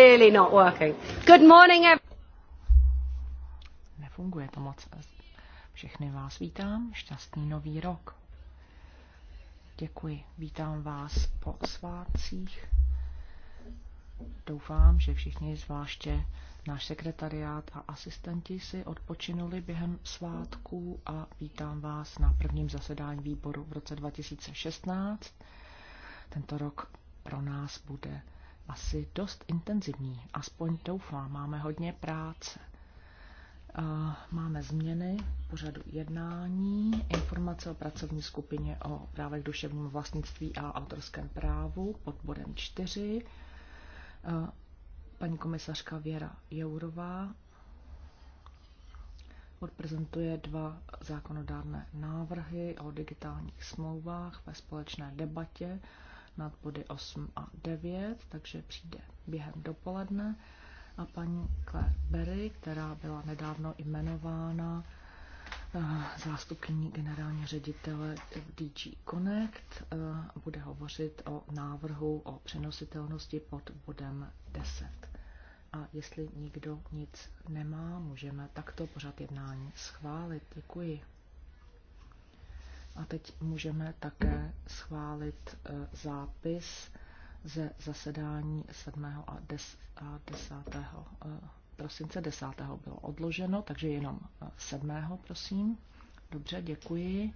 clearly not working. Good morning, Nefunguje to moc. Všechny vás vítám. Šťastný nový rok. Děkuji. Vítám vás po svátcích. Doufám, že všichni, zvláště náš sekretariát a asistenti, si odpočinuli během svátků a vítám vás na prvním zasedání výboru v roce 2016. Tento rok pro nás bude asi dost intenzivní, aspoň doufám, máme hodně práce. Eh, máme změny pořadu jednání, informace o pracovní skupině o právech duševním vlastnictví a autorském právu pod bodem 4. Eh, paní komisařka Věra Jourová odprezentuje dva zákonodárné návrhy o digitálních smlouvách ve společné debatě nad body 8 a 9, takže přijde během dopoledne. A paní Claire Berry, která byla nedávno jmenována eh, zástupkyní generální ředitele DG Connect, eh, bude hovořit o návrhu o přenositelnosti pod bodem 10. A jestli nikdo nic nemá, můžeme takto pořád jednání schválit. Děkuji. A teď můžeme také schválit e, zápis ze zasedání 7. a 10. E, prosince. 10. bylo odloženo, takže jenom 7. E, prosím. Dobře, děkuji.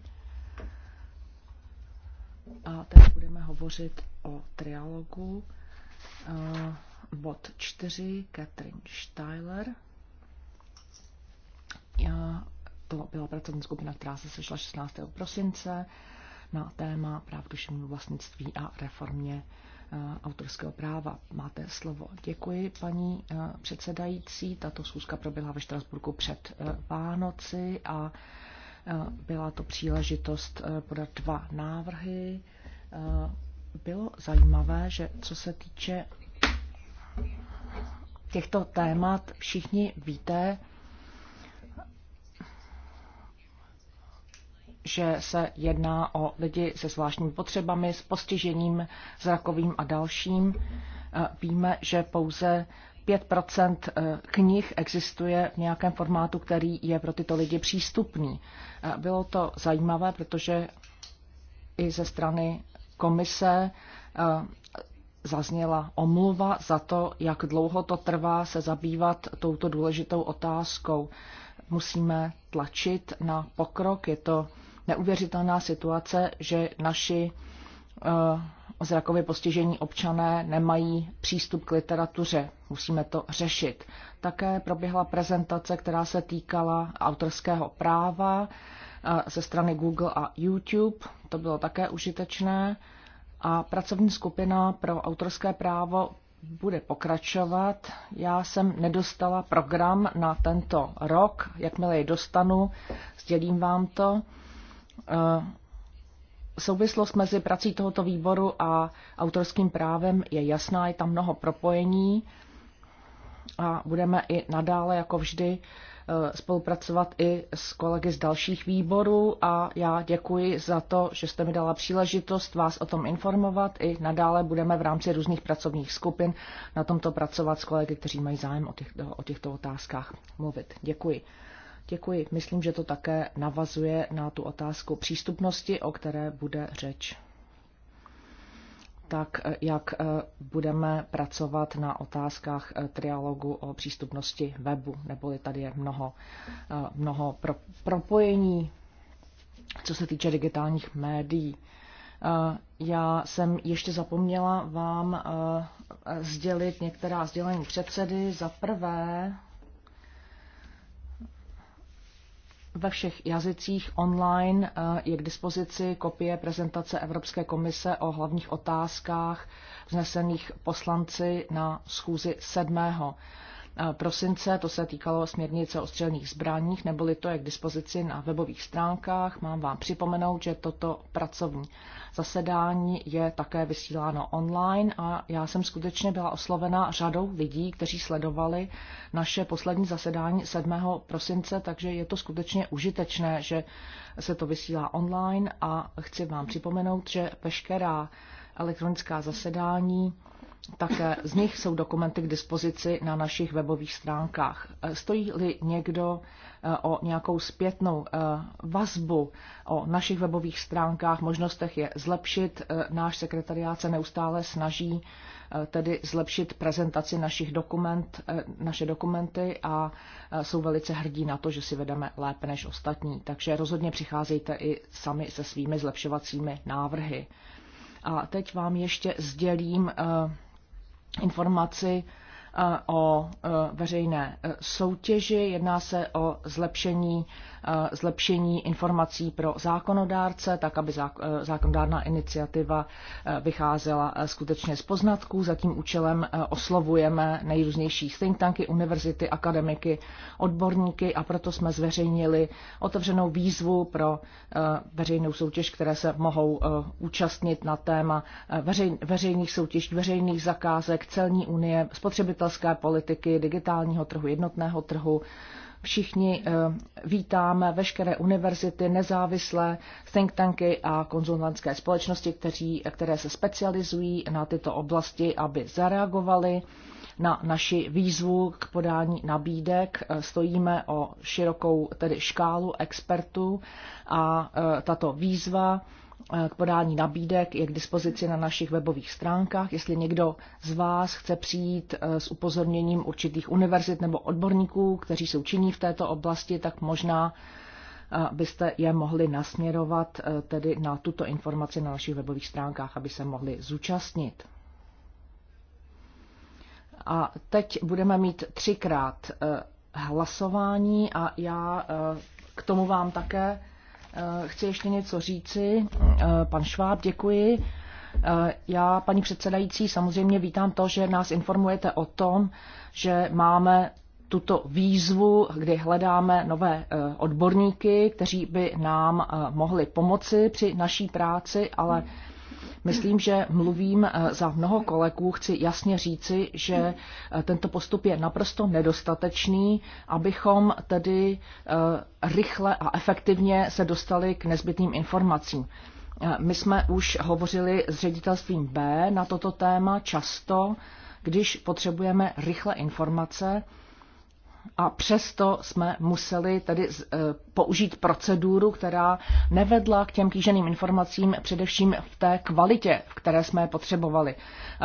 A teď budeme hovořit o trialogu. Bod 4, Catherine Steiler. To byla pracovní skupina, která se sešla 16. prosince na téma práv duševního vlastnictví a reformě eh, autorského práva. Máte slovo. Děkuji, paní eh, předsedající. Tato schůzka proběhla ve Štrasburku před eh, Vánoci a byla to příležitost podat dva návrhy. Bylo zajímavé, že co se týče těchto témat, všichni víte, že se jedná o lidi se zvláštními potřebami, s postižením zrakovým a dalším. E, víme, že pouze 5 e, knih existuje v nějakém formátu, který je pro tyto lidi přístupný. E, bylo to zajímavé, protože i ze strany komise zazněla omluva za to, jak dlouho to trvá se zabývat touto důležitou otázkou. Musíme tlačit na pokrok, je to neuvěřitelná situace, že naši eh, zrakově postižení občané nemají přístup k literatuře. Musíme to řešit. Také proběhla prezentace, která se týkala autorského práva eh, ze strany Google a YouTube. To bylo také užitečné. A pracovní skupina pro autorské právo bude pokračovat. Já jsem nedostala program na tento rok. Jakmile ji dostanu, sdělím vám to. Eh, souvislost mezi prací tohoto výboru a autorským právem je jasná, je tam mnoho propojení a budeme i nadále, jako vždy, eh, spolupracovat i s kolegy z dalších výborů a já děkuji za to, že jste mi dala příležitost vás o tom informovat. I nadále budeme v rámci různých pracovních skupin na tomto pracovat s kolegy, kteří mají zájem o, o těchto otázkách mluvit. Děkuji. Děkuji. Myslím, že to také navazuje na tu otázku přístupnosti, o které bude řeč. Tak eh, jak eh, budeme pracovat na otázkách eh, trialogu o přístupnosti webu, neboli tady je mnoho, mnoho pro, propojení, co se týče digitálních médií. Já jsem ještě zapomněla vám sdělit některá sdělení předsedy. Za prvé, ve všech jazycích online eh, je k dispozici kopie prezentace Evropské komise o hlavních otázkách vznesených poslanci na schůzi 7. Eh, prosince. To se týkalo směrnice o střelných zbraních, neboli to je k dispozici na webových stránkách. Mám vám připomenout, že toto pracovní zasedání je také vysíláno online a já jsem skutečně byla oslovena řadou lidí, kteří sledovali naše poslední zasedání 7. prosince, takže je to skutečně užitečné, že se to vysílá online a chci vám připomenout, že veškerá elektronická zasedání také z nich jsou dokumenty k dispozici na našich webových stránkách. E, stojí-li někdo e, o nějakou zpětnou e, vazbu o našich webových stránkách, možnostech je zlepšit. Náš sekretariát se neustále snaží tedy zlepšit prezentaci našich dokument, naše dokumenty a jsou velice hrdí na to, že si vedeme lépe než ostatní. Takže rozhodně přicházejte i sami se svými zlepšovacími návrhy. A teď vám ještě sdělím informaci eh, o eh, veřejné eh, soutěži. Jedná se o zlepšení Eh, zlepšení informací pro zákonodárce, tak aby eh, zákonodárná iniciativa eh, vycházela skutečně z poznatků. Za tím účelem oslovujeme nejrůznější think tanky, univerzity, akademiky, odborníky a proto jsme zveřejnili otevřenou výzvu pro veřejnou soutěž, které se mohou účastnit na téma veřejných soutěží, veřejných zakázek, celní unie, spotřebitelské politiky, digitálního trhu, jednotného trhu, Všichni eh, vítáme veškeré univerzity, nezávislé think tanky a konzultantské společnosti, kteří, které se specializují na tyto oblasti, aby zareagovali na naši výzvu k podání nabídek. Eh, stojíme o širokou tedy škálu expertů a eh, tato výzva k podání nabídek je k dispozici na našich webových stránkách. Jestli někdo z vás chce přijít eh, s upozorněním určitých univerzit nebo odborníků, kteří jsou činní v této oblasti, tak možná eh, byste je mohli nasměrovat eh, tedy na tuto informaci na našich webových stránkách, aby se mohli zúčastnit. A teď budeme mít třikrát hlasování a já k tomu vám také Eh, chci ještě něco říci. Eh, pan Šváb, děkuji. Eh, já, paní předsedající, samozřejmě vítám to, že nás informujete o tom, že máme tuto výzvu, kdy hledáme nové odborníky, kteří by nám mohli pomoci při naší práci, ale hmm Myslím, že mluvím eh, za mnoho kolegů, chci jasně říci, že eh, tento postup je naprosto nedostatečný, abychom tedy eh, rychle a efektivně se dostali k nezbytným informacím. My jsme už hovořili s ředitelstvím B na toto téma často, když potřebujeme rychle informace, a přesto jsme museli tedy e, použít proceduru, která nevedla k těm kýženým informacím, především v té kvalitě, v které jsme je potřebovali.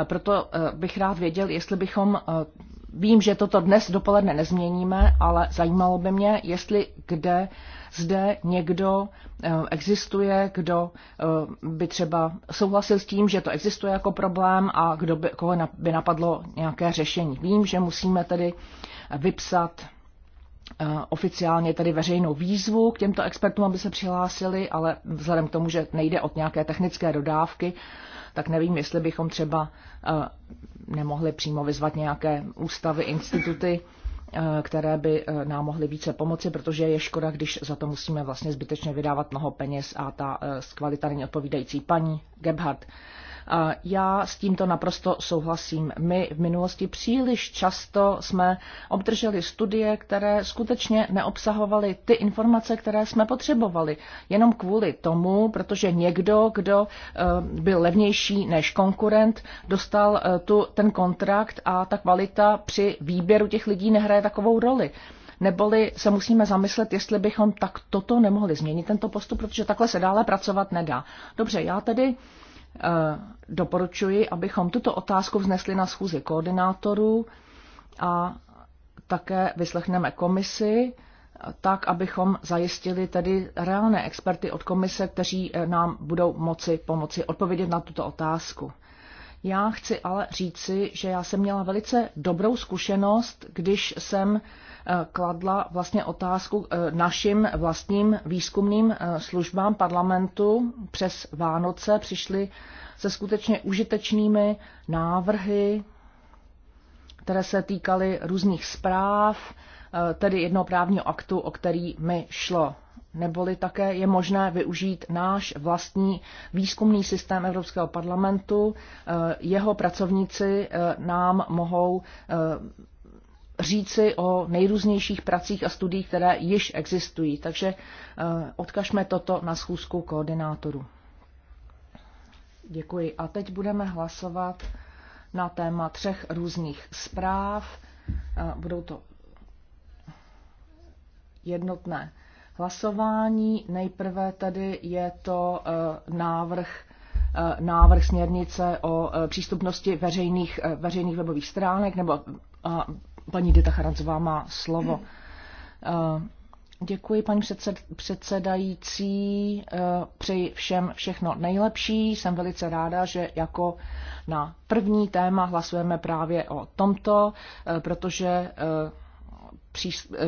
Proto e, bych rád věděl, jestli bychom, e, vím, že toto dnes dopoledne nezměníme, ale zajímalo by mě, jestli kde zde někdo existuje, kdo by třeba souhlasil s tím, že to existuje jako problém a kdo by, koho by napadlo nějaké řešení. Vím, že musíme tedy vypsat eh, oficiálně tedy veřejnou výzvu k těmto expertům, aby se přihlásili, ale vzhledem k tomu, že nejde od nějaké technické dodávky, tak nevím, jestli bychom třeba eh, nemohli přímo vyzvat nějaké ústavy, instituty, eh, které by nám mohly více pomoci, protože je škoda, když za to musíme vlastně zbytečně vydávat mnoho peněz a ta kvalita není odpovídající. Paní Gebhardt, já s tímto naprosto souhlasím. My v minulosti příliš často jsme obdrželi studie, které skutečně neobsahovaly ty informace, které jsme potřebovali. Jenom kvůli tomu, protože někdo, kdo eh, byl levnější než konkurent, dostal eh, tu, ten kontrakt a ta kvalita při výběru těch lidí nehraje takovou roli. Neboli se musíme zamyslet, jestli bychom tak toto nemohli změnit, tento postup, protože takhle se dále pracovat nedá. Dobře, já tedy Eh, doporučuji, abychom tuto otázku vznesli na schůzi koordinátorů a také vyslechneme komisi, tak, abychom zajistili tedy reálné experty od komise, kteří eh, nám budou moci pomoci odpovědět na tuto otázku. Já chci ale říci, že já jsem měla velice dobrou zkušenost, když jsem eh, kladla vlastně otázku eh, našim vlastním výzkumným eh, službám parlamentu přes Vánoce. Přišli se skutečně užitečnými návrhy, které se týkaly různých zpráv, tedy jednoprávního aktu, o který mi šlo neboli také je možné využít náš vlastní výzkumný systém Evropského parlamentu. Eh, jeho pracovníci eh, nám mohou eh, říci o nejrůznějších pracích a studiích, které již existují. Takže odkažme toto na schůzku koordinátoru. Děkuji. A teď budeme hlasovat na téma třech různých zpráv. Budou to jednotné hlasování. Nejprve tedy je to eh, návrh eh, návrh směrnice o eh, přístupnosti veřejných, veřejných webových stránek, nebo a, paní Dita Charancová má slovo. Děkuji, paní předsed, předsedající. Přeji všem všechno nejlepší. Jsem velice ráda, že jako na první téma hlasujeme právě o tomto, protože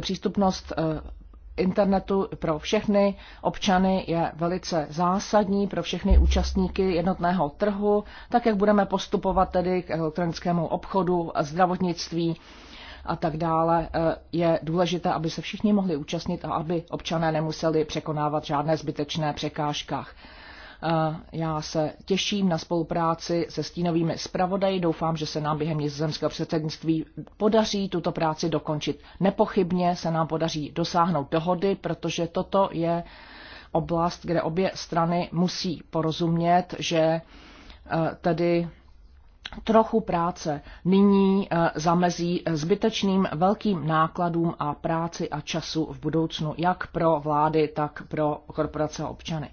přístupnost internetu pro všechny občany je velice zásadní, pro všechny účastníky jednotného trhu, tak jak budeme postupovat tedy k elektronickému obchodu, zdravotnictví a tak dále, eh, je důležité, aby se všichni mohli účastnit a aby občané nemuseli překonávat žádné zbytečné překážkách. Eh, já se těším na spolupráci se stínovými zpravodaji. Doufám, že se nám během nizozemského předsednictví podaří tuto práci dokončit. Nepochybně se nám podaří dosáhnout dohody, protože toto je oblast, kde obě strany musí porozumět, že eh, tedy trochu práce nyní eh, zamezí zbytečným velkým nákladům a práci a času v budoucnu, jak pro vlády, tak pro korporace a občany.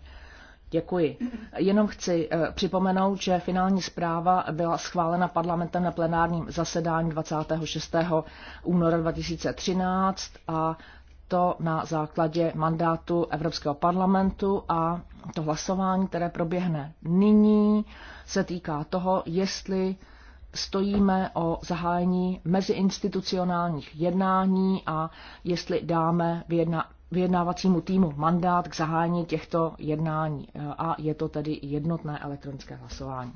Děkuji. Jenom chci eh, připomenout, že finální zpráva byla schválena parlamentem na plenárním zasedání 26. února 2013 a to na základě mandátu Evropského parlamentu a to hlasování, které proběhne nyní, se týká toho, jestli stojíme o zahájení meziinstitucionálních jednání a jestli dáme vyjedna, vyjednávacímu týmu mandát k zahájení těchto jednání eh, a je to tedy jednotné elektronické hlasování.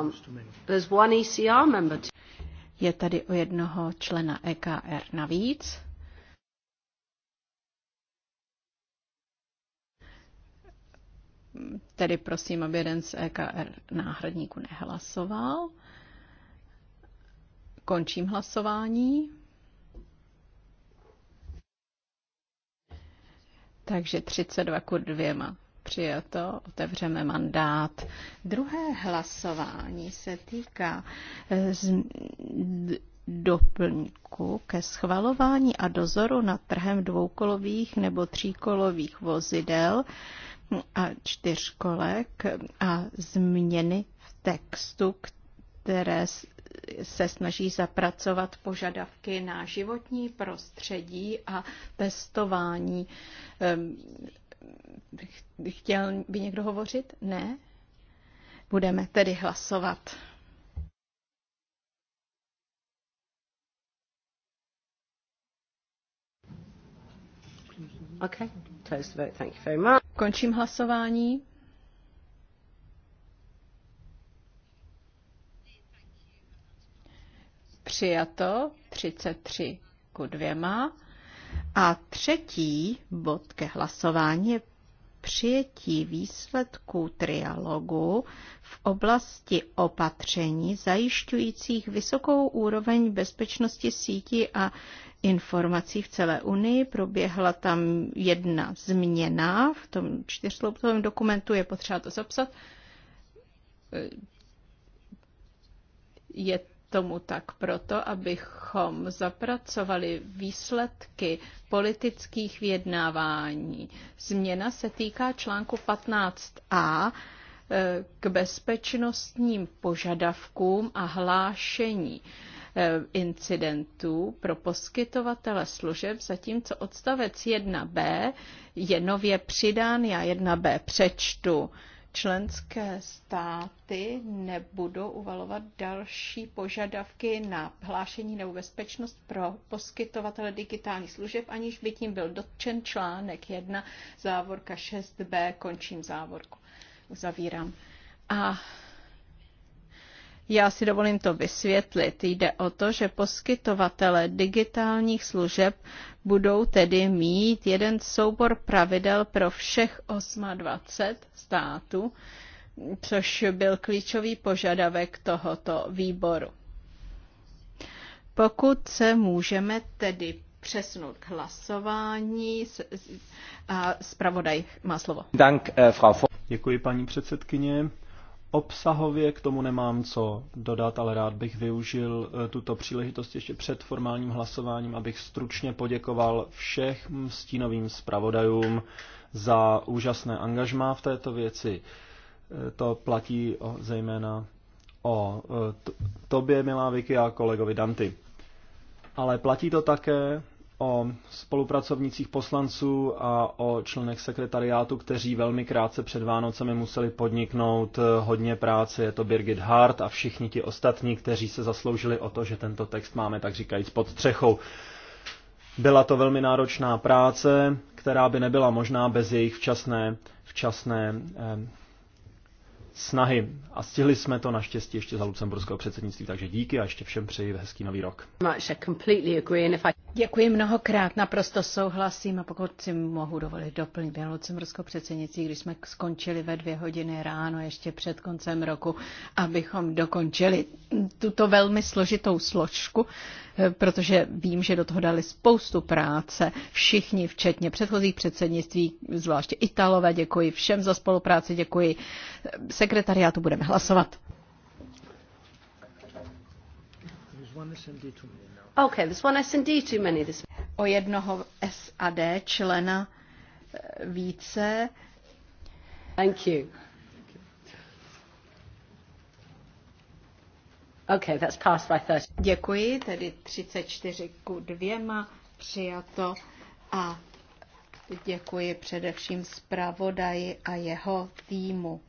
Um, e Je tady o jednoho člena EKR navíc. Tedy prosím, aby jeden z EKR náhradníků nehlasoval. Končím hlasování. Takže 32 ku 2 přijato, otevřeme mandát. Druhé hlasování se týká eh, z, doplňku ke schvalování a dozoru nad trhem dvoukolových nebo tříkolových vozidel a čtyřkolek a změny v textu, které se snaží zapracovat požadavky na životní prostředí a testování. Ehm, chtěl by někdo hovořit? Ne? Budeme tedy hlasovat. Okay. Close the vote. Thank you very much. Končím hlasování. Přijato 33 ku dvěma. A třetí bod ke hlasování je přijetí výsledků trialogu v oblasti opatření zajišťujících vysokou úroveň bezpečnosti sítí a informací v celé Unii. Proběhla tam jedna změna, v tom čtyřsloupovém dokumentu je potřeba to zapsat. Je tomu tak proto, abychom zapracovali výsledky politických vyjednávání. Změna se týká článku 15a eh, k bezpečnostním požadavkům a hlášení eh, incidentů pro poskytovatele služeb, zatímco odstavec 1b je nově přidán, já 1b přečtu členské státy nebudou uvalovat další požadavky na hlášení nebo bezpečnost pro poskytovatele digitálních služeb, aniž by tím byl dotčen článek 1, závorka 6b, končím závorku, uzavírám. A já si dovolím to vysvětlit. Jde o to, že poskytovatele digitálních služeb budou tedy mít jeden soubor pravidel pro všech 28 států, což byl klíčový požadavek tohoto výboru. Pokud se můžeme tedy přesunout k hlasování, a zpravodaj má slovo. Eh, Děkuji, paní předsedkyně. Obsahově k tomu nemám co dodat, ale rád bych využil eh, tuto příležitost ještě před formálním hlasováním, abych stručně poděkoval všech stínovým zpravodajům za úžasné angažmá v této věci. Eh, to platí o, zejména o eh, tobě, milá Vicky, a kolegovi Danty. Ale platí to také o spolupracovnicích poslanců a o členech sekretariátu, kteří velmi krátce před Vánocemi museli podniknout eh, hodně práce. Je to Birgit Hart a všichni ti ostatní, kteří se zasloužili o to, že tento text máme, tak říkajíc, pod střechou. Byla to velmi náročná práce, která by nebyla možná bez jejich včasné, včasné eh, snahy. A stihli jsme to naštěstí ještě za lucemburského předsednictví, takže díky a ještě všem přeji hezký nový rok. Děkuji mnohokrát, naprosto souhlasím a pokud si mohu dovolit doplnit na lucemburského předsednictví, když jsme skončili ve dvě hodiny ráno ještě před koncem roku, abychom dokončili tuto velmi složitou složku, protože vím, že do toho dali spoustu práce všichni, včetně předchozích předsednictví, zvláště Italové. Děkuji všem za spolupráci, děkuji sekretariátu, budeme hlasovat. Okay, there's one too many this... O jednoho SAD člena eh, více. Thank you. Okay, that's passed by 30. Děkuji, tedy 34 ku dvěma přijato a děkuji především zpravodaji a jeho týmu.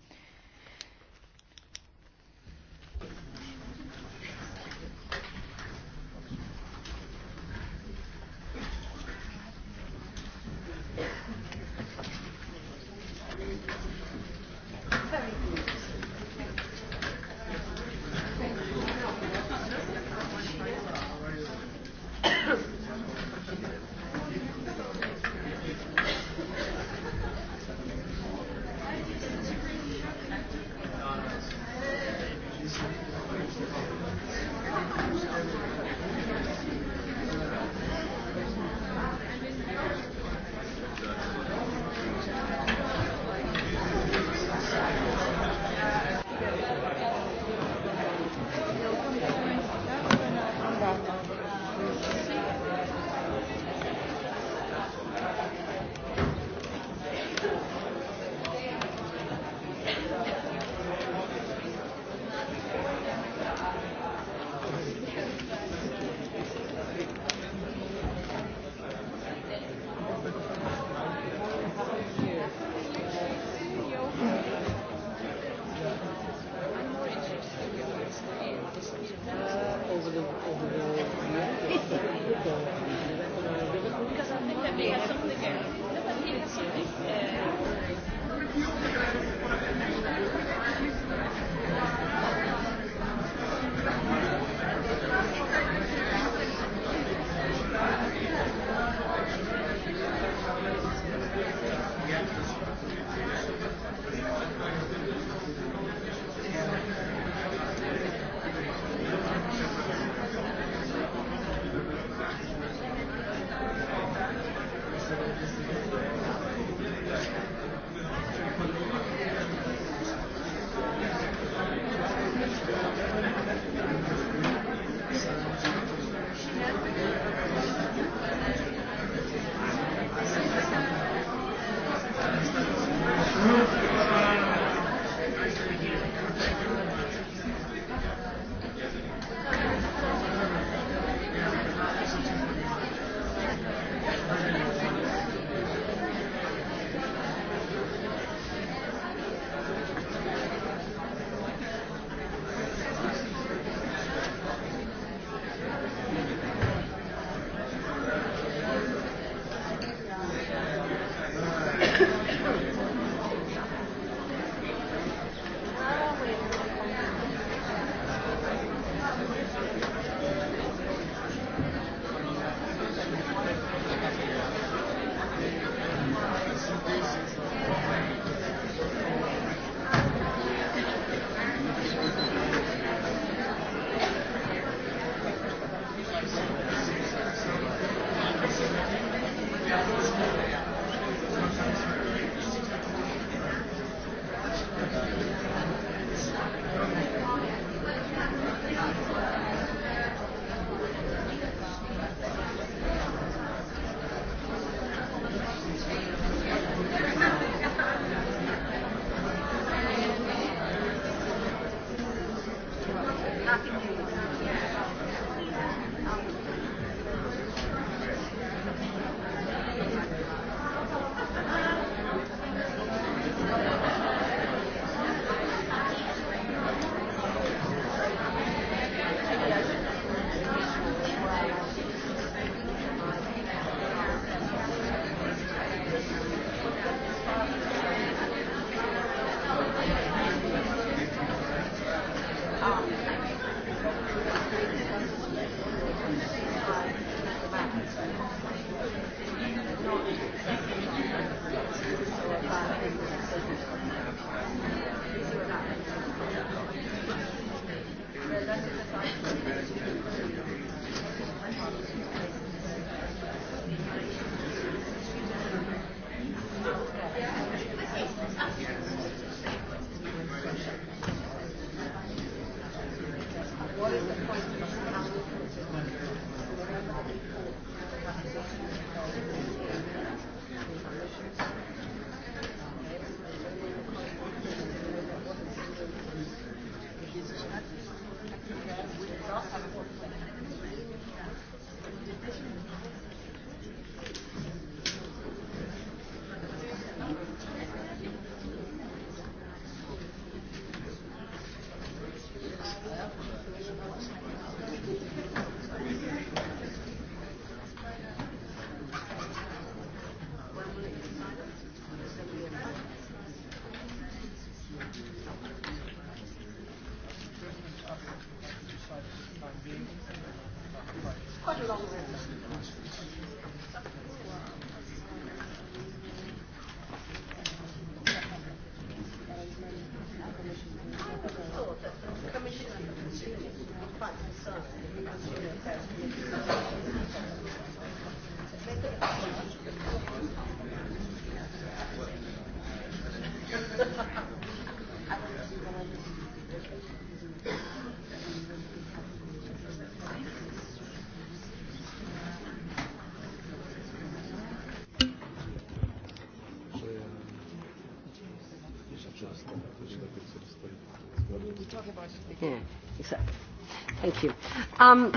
Um,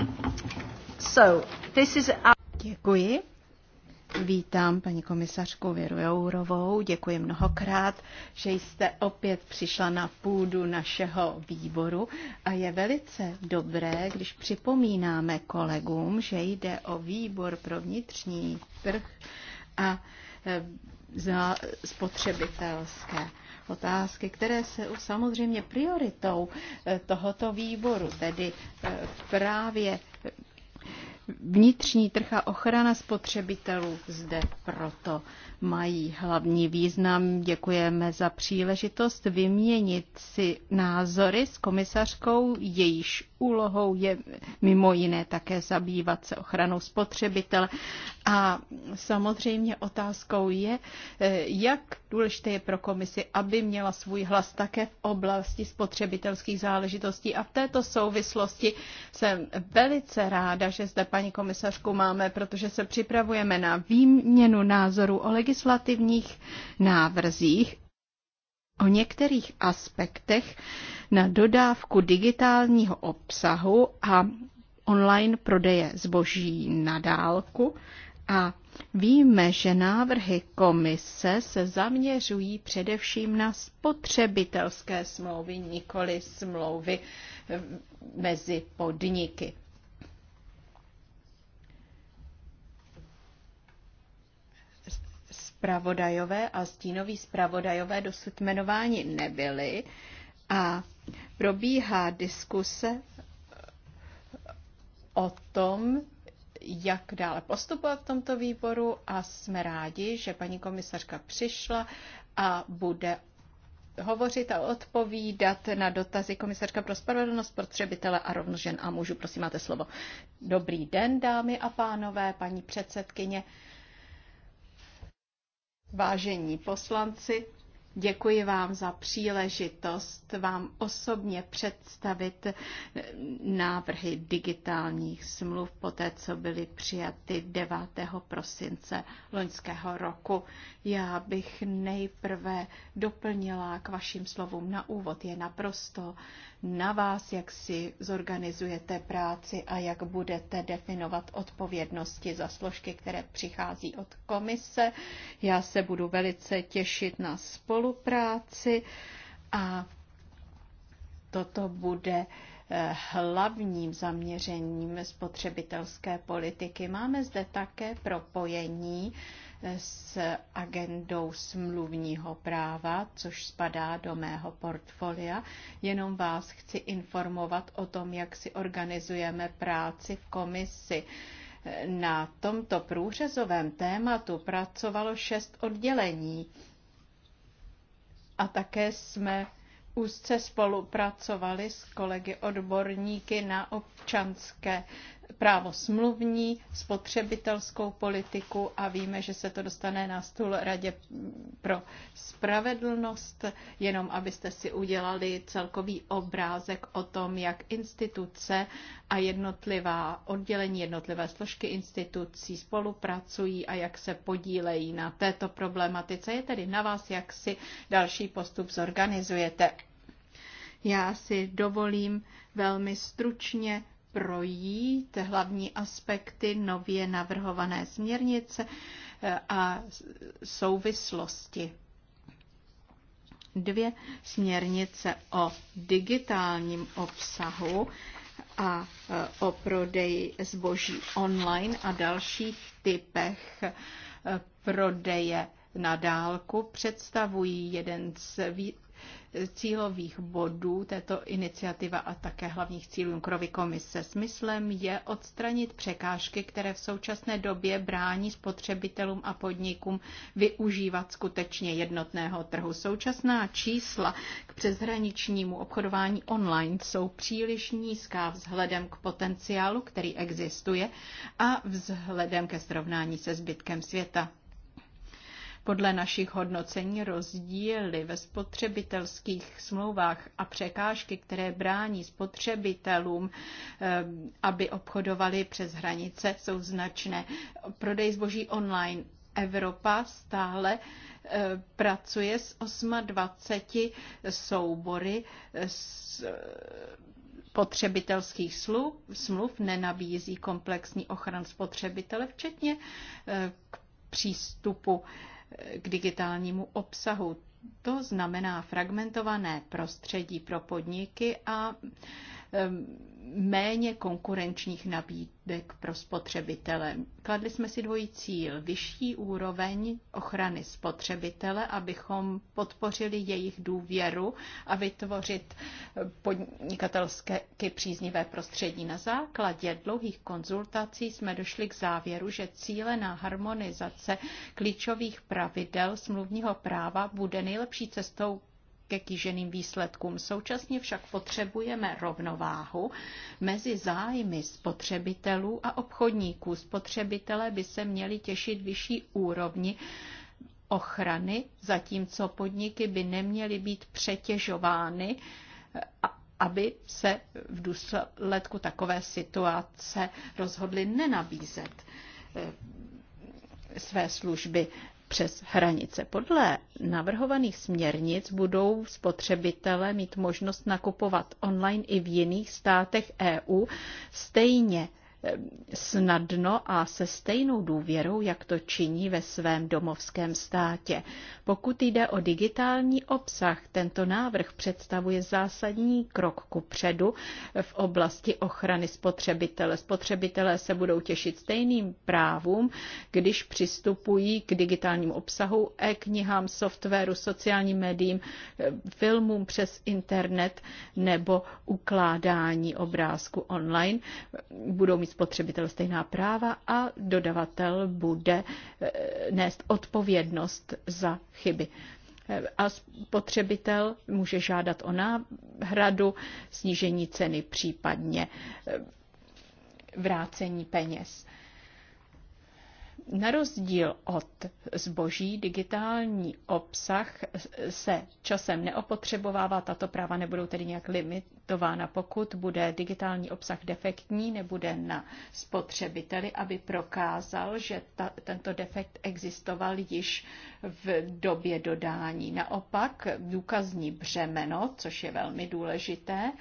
so, this is Děkuji. Vítám paní komisařku Věru Jourovou. Děkuji mnohokrát, že jste opět přišla na půdu našeho výboru a je velice dobré, když připomínáme kolegům, že jde o výbor pro vnitřní trh a e, za spotřebitelské otázky, které se samozřejmě prioritou eh, tohoto výboru, tedy eh, právě eh, Vnitřní trh a ochrana spotřebitelů zde proto mají hlavní význam. Děkujeme za příležitost vyměnit si názory s komisařkou, jejíž úlohou je mimo jiné také zabývat se ochranou spotřebitele. A samozřejmě otázkou je, eh, jak důležité je pro komisi, aby měla svůj hlas také v oblasti spotřebitelských záležitostí. A v této souvislosti jsem velice ráda, že zde paní komisařku máme, protože se připravujeme na výměnu názorů o legislativních návrzích o některých aspektech na dodávku digitálního obsahu a online prodeje zboží na dálku a víme, že návrhy komise se zaměřují především na spotřebitelské smlouvy, nikoli smlouvy mezi podniky. zpravodajové a stínoví zpravodajové dosud jmenováni nebyli a probíhá diskuse eh, o tom, jak dále postupovat v tomto výboru a jsme rádi, že paní komisařka přišla a bude hovořit a odpovídat na dotazy komisařka pro spravedlnost potřebitele a rovnost žen a mužů. Prosím, máte slovo. Dobrý den, dámy a pánové, paní předsedkyně. Vážení poslanci, Děkuji vám za příležitost vám osobně představit návrhy digitálních smluv poté, co byly přijaty 9. prosince loňského roku. Já bych nejprve doplnila k vašim slovům na úvod. Je naprosto na vás, jak si zorganizujete práci a jak budete definovat odpovědnosti za složky, které přichází od komise. Já se budu velice těšit na spolu spolupráci a toto bude eh, hlavním zaměřením spotřebitelské politiky. Máme zde také propojení eh, s agendou smluvního práva, což spadá do mého portfolia. Jenom vás chci informovat o tom, jak si organizujeme práci v komisi. Eh, na tomto průřezovém tématu pracovalo šest oddělení a také jsme úzce spolupracovali s kolegy odborníky na občanské právo smluvní, spotřebitelskou politiku a víme, že se to dostane na stůl Radě pro spravedlnost, jenom abyste si udělali celkový obrázek o tom, jak instituce a jednotlivá oddělení, jednotlivé složky institucí spolupracují a jak se podílejí na této problematice. Je tedy na vás, jak si další postup zorganizujete. Já si dovolím velmi stručně projít hlavní aspekty nově navrhované směrnice eh, a souvislosti. Dvě směrnice o digitálním obsahu a eh, o prodeji zboží online a dalších typech eh, prodeje na dálku představují jeden z cílových bodů této iniciativa a také hlavních cílů Junckerovy komise. Smyslem je odstranit překážky, které v současné době brání spotřebitelům a podnikům využívat skutečně jednotného trhu. Současná čísla k přeshraničnímu obchodování online jsou příliš nízká vzhledem k potenciálu, který existuje a vzhledem ke srovnání se zbytkem světa. Podle našich hodnocení rozdíly ve spotřebitelských smlouvách a překážky, které brání spotřebitelům, eh, aby obchodovali přes hranice, jsou značné. Prodej zboží online Evropa stále eh, pracuje s 28 soubory eh, s potřebitelských slov, smluv, nenabízí komplexní ochran spotřebitele, včetně k přístupu k digitálnímu obsahu. To znamená fragmentované prostředí pro podniky a méně konkurenčních nabídek pro spotřebitele. Kladli jsme si dvojí cíl, vyšší úroveň ochrany spotřebitele, abychom podpořili jejich důvěru a vytvořit podnikatelské příznivé prostředí. Na základě dlouhých konzultací jsme došli k závěru, že cíle na harmonizace klíčových pravidel smluvního práva bude nejlepší cestou ke kýženým výsledkům. Současně však potřebujeme rovnováhu mezi zájmy spotřebitelů a obchodníků. Spotřebitelé by se měli těšit vyšší úrovni ochrany, zatímco podniky by neměly být přetěžovány aby se v důsledku takové situace rozhodli nenabízet eh, své služby přes hranice. Podle navrhovaných směrnic budou spotřebitelé mít možnost nakupovat online i v jiných státech EU, stejně snadno a se stejnou důvěrou, jak to činí ve svém domovském státě. Pokud jde o digitální obsah, tento návrh představuje zásadní krok ku předu v oblasti ochrany spotřebitele. Spotřebitelé se budou těšit stejným právům, když přistupují k digitálnímu obsahu, e-knihám, softwaru, sociálním médiím, filmům přes internet nebo ukládání obrázku online. Budou mít spotřebitel stejná práva a dodavatel bude eh, nést odpovědnost za chyby. Eh, a spotřebitel může žádat o náhradu, snížení ceny, případně eh, vrácení peněz. Na rozdíl od zboží, digitální obsah se časem neopotřebovává, tato práva nebudou tedy nějak limitována. Pokud bude digitální obsah defektní, nebude na spotřebiteli, aby prokázal, že ta, tento defekt existoval již v době dodání. Naopak důkazní břemeno, což je velmi důležité,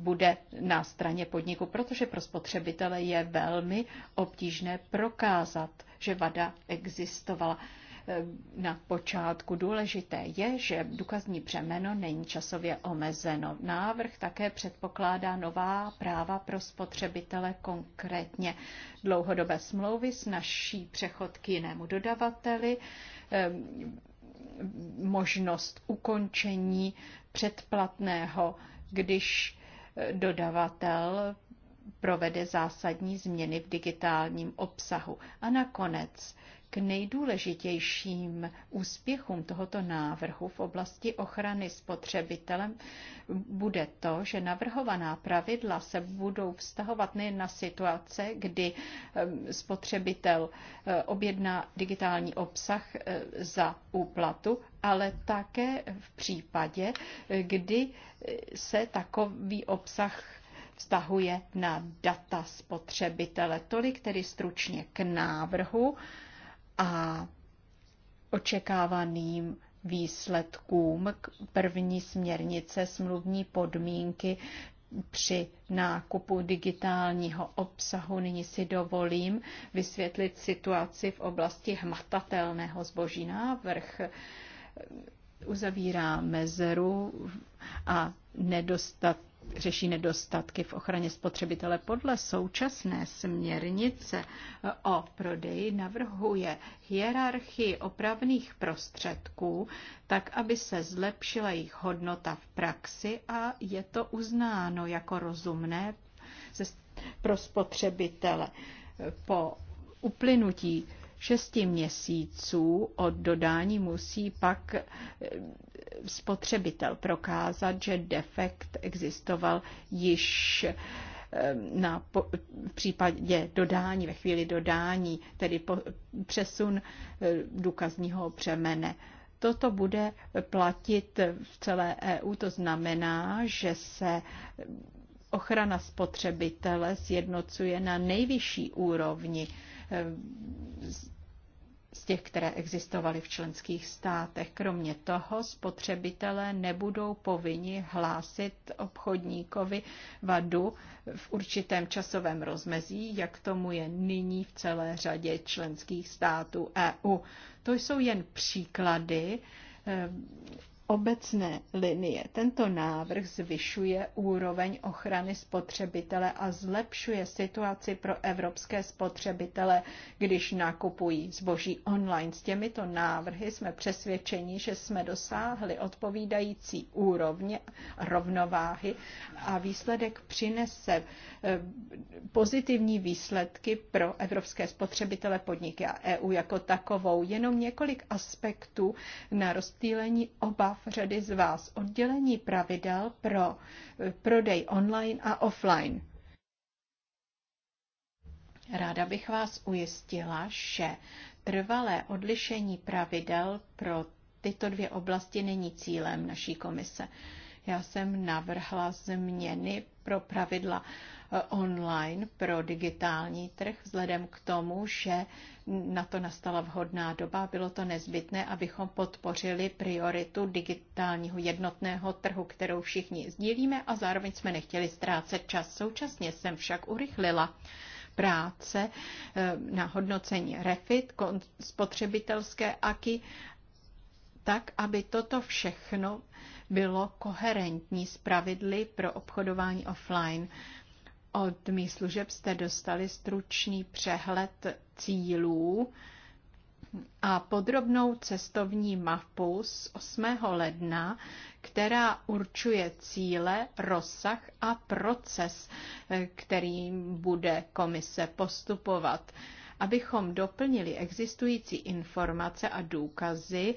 bude na straně podniku, protože pro spotřebitele je velmi obtížné prokázat, že vada existovala eh, na počátku. Důležité je, že důkazní břemeno není časově omezeno. Návrh také předpokládá nová práva pro spotřebitele, konkrétně dlouhodobé smlouvy s naší přechod k jinému dodavateli, eh, možnost ukončení předplatného, když dodavatel provede zásadní změny v digitálním obsahu. A nakonec k nejdůležitějším úspěchům tohoto návrhu v oblasti ochrany spotřebitelem bude to, že navrhovaná pravidla se budou vztahovat nejen na situace, kdy eh, spotřebitel eh, objedná digitální obsah eh, za úplatu, ale také v případě, kdy se takový obsah vztahuje na data spotřebitele. Tolik tedy stručně k návrhu a očekávaným výsledkům první směrnice smluvní podmínky při nákupu digitálního obsahu. Nyní si dovolím vysvětlit situaci v oblasti hmatatelného zboží návrh. Uzavírá mezeru a nedostat řeší nedostatky v ochraně spotřebitele. Podle současné směrnice o prodeji navrhuje hierarchii opravných prostředků, tak aby se zlepšila jejich hodnota v praxi a je to uznáno jako rozumné pro spotřebitele. Po uplynutí šesti měsíců od dodání musí pak eh, spotřebitel prokázat, že defekt existoval již eh, na, v případě dodání, ve chvíli dodání, tedy po, přesun eh, důkazního přemene. Toto bude platit v celé EU, to znamená, že se ochrana spotřebitele sjednocuje na nejvyšší úrovni z těch, které existovaly v členských státech. Kromě toho spotřebitelé nebudou povinni hlásit obchodníkovi vadu v určitém časovém rozmezí, jak tomu je nyní v celé řadě členských států EU. To jsou jen příklady obecné linie. Tento návrh zvyšuje úroveň ochrany spotřebitele a zlepšuje situaci pro evropské spotřebitele, když nakupují zboží online. S těmito návrhy jsme přesvědčeni, že jsme dosáhli odpovídající úrovně rovnováhy a výsledek přinese eh, pozitivní výsledky pro evropské spotřebitele, podniky a EU jako takovou. Jenom několik aspektů na rozptýlení obav obav řady z vás oddělení pravidel pro eh, prodej online a offline. Ráda bych vás ujistila, že trvalé odlišení pravidel pro tyto dvě oblasti není cílem naší komise. Já jsem navrhla změny pro pravidla online pro digitální trh, vzhledem k tomu, že na to nastala vhodná doba. Bylo to nezbytné, abychom podpořili prioritu digitálního jednotného trhu, kterou všichni sdílíme a zároveň jsme nechtěli ztrácet čas. Současně jsem však urychlila práce eh, na hodnocení refit, spotřebitelské aky, tak, aby toto všechno bylo koherentní s pravidly pro obchodování offline. Od mých služeb jste dostali stručný přehled cílů a podrobnou cestovní mapu z 8. ledna, která určuje cíle, rozsah a proces, kterým bude komise postupovat. Abychom doplnili existující informace a důkazy,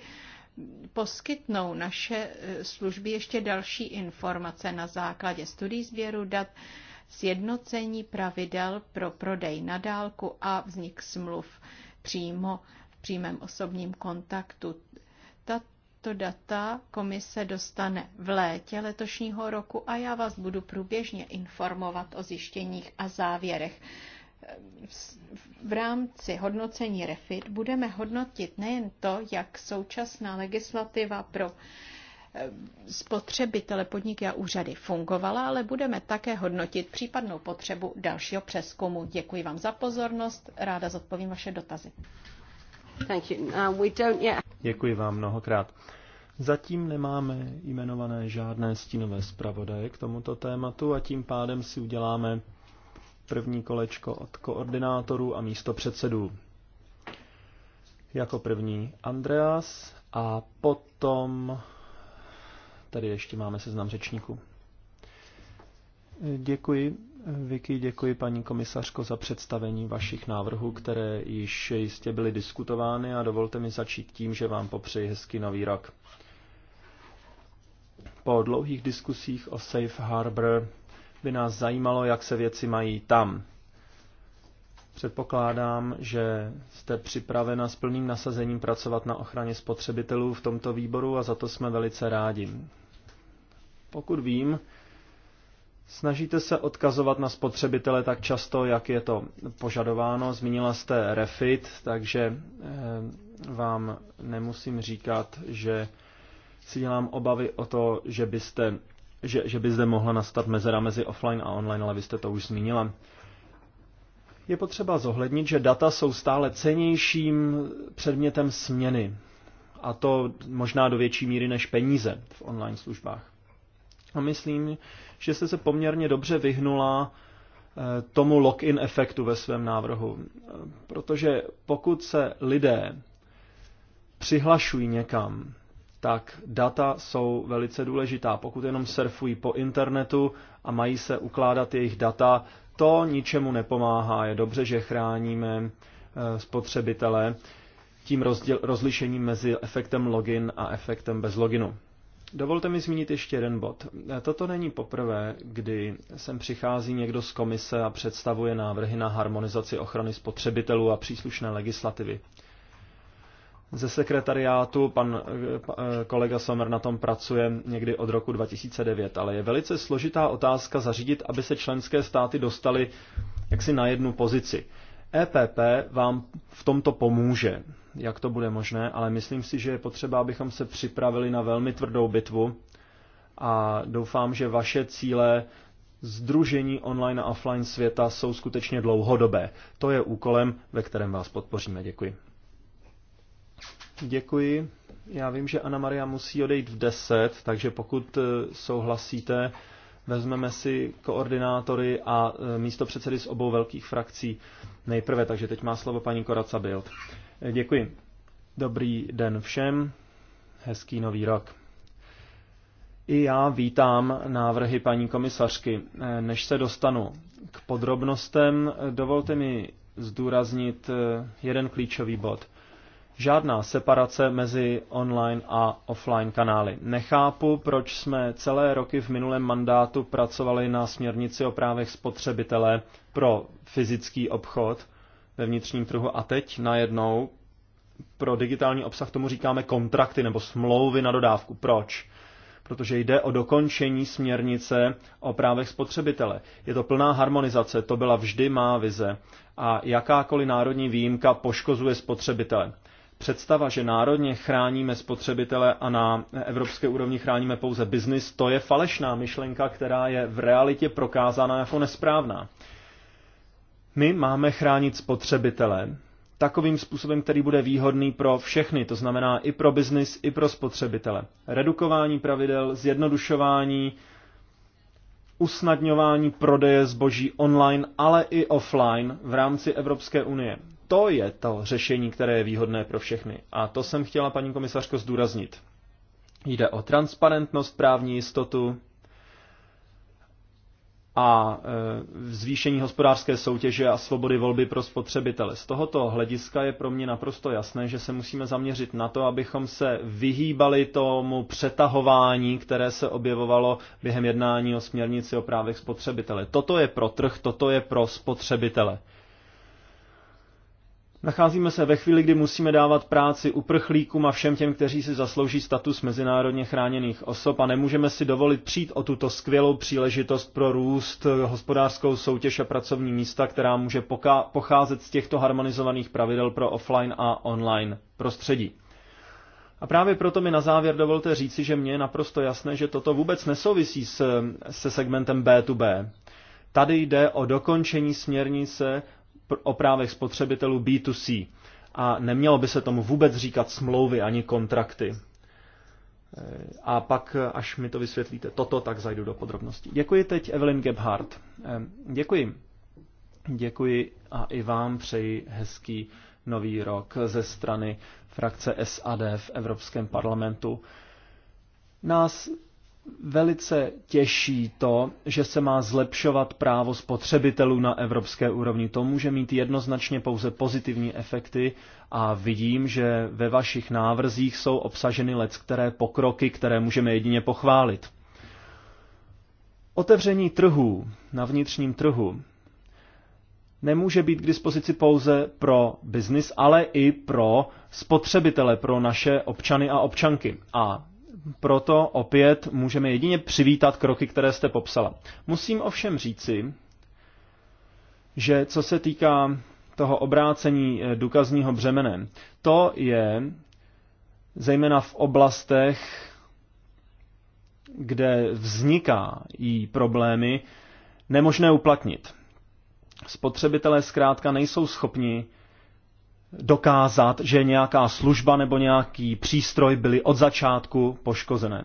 poskytnou naše eh, služby ještě další informace na základě studií sběru dat, sjednocení pravidel pro prodej na dálku a vznik smluv přímo v přímém osobním kontaktu. Tato data komise dostane v létě letošního roku a já vás budu průběžně informovat o zjištěních a závěrech v rámci hodnocení REFIT budeme hodnotit nejen to, jak současná legislativa pro spotřebitele, podniky a úřady fungovala, ale budeme také hodnotit případnou potřebu dalšího přeskumu. Děkuji vám za pozornost, ráda zodpovím vaše dotazy. Thank you. Uh, we don't yet... Děkuji vám mnohokrát. Zatím nemáme jmenované žádné stínové zpravodaje k tomuto tématu a tím pádem si uděláme první kolečko od koordinátorů a místo předsedů. Jako první Andreas a potom Tady ještě máme seznam řečníků. Eh, děkuji, eh, Vicky, děkuji paní komisařko za představení vašich návrhů, které již jistě byly diskutovány a dovolte mi začít tím, že vám popřeji hezký nový rok. Po dlouhých diskusích o Safe Harbor by nás zajímalo, jak se věci mají tam. Předpokládám, že jste připravena s plným nasazením pracovat na ochraně spotřebitelů v tomto výboru a za to jsme velice rádi. Pokud vím, snažíte se odkazovat na spotřebitele tak často, jak je to požadováno. Zmínila jste refit, takže eh, vám nemusím říkat, že si dělám obavy o to, že byste že, že by zde mohla nastat mezera mezi offline a online, ale vy jste to už zmínila. Je potřeba zohlednit, že data jsou stále cenějším předmětem směny. A to možná do větší míry než peníze v online službách. A myslím, že jste se poměrně dobře vyhnula eh, tomu lock-in efektu ve svém návrhu. Eh, protože pokud se lidé přihlašují někam, tak data jsou velice důležitá. Pokud jenom surfují po internetu a mají se ukládat jejich data, to ničemu nepomáhá. Je dobře, že chráníme eh, spotřebitele tím rozlišením mezi efektem login a efektem bez loginu. Dovolte mi zmínit ještě jeden bod. Toto není poprvé, kdy sem přichází někdo z komise a představuje návrhy na harmonizaci ochrany spotřebitelů a příslušné legislativy. Ze sekretariátu pan eh, eh, kolega Sommer na tom pracuje někdy od roku 2009, ale je velice složitá otázka zařídit, aby se členské státy dostaly jaksi na jednu pozici. EPP vám v tomto pomůže, jak to bude možné, ale myslím si, že je potřeba, abychom se připravili na velmi tvrdou bitvu a doufám, že vaše cíle združení online a offline světa jsou skutečně dlouhodobé. To je úkolem, ve kterém vás podpoříme. Děkuji. Děkuji. Já vím, že Anna Maria musí odejít v 10, takže pokud eh, souhlasíte, vezmeme si koordinátory a e, místo předsedy z obou velkých frakcí nejprve. Takže teď má slovo paní Koraca Bild. E, děkuji. Dobrý den všem. Hezký nový rok. I já vítám návrhy paní komisařky. E, než se dostanu k podrobnostem, dovolte mi zdůraznit jeden klíčový bod žádná separace mezi online a offline kanály. Nechápu, proč jsme celé roky v minulém mandátu pracovali na směrnici o právech spotřebitele pro fyzický obchod ve vnitřním trhu a teď najednou pro digitální obsah tomu říkáme kontrakty nebo smlouvy na dodávku. Proč? Protože jde o dokončení směrnice o právech spotřebitele. Je to plná harmonizace, to byla vždy má vize. A jakákoliv národní výjimka poškozuje spotřebitele představa, že národně chráníme spotřebitele a na evropské úrovni chráníme pouze biznis, to je falešná myšlenka, která je v realitě prokázána jako nesprávná. My máme chránit spotřebitele takovým způsobem, který bude výhodný pro všechny, to znamená i pro biznis, i pro spotřebitele. Redukování pravidel, zjednodušování, usnadňování prodeje zboží online, ale i offline v rámci Evropské unie to je to řešení, které je výhodné pro všechny. A to jsem chtěla, paní komisařko, zdůraznit. Jde o transparentnost, právní jistotu a e, zvýšení hospodářské soutěže a svobody volby pro spotřebitele. Z tohoto hlediska je pro mě naprosto jasné, že se musíme zaměřit na to, abychom se vyhýbali tomu přetahování, které se objevovalo během jednání o směrnici o právech spotřebitele. Toto je pro trh, toto je pro spotřebitele. Nacházíme se ve chvíli, kdy musíme dávat práci uprchlíkům a všem těm, kteří si zaslouží status mezinárodně chráněných osob a nemůžeme si dovolit přijít o tuto skvělou příležitost pro růst, eh, hospodářskou soutěž a pracovní místa, která může pocházet z těchto harmonizovaných pravidel pro offline a online prostředí. A právě proto mi na závěr dovolte říci, že mně je naprosto jasné, že toto vůbec nesouvisí se, se segmentem B2B. Tady jde o dokončení směrnice o právech spotřebitelů B2C. A nemělo by se tomu vůbec říkat smlouvy ani kontrakty. E, a pak, až mi to vysvětlíte toto, tak zajdu do podrobností. Děkuji teď Evelyn Gebhardt. E, děkuji. Děkuji a i vám přeji hezký nový rok ze strany frakce SAD v Evropském parlamentu. Nás velice těší to, že se má zlepšovat právo spotřebitelů na evropské úrovni. To může mít jednoznačně pouze pozitivní efekty a vidím, že ve vašich návrzích jsou obsaženy lec které pokroky, které můžeme jedině pochválit. Otevření trhů na vnitřním trhu nemůže být k dispozici pouze pro biznis, ale i pro spotřebitele, pro naše občany a občanky. A proto opět můžeme jedině přivítat kroky, které jste popsala. Musím ovšem říci, že co se týká toho obrácení eh, důkazního břemene, to je zejména v oblastech, kde vzniká jí problémy, nemožné uplatnit. Spotřebitelé zkrátka nejsou schopni dokázat, že nějaká služba nebo nějaký přístroj byly od začátku poškozené.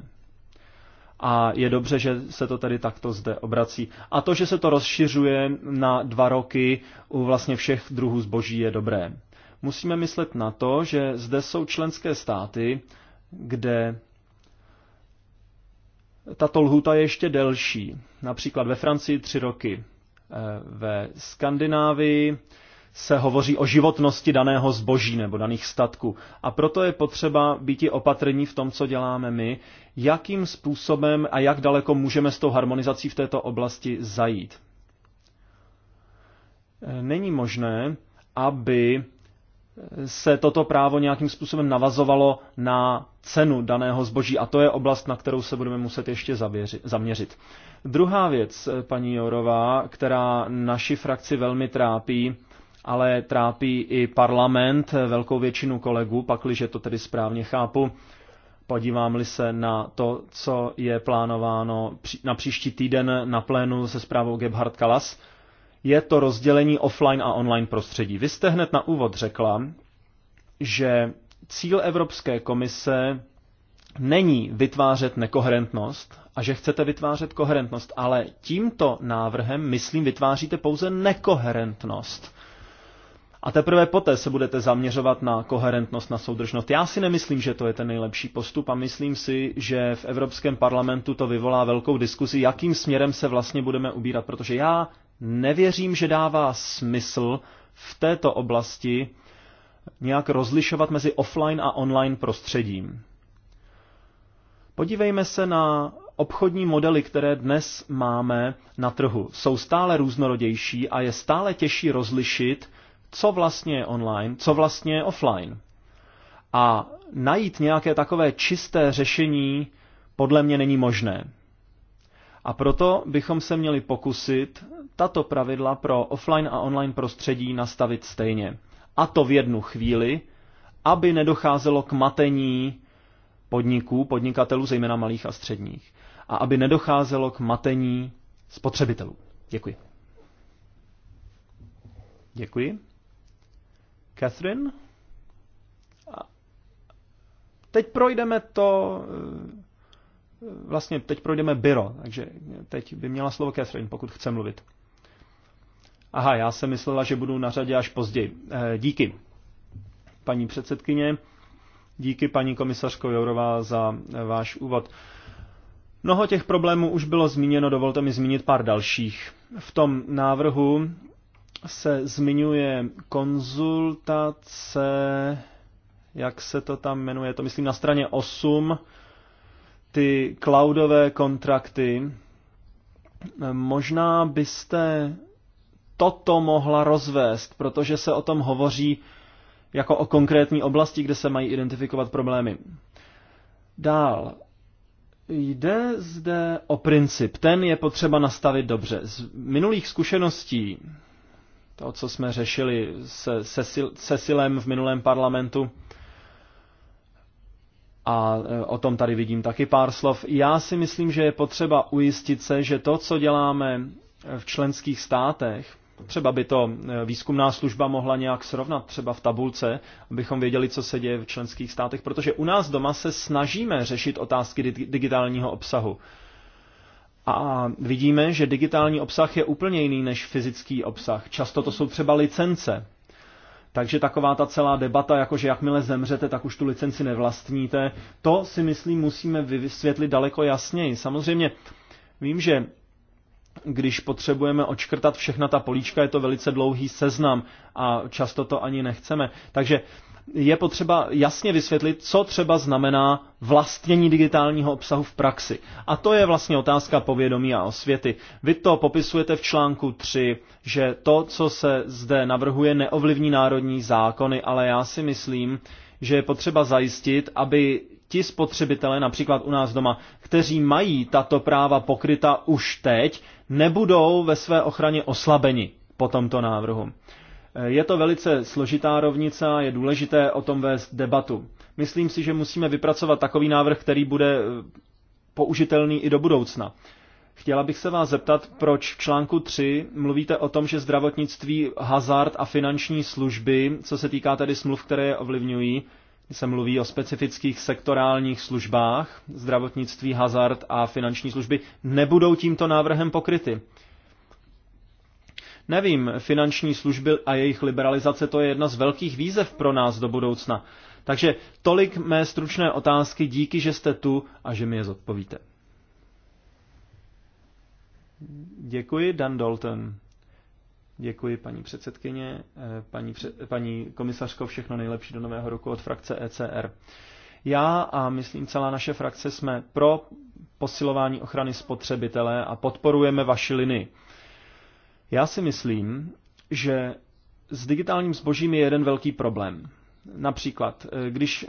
A je dobře, že se to tedy takto zde obrací. A to, že se to rozšiřuje na dva roky u vlastně všech druhů zboží, je dobré. Musíme myslet na to, že zde jsou členské státy, kde tato lhuta je ještě delší. Například ve Francii tři roky, eh, ve Skandinávii se hovoří o životnosti daného zboží nebo daných statků. A proto je potřeba být i opatrní v tom, co děláme my, jakým způsobem a jak daleko můžeme s tou harmonizací v této oblasti zajít. Není možné, aby se toto právo nějakým způsobem navazovalo na cenu daného zboží a to je oblast, na kterou se budeme muset ještě zaměřit. Druhá věc, paní Jourová, která naši frakci velmi trápí, ale trápí i parlament, velkou většinu kolegů, pakliže to tedy správně chápu. Podívám-li se na to, co je plánováno na příští týden na plénu se zprávou Gebhard Kalas, je to rozdělení offline a online prostředí. Vy jste hned na úvod řekla, že cíl Evropské komise není vytvářet nekoherentnost a že chcete vytvářet koherentnost, ale tímto návrhem, myslím, vytváříte pouze nekoherentnost. A teprve poté se budete zaměřovat na koherentnost, na soudržnost. Já si nemyslím, že to je ten nejlepší postup a myslím si, že v Evropském parlamentu to vyvolá velkou diskuzi, jakým směrem se vlastně budeme ubírat, protože já nevěřím, že dává smysl v této oblasti nějak rozlišovat mezi offline a online prostředím. Podívejme se na obchodní modely, které dnes máme na trhu. Jsou stále různorodější a je stále těžší rozlišit, co vlastně je online, co vlastně je offline. A najít nějaké takové čisté řešení podle mě není možné. A proto bychom se měli pokusit tato pravidla pro offline a online prostředí nastavit stejně. A to v jednu chvíli, aby nedocházelo k matení podniků, podnikatelů, zejména malých a středních. A aby nedocházelo k matení spotřebitelů. Děkuji. Děkuji. Catherine. A teď projdeme to, eh, vlastně teď projdeme byro, takže teď by měla slovo Catherine, pokud chce mluvit. Aha, já jsem myslela, že budu na řadě až později. Eh, díky, paní předsedkyně. Díky, paní komisařko Jourová, za eh, váš úvod. Mnoho těch problémů už bylo zmíněno, dovolte mi zmínit pár dalších. V tom návrhu se zmiňuje konzultace, jak se to tam jmenuje, to myslím na straně 8, ty cloudové kontrakty. Možná byste toto mohla rozvést, protože se o tom hovoří jako o konkrétní oblasti, kde se mají identifikovat problémy. Dál. Jde zde o princip. Ten je potřeba nastavit dobře. Z minulých zkušeností to, co jsme řešili se, se, se Silem v minulém parlamentu. A e, o tom tady vidím taky pár slov. Já si myslím, že je potřeba ujistit se, že to, co děláme v členských státech, třeba by to e, výzkumná služba mohla nějak srovnat třeba v tabulce, abychom věděli, co se děje v členských státech, protože u nás doma se snažíme řešit otázky digitálního obsahu. A vidíme, že digitální obsah je úplně jiný než fyzický obsah. Často to jsou třeba licence. Takže taková ta celá debata, jakože jakmile zemřete, tak už tu licenci nevlastníte, to si myslím musíme vysvětlit daleko jasněji. Samozřejmě vím, že když potřebujeme očkrtat všechna ta políčka, je to velice dlouhý seznam a často to ani nechceme. Takže je potřeba jasně vysvětlit, co třeba znamená vlastnění digitálního obsahu v praxi. A to je vlastně otázka povědomí a osvěty. Vy to popisujete v článku 3, že to, co se zde navrhuje, neovlivní národní zákony, ale já si myslím, že je potřeba zajistit, aby ti spotřebitelé, například u nás doma, kteří mají tato práva pokryta už teď, nebudou ve své ochraně oslabeni po tomto návrhu. Je to velice složitá rovnice a je důležité o tom vést debatu. Myslím si, že musíme vypracovat takový návrh, který bude eh, použitelný i do budoucna. Chtěla bych se vás zeptat, proč v článku 3 mluvíte o tom, že zdravotnictví, hazard a finanční služby, co se týká tedy smluv, které je ovlivňují, se mluví o specifických sektorálních službách, zdravotnictví, hazard a finanční služby, nebudou tímto návrhem pokryty. Nevím, finanční služby a jejich liberalizace to je jedna z velkých výzev pro nás do budoucna. Takže tolik mé stručné otázky, díky, že jste tu a že mi je zodpovíte. Děkuji, Dan Dalton. Děkuji, paní předsedkyně, eh, paní, před, paní komisařko, všechno nejlepší do nového roku od frakce ECR. Já a myslím celá naše frakce jsme pro posilování ochrany spotřebitele a podporujeme vaši linii. Já si myslím, že s digitálním zbožím je jeden velký problém. Například, eh, když eh,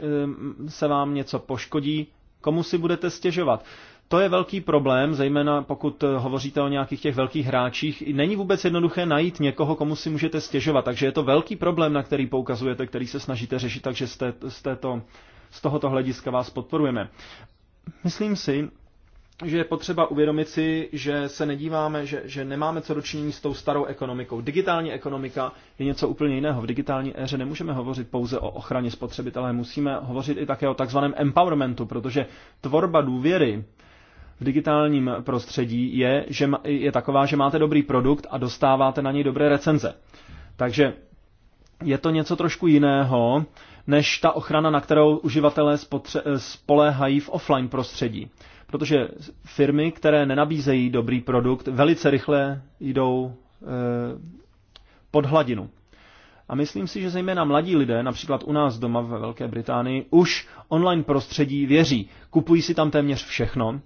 se vám něco poškodí, komu si budete stěžovat? To je velký problém, zejména pokud eh, hovoříte o nějakých těch velkých hráčích. Není vůbec jednoduché najít někoho, komu si můžete stěžovat, takže je to velký problém, na který poukazujete, který se snažíte řešit, takže z, této, z tohoto hlediska vás podporujeme. Myslím si, že je potřeba uvědomit si, že se nedíváme, že, že nemáme co dočinění s tou starou ekonomikou. Digitální ekonomika je něco úplně jiného. V digitální éře nemůžeme hovořit pouze o ochraně spotřebitele, musíme hovořit i také o takzvaném empowermentu, protože tvorba důvěry v digitálním prostředí je, že je taková, že máte dobrý produkt a dostáváte na něj dobré recenze. Takže je to něco trošku jiného, než ta ochrana, na kterou uživatelé spoléhají v offline prostředí protože firmy, které nenabízejí dobrý produkt, velice rychle jdou eh, pod hladinu. A myslím si, že zejména mladí lidé, například u nás doma ve Velké Británii, už online prostředí věří. Kupují si tam téměř všechno,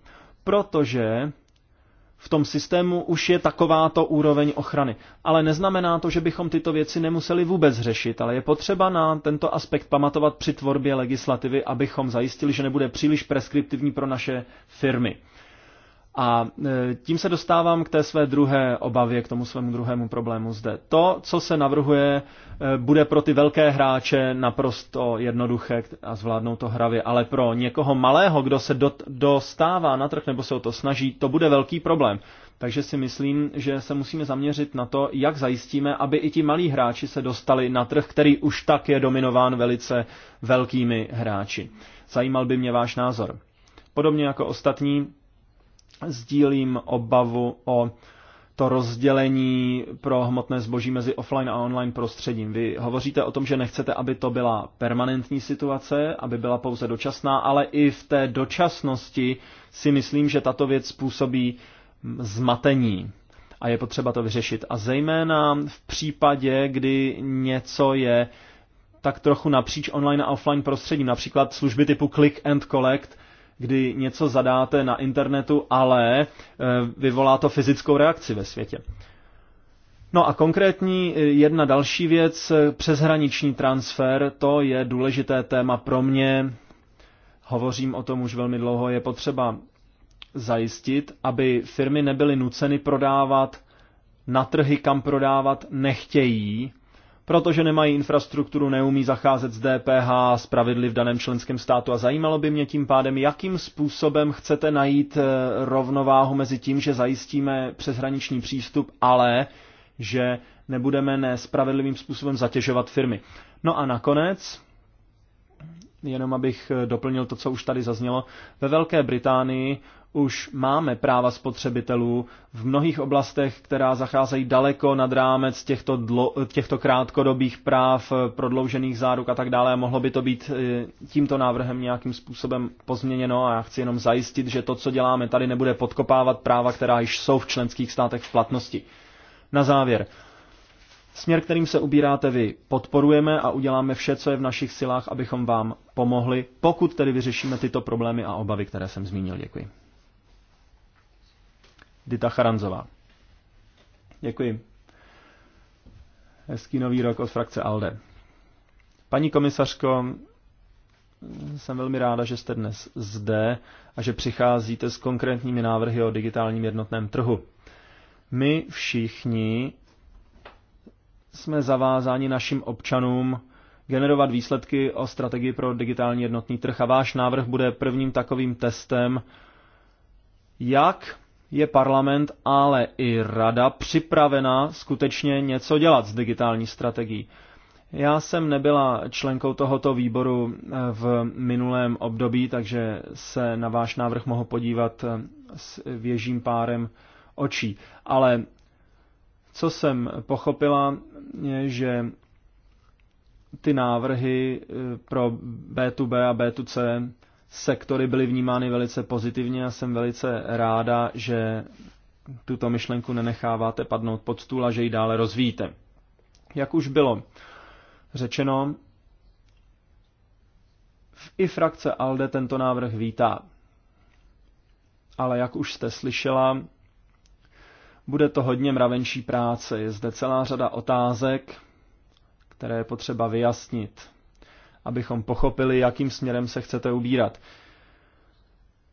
protože v tom systému už je takováto úroveň ochrany. Ale neznamená to, že bychom tyto věci nemuseli vůbec řešit, ale je potřeba na tento aspekt pamatovat při tvorbě legislativy, abychom zajistili, že nebude příliš preskriptivní pro naše firmy. A e, tím se dostávám k té své druhé obavě, k tomu svému druhému problému zde. To, co se navrhuje, e, bude pro ty velké hráče naprosto jednoduché a zvládnou to hravě, ale pro někoho malého, kdo se do, dostává na trh nebo se o to snaží, to bude velký problém. Takže si myslím, že se musíme zaměřit na to, jak zajistíme, aby i ti malí hráči se dostali na trh, který už tak je dominován velice velkými hráči. Zajímal by mě váš názor. Podobně jako ostatní, sdílím obavu o to rozdělení pro hmotné zboží mezi offline a online prostředím. Vy hovoříte o tom, že nechcete, aby to byla permanentní situace, aby byla pouze dočasná, ale i v té dočasnosti si myslím, že tato věc způsobí zmatení a je potřeba to vyřešit. A zejména v případě, kdy něco je tak trochu napříč online a offline prostředím, například služby typu click and collect, kdy něco zadáte na internetu, ale e, vyvolá to fyzickou reakci ve světě. No a konkrétní e, jedna další věc, e, přeshraniční transfer, to je důležité téma pro mě. Hovořím o tom už velmi dlouho, je potřeba zajistit, aby firmy nebyly nuceny prodávat na trhy, kam prodávat nechtějí, protože nemají infrastrukturu, neumí zacházet s DPH s pravidly v daném členském státu a zajímalo by mě tím pádem, jakým způsobem chcete najít eh, rovnováhu mezi tím, že zajistíme přeshraniční přístup, ale že nebudeme nespravedlivým způsobem zatěžovat firmy. No a nakonec jenom abych eh, doplnil to, co už tady zaznělo. Ve Velké Británii už máme práva spotřebitelů v mnohých oblastech, která zacházejí daleko nad rámec těchto, dlo, těchto krátkodobých práv, eh, prodloužených záruk a tak dále. mohlo by to být eh, tímto návrhem nějakým způsobem pozměněno a já chci jenom zajistit, že to, co děláme tady, nebude podkopávat práva, která již jsou v členských státech v platnosti. Na závěr, Směr, kterým se ubíráte vy, podporujeme a uděláme vše, co je v našich silách, abychom vám pomohli, pokud tedy vyřešíme tyto problémy a obavy, které jsem zmínil. Děkuji. Dita Charanzová. Děkuji. Hezký nový rok od frakce ALDE. Paní komisařko, jsem velmi ráda, že jste dnes zde a že přicházíte s konkrétními návrhy o digitálním jednotném trhu. My všichni jsme zavázáni našim občanům generovat výsledky o strategii pro digitální jednotný trh a váš návrh bude prvním takovým testem, jak je parlament, ale i rada připravena skutečně něco dělat s digitální strategií. Já jsem nebyla členkou tohoto výboru eh, v minulém období, takže se na váš návrh mohu podívat eh, s věžím párem očí. Ale co jsem pochopila, je, že ty návrhy e, pro B2B a B2C sektory byly vnímány velice pozitivně a jsem velice ráda, že tuto myšlenku nenecháváte padnout pod stůl a že ji dále rozvíjíte. Jak už bylo řečeno, i frakce ALDE tento návrh vítá. Ale jak už jste slyšela, bude to hodně mravenší práce. Je zde celá řada otázek, které je potřeba vyjasnit, abychom pochopili, jakým směrem se chcete ubírat.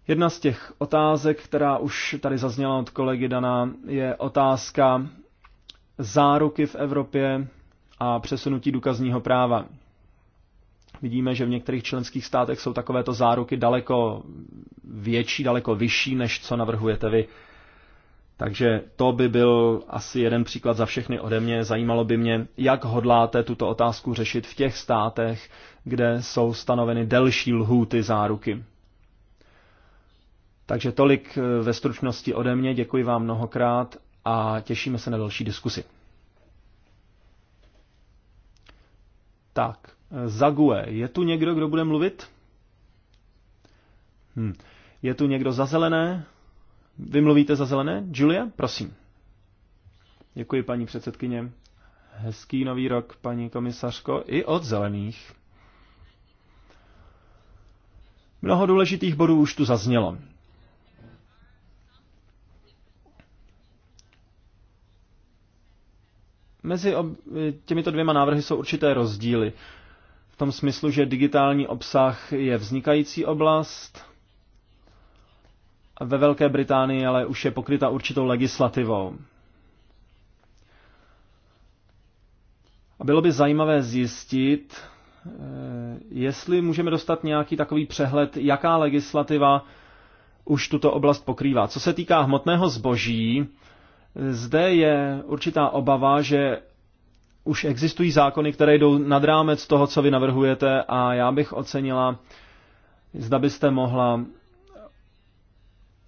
Jedna z těch otázek, která už tady zazněla od kolegy Dana, je otázka záruky v Evropě a přesunutí důkazního práva. Vidíme, že v některých členských státech jsou takovéto záruky daleko větší, daleko vyšší, než co navrhujete vy. Takže to by byl asi jeden příklad za všechny ode mě. Zajímalo by mě, jak hodláte tuto otázku řešit v těch státech, kde jsou stanoveny delší lhůty záruky. Takže tolik eh, ve stručnosti ode mě, děkuji vám mnohokrát a těšíme se na další diskusi. Tak, eh, Zague, je tu někdo, kdo bude mluvit? Hm. Je tu někdo za zelené? mluvíte za zelené? Julia, prosím. Děkuji, paní předsedkyně. Hezký nový rok, paní komisařko, i od zelených. Mnoho důležitých bodů už tu zaznělo. Mezi ob- těmito dvěma návrhy jsou určité rozdíly. V tom smyslu, že digitální obsah je vznikající oblast, ve Velké Británii ale už je pokryta určitou legislativou. A bylo by zajímavé zjistit, eh, jestli můžeme dostat nějaký takový přehled, jaká legislativa už tuto oblast pokrývá. Co se týká hmotného zboží, zde je určitá obava, že už existují zákony, které jdou nad rámec toho, co vy navrhujete a já bych ocenila, zda byste mohla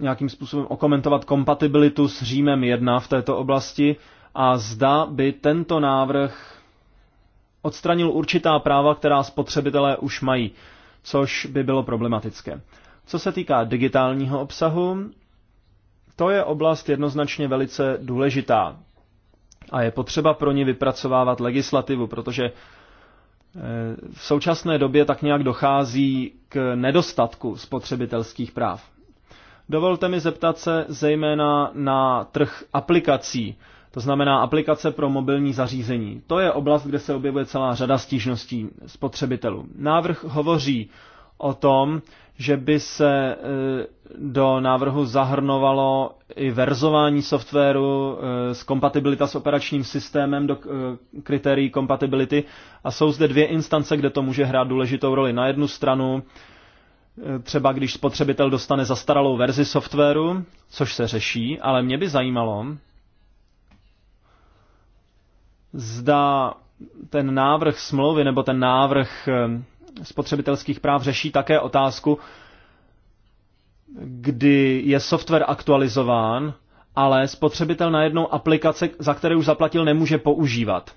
nějakým způsobem okomentovat kompatibilitu s Římem 1 v této oblasti a zda by tento návrh odstranil určitá práva, která spotřebitelé už mají, což by bylo problematické. Co se týká digitálního obsahu, to je oblast jednoznačně velice důležitá a je potřeba pro ní vypracovávat legislativu, protože eh, v současné době tak nějak dochází k nedostatku spotřebitelských práv. Dovolte mi zeptat se zejména na trh aplikací, to znamená aplikace pro mobilní zařízení. To je oblast, kde se objevuje celá řada stížností spotřebitelů. Návrh hovoří o tom, že by se e, do návrhu zahrnovalo i verzování softwaru z e, kompatibilita s operačním systémem do e, kritérií kompatibility a jsou zde dvě instance, kde to může hrát důležitou roli. Na jednu stranu třeba když spotřebitel dostane zastaralou verzi softwaru, což se řeší, ale mě by zajímalo, zda ten návrh smlouvy nebo ten návrh eh, spotřebitelských práv řeší také otázku, kdy je software aktualizován, ale spotřebitel na jednou aplikace, za které už zaplatil, nemůže používat.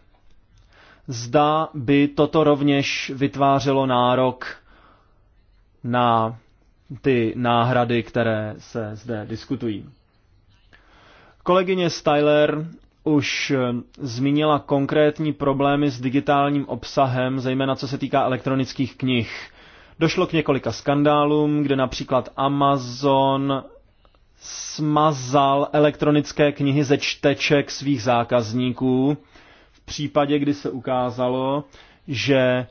Zda by toto rovněž vytvářelo nárok na ty náhrady, které se zde diskutují. Kolegyně Styler už eh, zmínila konkrétní problémy s digitálním obsahem, zejména co se týká elektronických knih. Došlo k několika skandálům, kde například Amazon smazal elektronické knihy ze čteček svých zákazníků v případě, kdy se ukázalo, že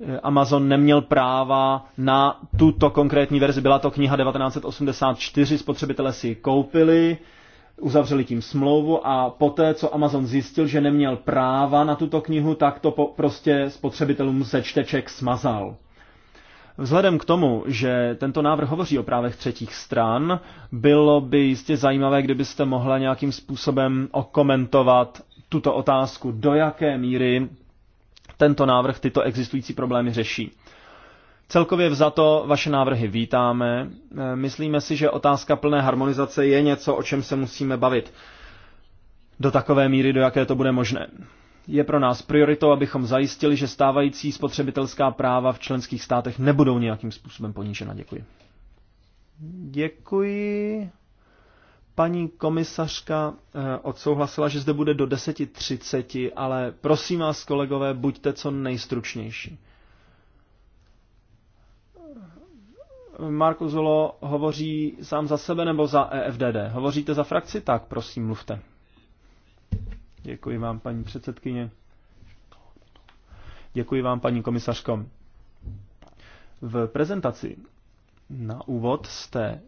Eh, Amazon neměl práva na tuto konkrétní verzi. Byla to kniha 1984, spotřebitelé si ji koupili, uzavřeli tím smlouvu a poté, co Amazon zjistil, že neměl práva na tuto knihu, tak to po, prostě spotřebitelům ze čteček smazal. Vzhledem k tomu, že tento návrh hovoří o právech třetích stran, bylo by jistě zajímavé, kdybyste mohla nějakým způsobem okomentovat tuto otázku, do jaké míry tento návrh tyto existující problémy řeší. Celkově vzato vaše návrhy vítáme. E, myslíme si, že otázka plné harmonizace je něco, o čem se musíme bavit. Do takové míry, do jaké to bude možné. Je pro nás prioritou, abychom zajistili, že stávající spotřebitelská práva v členských státech nebudou nějakým způsobem ponížena. Děkuji. Děkuji. Paní komisařka eh, odsouhlasila, že zde bude do 10.30, ale prosím vás, kolegové, buďte co nejstručnější. Marko Zulo hovoří sám za sebe nebo za EFDD? Hovoříte za frakci? Tak, prosím, mluvte. Děkuji vám, paní předsedkyně. Děkuji vám, paní komisařko. V prezentaci na úvod jste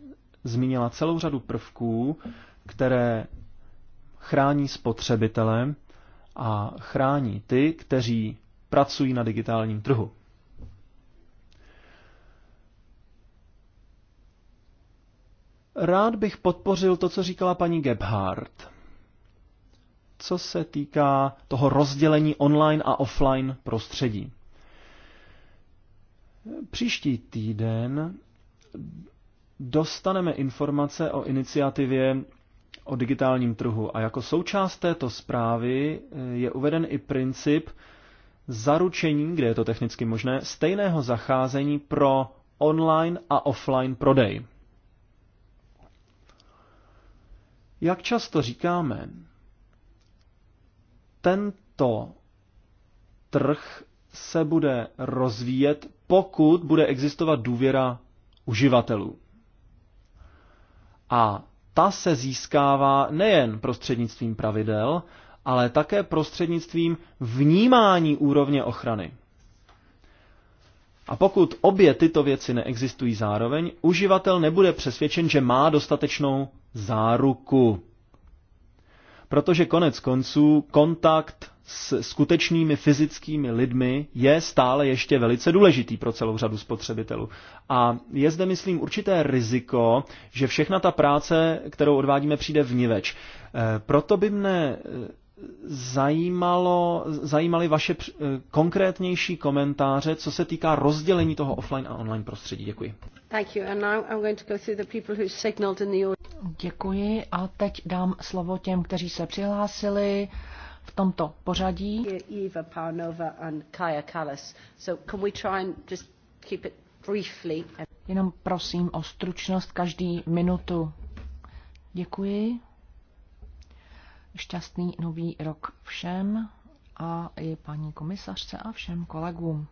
zmínila celou řadu prvků, které chrání spotřebitele a chrání ty, kteří pracují na digitálním trhu. Rád bych podpořil to, co říkala paní Gebhardt. Co se týká toho rozdělení online a offline prostředí. Příští týden dostaneme informace o iniciativě o digitálním trhu. A jako součást této zprávy eh, je uveden i princip zaručení, kde je to technicky možné, stejného zacházení pro online a offline prodej. Jak často říkáme, tento trh se bude rozvíjet, pokud bude existovat důvěra uživatelů. A ta se získává nejen prostřednictvím pravidel, ale také prostřednictvím vnímání úrovně ochrany. A pokud obě tyto věci neexistují zároveň, uživatel nebude přesvědčen, že má dostatečnou záruku. Protože konec konců kontakt s skutečnými fyzickými lidmi je stále ještě velice důležitý pro celou řadu spotřebitelů. A je zde, myslím, určité riziko, že všechna ta práce, kterou odvádíme, přijde vniveč. Eh, proto by mne eh, zajímalo, zajímaly vaše eh, konkrétnější komentáře, co se týká rozdělení toho offline a online prostředí. Děkuji. Děkuji a teď dám slovo těm, kteří se přihlásili v tomto pořadí. Jenom prosím o stručnost každý minutu. Děkuji. Šťastný nový rok všem a i paní komisařce a všem kolegům.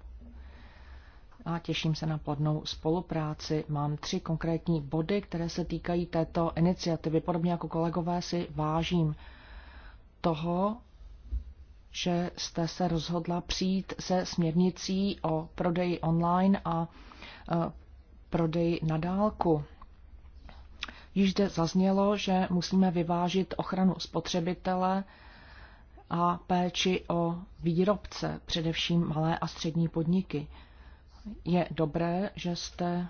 A těším se na plodnou spolupráci. Mám tři konkrétní body, které se týkají této iniciativy. Podobně jako kolegové si vážím toho, že jste se rozhodla přijít se směrnicí o prodeji online a e, prodeji na dálku. Již zde zaznělo, že musíme vyvážit ochranu spotřebitele a péči o výrobce, především malé a střední podniky. Je dobré, že jste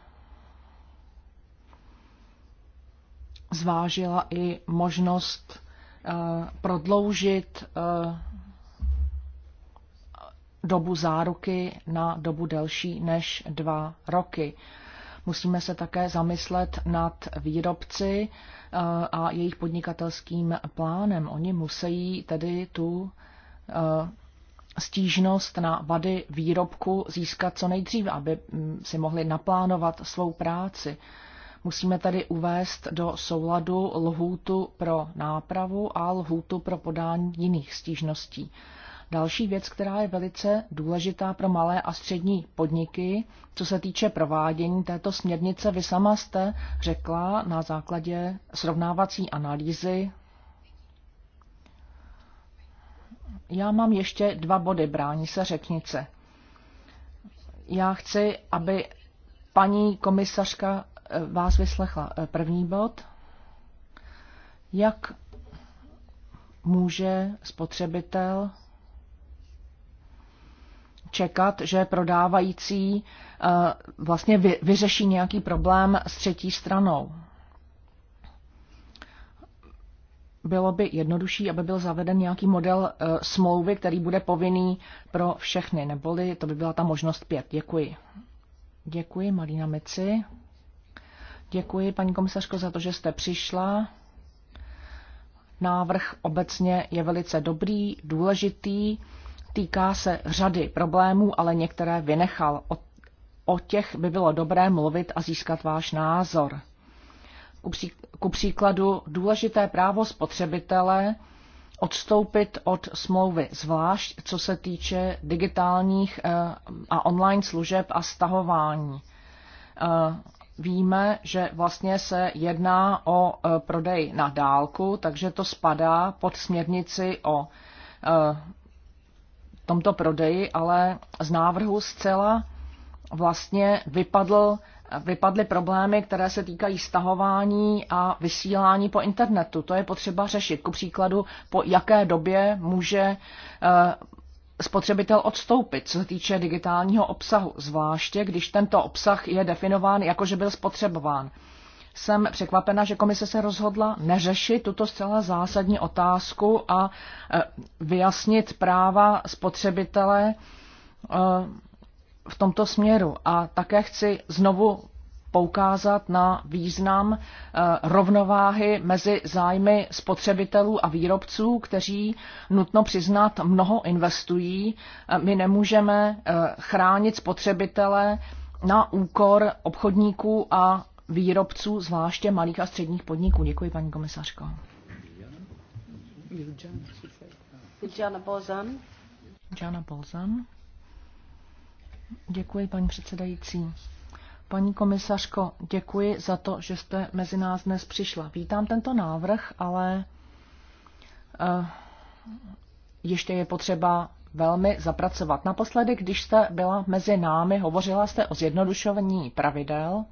zvážila i možnost e, prodloužit e, dobu záruky na dobu delší než dva roky. Musíme se také zamyslet nad výrobci eh, a jejich podnikatelským plánem. Oni musí tedy tu eh, stížnost na vady výrobku získat co nejdříve, aby mm, si mohli naplánovat svou práci. Musíme tedy uvést do souladu lhůtu pro nápravu a lhůtu pro podání jiných stížností. Další věc, která je velice důležitá pro malé a střední podniky, co se týče provádění této směrnice, vy sama jste řekla na základě srovnávací analýzy. Já mám ještě dva body brání se řeknice. Já chci, aby paní komisařka eh, vás vyslechla. Eh, první bod. Jak může spotřebitel čekat, že prodávající eh, vlastně vyřeší nějaký problém s třetí stranou. Bylo by jednodušší, aby byl zaveden nějaký model eh, smlouvy, který bude povinný pro všechny, neboli to by byla ta možnost pět. Děkuji. Děkuji, Marina Mici. Děkuji, paní komisařko, za to, že jste přišla. Návrh obecně je velice dobrý, důležitý týká se řady problémů, ale některé vynechal. O, o těch by bylo dobré mluvit a získat váš názor. Ku, ku příkladu důležité právo spotřebitele odstoupit od smlouvy, zvlášť co se týče digitálních eh, a online služeb a stahování. Eh, víme, že vlastně se jedná o eh, prodej na dálku, takže to spadá pod směrnici o tomto prodeji, ale z návrhu zcela vlastně vypadl, vypadly problémy, které se týkají stahování a vysílání po internetu. To je potřeba řešit. Ku příkladu, po jaké době může eh, spotřebitel odstoupit, co se týče digitálního obsahu, zvláště když tento obsah je definován jako, že byl spotřebován jsem překvapena, že komise se rozhodla neřešit tuto zcela zásadní otázku a e, vyjasnit práva spotřebitele e, v tomto směru. A také chci znovu poukázat na význam e, rovnováhy mezi zájmy spotřebitelů a výrobců, kteří nutno přiznat mnoho investují. My nemůžeme chránit spotřebitele na úkor obchodníků a výrobců, zvláště malých a středních podniků. Děkuji, paní komisařko. Jana Bolzan. Jana Bolzan. Děkuji, paní předsedající. Paní komisařko, děkuji za to, že jste mezi nás dnes přišla. Vítám tento návrh, ale uh, ještě je potřeba velmi zapracovat. Naposledy, když jste byla mezi námi, hovořila jste o zjednodušování pravidel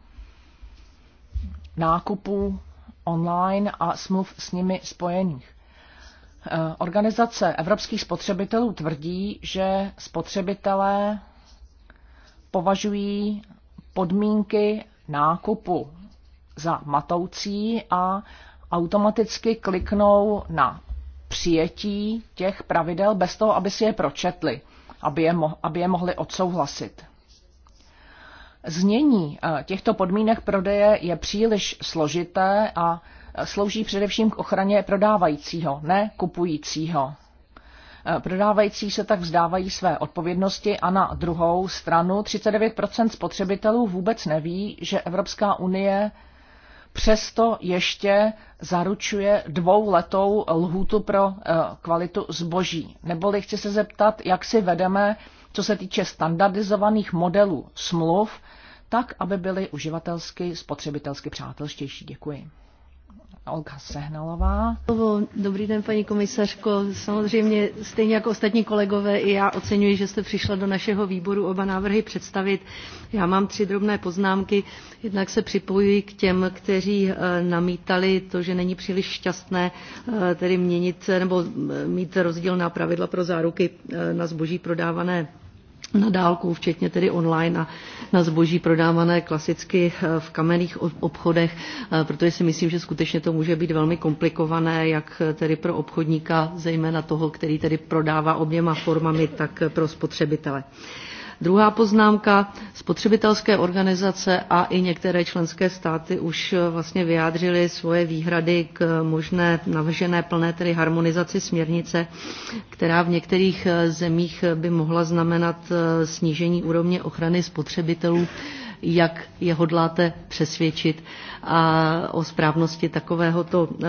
nákupů online a smluv s nimi spojených. Eh, organizace evropských spotřebitelů tvrdí, že spotřebitelé považují podmínky nákupu za matoucí a automaticky kliknou na přijetí těch pravidel bez toho, aby si je pročetli, aby je, mo- aby je mohli odsouhlasit. Znění eh, těchto podmínek prodeje je příliš složité a eh, slouží především k ochraně prodávajícího, ne kupujícího. Eh, prodávající se tak vzdávají své odpovědnosti a na druhou stranu 39 spotřebitelů vůbec neví, že Evropská unie přesto ještě zaručuje dvouletou lhůtu pro kvalitu zboží. Neboli chci se zeptat, jak si vedeme co se týče standardizovaných modelů smluv, tak, aby byly uživatelsky, spotřebitelsky přátelštější. Děkuji. Olga Sehnalová. Dobrý den, paní komisařko. Samozřejmě stejně jako ostatní kolegové i já oceňuji, že jste přišla do našeho výboru oba návrhy představit. Já mám tři drobné poznámky. Jednak se připojuji k těm, kteří eh, namítali to, že není příliš šťastné eh, tedy měnit nebo eh, mít rozdílná pravidla pro záruky na zboží prodávané na dálku, včetně tedy online a na zboží prodávané klasicky eh, v kamenných obchodech, eh, protože si myslím, že skutečně to může být velmi komplikované, jak eh, tedy pro obchodníka, zejména toho, který tedy prodává oběma formami, tak pro spotřebitele. Druhá poznámka, spotřebitelské organizace a i některé členské státy už eh, vlastně vyjádřily svoje výhrady k eh, možné navržené plné tedy harmonizaci směrnice, která v některých eh, zemích by mohla znamenat snížení úrovně ochrany spotřebitelů. Jak je hodláte přesvědčit? a o správnosti takovéhoto eh,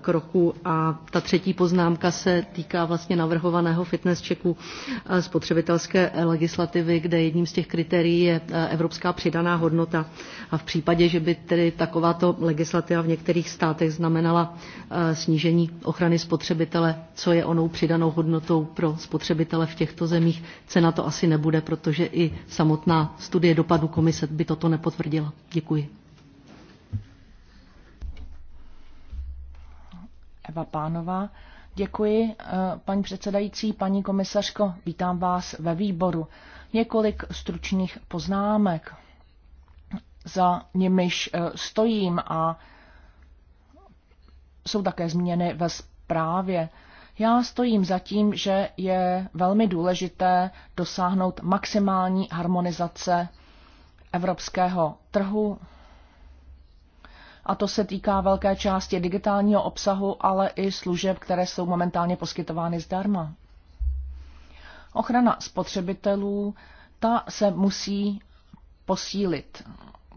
kroku. A ta třetí poznámka se týká vlastně navrhovaného fitness checku eh, spotřebitelské legislativy, kde jedním z těch kritérií je eh, evropská přidaná hodnota. A v případě, že by tedy takováto legislativa v některých státech znamenala snížení ochrany spotřebitele, co je onou přidanou hodnotou pro spotřebitele v těchto zemích, cena to asi nebude, protože i samotná studie dopadu komise by toto nepotvrdila. Děkuji. Eva Pánová. Děkuji, eh, paní předsedající, paní komisařko, vítám vás ve výboru. Několik stručných poznámek. Za nimiž eh, stojím a jsou také změny ve zprávě. Já stojím za tím, že je velmi důležité dosáhnout maximální harmonizace evropského trhu a to se týká velké části digitálního obsahu, ale i služeb, které jsou momentálně poskytovány zdarma. Ochrana spotřebitelů, ta se musí posílit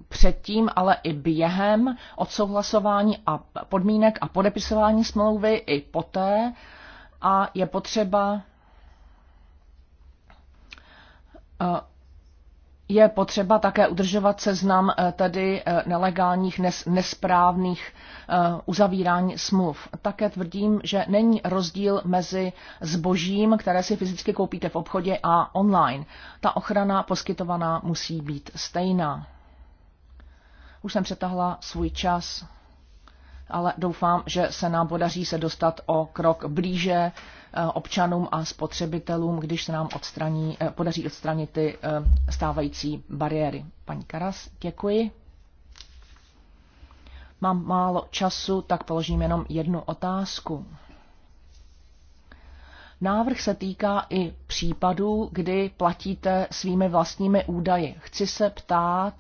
předtím, ale i během odsouhlasování a podmínek a podepisování smlouvy i poté a je potřeba eh, je potřeba také udržovat seznam eh, tedy eh, nelegálních, nesprávných eh, uzavírání smluv. Také tvrdím, že není rozdíl mezi zbožím, které si fyzicky koupíte v obchodě a online. Ta ochrana poskytovaná musí být stejná. Už jsem přetahla svůj čas ale doufám, že se nám podaří se dostat o krok blíže eh, občanům a spotřebitelům, když se nám odstraní, eh, podaří odstranit ty eh, stávající bariéry. Paní Karas, děkuji. Mám málo času, tak položím jenom jednu otázku. Návrh se týká i případů, kdy platíte svými vlastními údaji. Chci se ptát,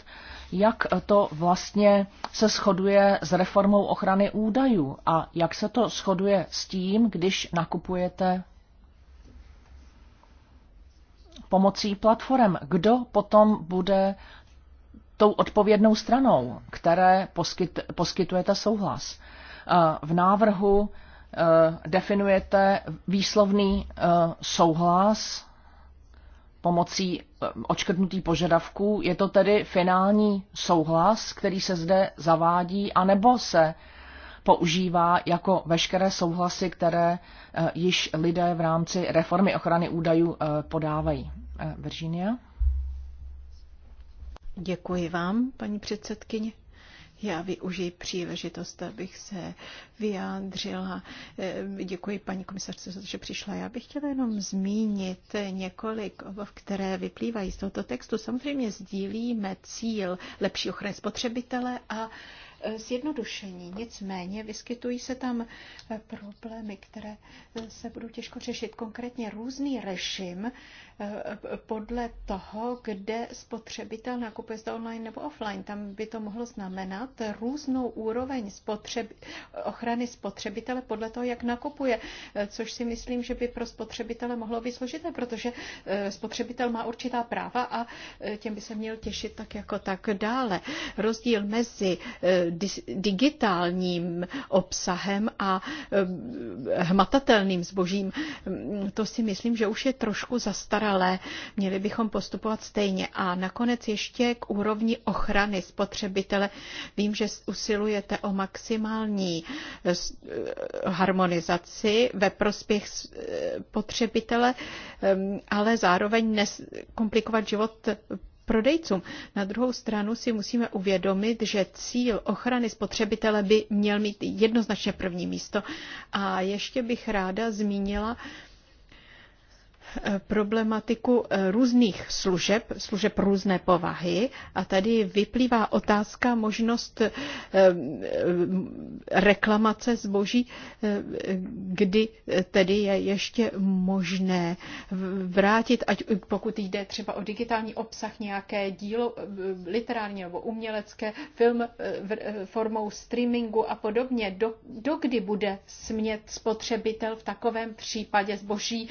jak to vlastně se shoduje s reformou ochrany údajů a jak se to shoduje s tím, když nakupujete pomocí platform. Kdo potom bude tou odpovědnou stranou, které poskyt, poskytujete souhlas? Eh, v návrhu eh, definujete výslovný eh, souhlas pomocí eh, očkrtnutý požadavků. Je to tedy finální souhlas, který se zde zavádí, anebo se používá jako veškeré souhlasy, které eh, již lidé v rámci reformy ochrany údajů eh, podávají. Virginia? Děkuji vám, paní předsedkyně. Já využiji příležitost, abych se vyjádřila. Eh, děkuji paní komisařce za to, že přišla. Já bych chtěla jenom zmínit několik obav, které vyplývají z tohoto textu. Samozřejmě sdílíme cíl lepší ochrany spotřebitele a eh, zjednodušení. Nicméně vyskytují se tam eh, problémy, které se budou těžko řešit. Konkrétně různý režim podle toho, kde spotřebitel nakupuje zda online nebo offline. Tam by to mohlo znamenat různou úroveň spotřeb, ochrany spotřebitele podle toho, jak nakupuje, což si myslím, že by pro spotřebitele mohlo být složité, protože eh, spotřebitel má určitá práva a eh, těm by se měl těšit tak jako tak dále. Rozdíl mezi eh, digitálním obsahem a hmatatelným zbožím, mm, to si myslím, že už je trošku zastaralé ale měli bychom postupovat stejně. A nakonec ještě k úrovni ochrany spotřebitele. Vím, že usilujete o maximální eh, eh, harmonizaci ve prospěch spotřebitele, eh, ehm, ale zároveň komplikovat život prodejcům. Na druhou stranu si musíme uvědomit, že cíl ochrany spotřebitele by měl mít jednoznačně první místo. A ještě bych ráda zmínila Eh, problematiku eh, různých služeb, služeb různé povahy a tady vyplývá otázka možnost eh, reklamace zboží, kdy tedy je ještě možné vrátit, ať pokud jde třeba o digitální obsah, nějaké dílo literární nebo umělecké, film formou streamingu a podobně, do, dokdy bude smět spotřebitel v takovém případě zboží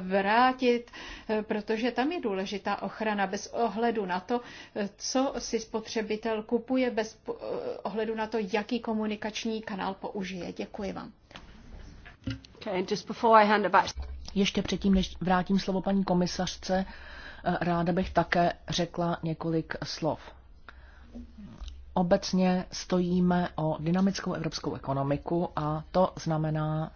vrátit vrátit, eh, protože tam je důležitá ochrana bez ohledu na to, eh, co si spotřebitel kupuje, bez eh, ohledu na to, jaký komunikační kanál použije. Děkuji vám. Okay, just before I hand Ještě předtím, než vrátím slovo paní komisařce, ráda bych také řekla několik slov. Obecně stojíme o dynamickou evropskou ekonomiku a to znamená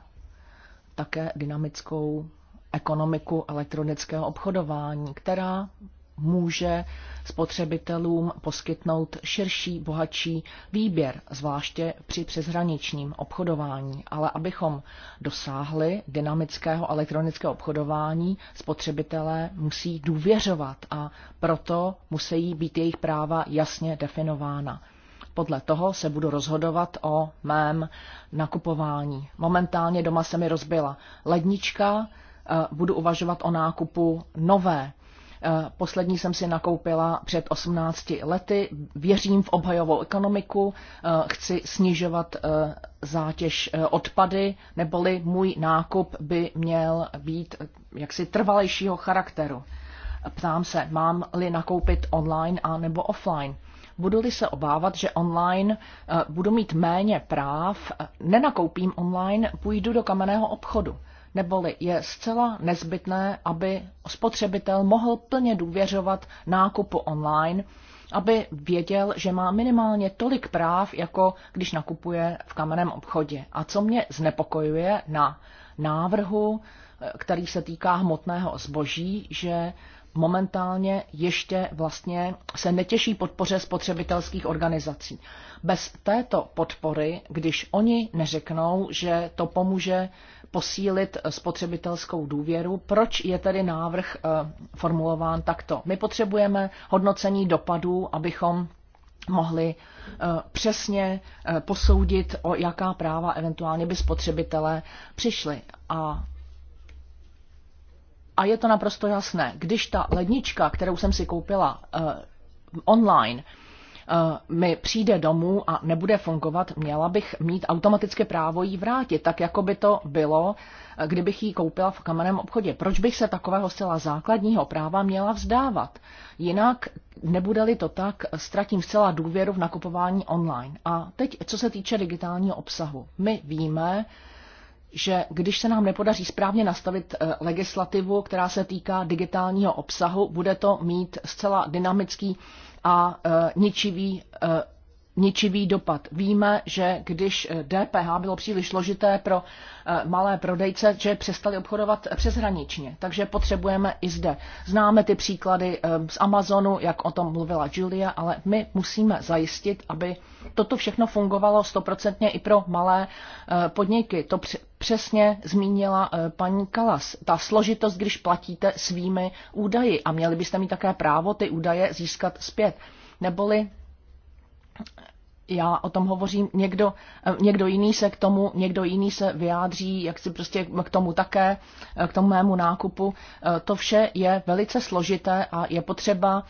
také dynamickou ekonomiku elektronického obchodování, která může spotřebitelům poskytnout širší, bohatší výběr, zvláště při přeshraničním obchodování. Ale abychom dosáhli dynamického elektronického obchodování, spotřebitelé musí důvěřovat a proto musí být jejich práva jasně definována. Podle toho se budu rozhodovat o mém nakupování. Momentálně doma se mi rozbila lednička, Eh, budu uvažovat o nákupu nové. Eh, poslední jsem si nakoupila před 18 lety. Věřím v obhajovou ekonomiku, eh, chci snižovat zátěž odpady, neboli můj nákup by měl být jaksi trvalejšího charakteru. Ptám se, mám-li nakoupit online a nebo offline. Budu-li se obávat, že online budu mít méně práv, nenakoupím online, půjdu do kamenného obchodu neboli je zcela nezbytné, aby spotřebitel mohl plně důvěřovat nákupu online, aby věděl, že má minimálně tolik práv, jako když nakupuje v kamenném obchodě. A co mě znepokojuje na návrhu, který se týká hmotného zboží, že momentálně ještě vlastně se netěší podpoře spotřebitelských organizací. Bez této podpory, když oni neřeknou, že to pomůže posílit eh, spotřebitelskou důvěru. Proč je tedy návrh eh, formulován takto? My potřebujeme hodnocení dopadů, abychom mohli eh, přesně posoudit, o jaká práva eventuálně by spotřebitelé přišli. A a je to naprosto jasné. Když ta lednička, kterou jsem si koupila online, Eh, mi přijde domů a nebude fungovat, měla bych mít automaticky právo jí vrátit, tak jako by to bylo, eh, kdybych ji koupila v kamenném obchodě. Proč bych se takového zcela základního práva měla vzdávat? Jinak, nebude-li to tak, eh, ztratím zcela důvěru v nakupování online. A teď, co se týče digitálního obsahu. My víme, že když se nám nepodaří správně nastavit legislativu, která se týká digitálního obsahu, bude to mít zcela dynamický a e, ničivý e, ničivý dopad. Víme, že když DPH eh, bylo příliš složité pro eh, malé prodejce, že přestali obchodovat přeshraničně. Takže potřebujeme i zde. Známe ty příklady eh, z Amazonu, jak o tom mluvila Julia, ale my musíme zajistit, aby toto všechno fungovalo stoprocentně i pro malé podniky. To přesně zmínila paní Kalas. Ta složitost, když platíte svými údaji a měli byste mít také právo ty údaje získat zpět. Neboli já o tom hovořím, někdo, eh, někdo jiný se k tomu, někdo jiný se vyjádří, jak si prostě k tomu také, eh, k tomu mému nákupu. Eh, to vše je velice složité a je potřeba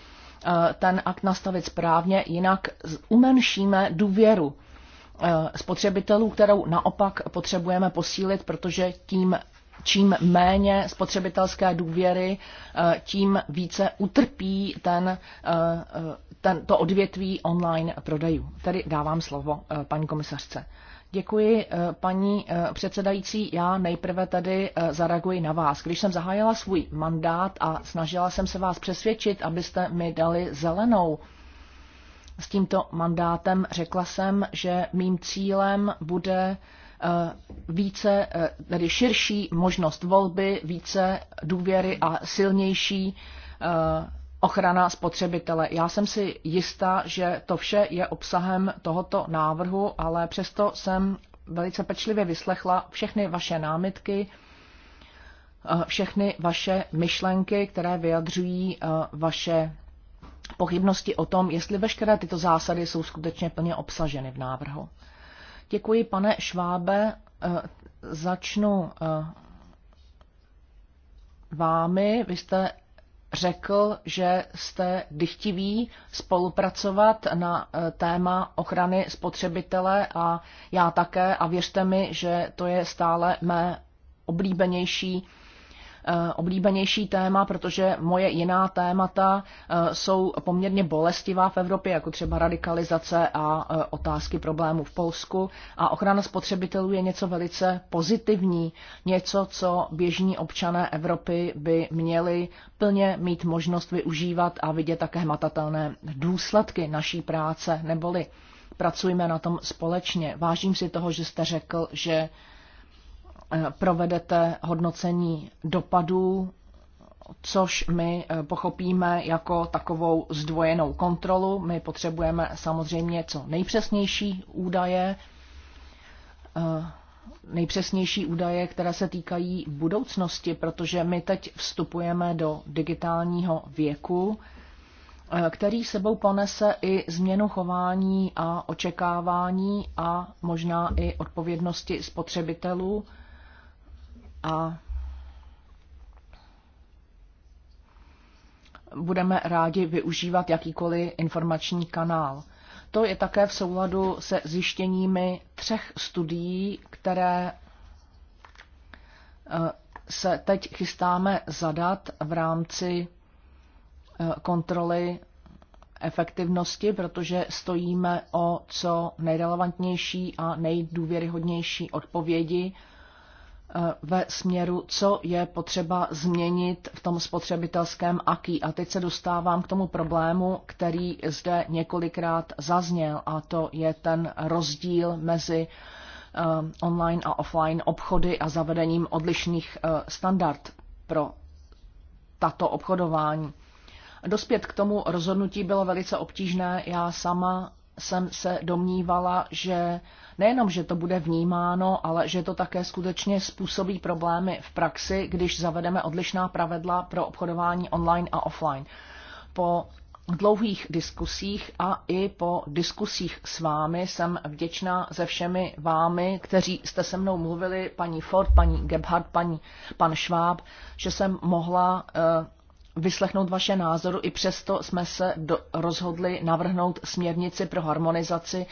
ten akt nastavit správně, jinak umenšíme důvěru spotřebitelů, kterou naopak potřebujeme posílit, protože tím čím méně spotřebitelské důvěry, tím více utrpí ten ten, to odvětví online prodejů. Tady dávám slovo eh, paní komisařce. Děkuji, eh, paní eh, předsedající. Já nejprve tady zareaguji na vás. Když jsem zahájila svůj mandát a snažila jsem se vás přesvědčit, abyste mi dali zelenou s tímto mandátem, řekla jsem, že mým cílem bude více, tedy širší možnost volby, více důvěry a silnější ochrana spotřebitele. Já jsem si jistá, že to vše je obsahem tohoto návrhu, ale přesto jsem velice pečlivě vyslechla všechny vaše námitky, eh, všechny vaše myšlenky, které vyjadřují eh, vaše pochybnosti o tom, jestli veškeré tyto zásady jsou skutečně plně obsaženy v návrhu. Děkuji, pane Švábe. Eh, začnu vámi. Vy jste řekl, že jste dychtiví spolupracovat na e, téma ochrany spotřebitele a já také a věřte mi, že to je stále mé oblíbenější Eh, oblíbenější téma, protože moje jiná témata eh, jsou poměrně bolestivá v Evropě, jako třeba radikalizace a eh, otázky problémů v Polsku. A ochrana spotřebitelů je něco velice pozitivní, něco, co běžní občané Evropy by měli plně mít možnost využívat a vidět také hmatatelné důsledky naší práce, neboli Pracujeme na tom společně. Vážím si toho, že jste řekl, že Eh, provedete hodnocení dopadů, což my eh, pochopíme jako takovou zdvojenou kontrolu. My potřebujeme samozřejmě co nejpřesnější údaje, eh, nejpřesnější údaje, které se týkají budoucnosti, protože my teď vstupujeme do digitálního věku, který sebou ponese i změnu chování a očekávání a možná i odpovědnosti spotřebitelů a budeme rádi využívat jakýkoliv informační kanál. To je také v souladu se zjištěními třech studií, které eh, se teď chystáme zadat v rámci eh, kontroly efektivnosti, protože stojíme o co nejrelevantnější a nejdůvěryhodnější odpovědi Eh, ve směru, co je potřeba změnit v tom spotřebitelském aký. A teď se dostávám k tomu problému, který zde několikrát zazněl, a to je ten rozdíl mezi eh, online a offline obchody a zavedením odlišných eh, standard pro tato obchodování. Dospět k tomu rozhodnutí bylo velice obtížné. Já sama jsem se domnívala, že nejenom, že to bude vnímáno, ale že to také skutečně způsobí problémy v praxi, když zavedeme odlišná pravidla pro obchodování online a offline. Po dlouhých diskusích a i po diskusích s vámi jsem vděčná ze všemi vámi, kteří jste se mnou mluvili, paní Ford, paní Gebhardt, paní, pan Schwab, že jsem mohla uh, vyslechnout vaše názoru. I přesto jsme se do, rozhodli navrhnout směrnici pro harmonizaci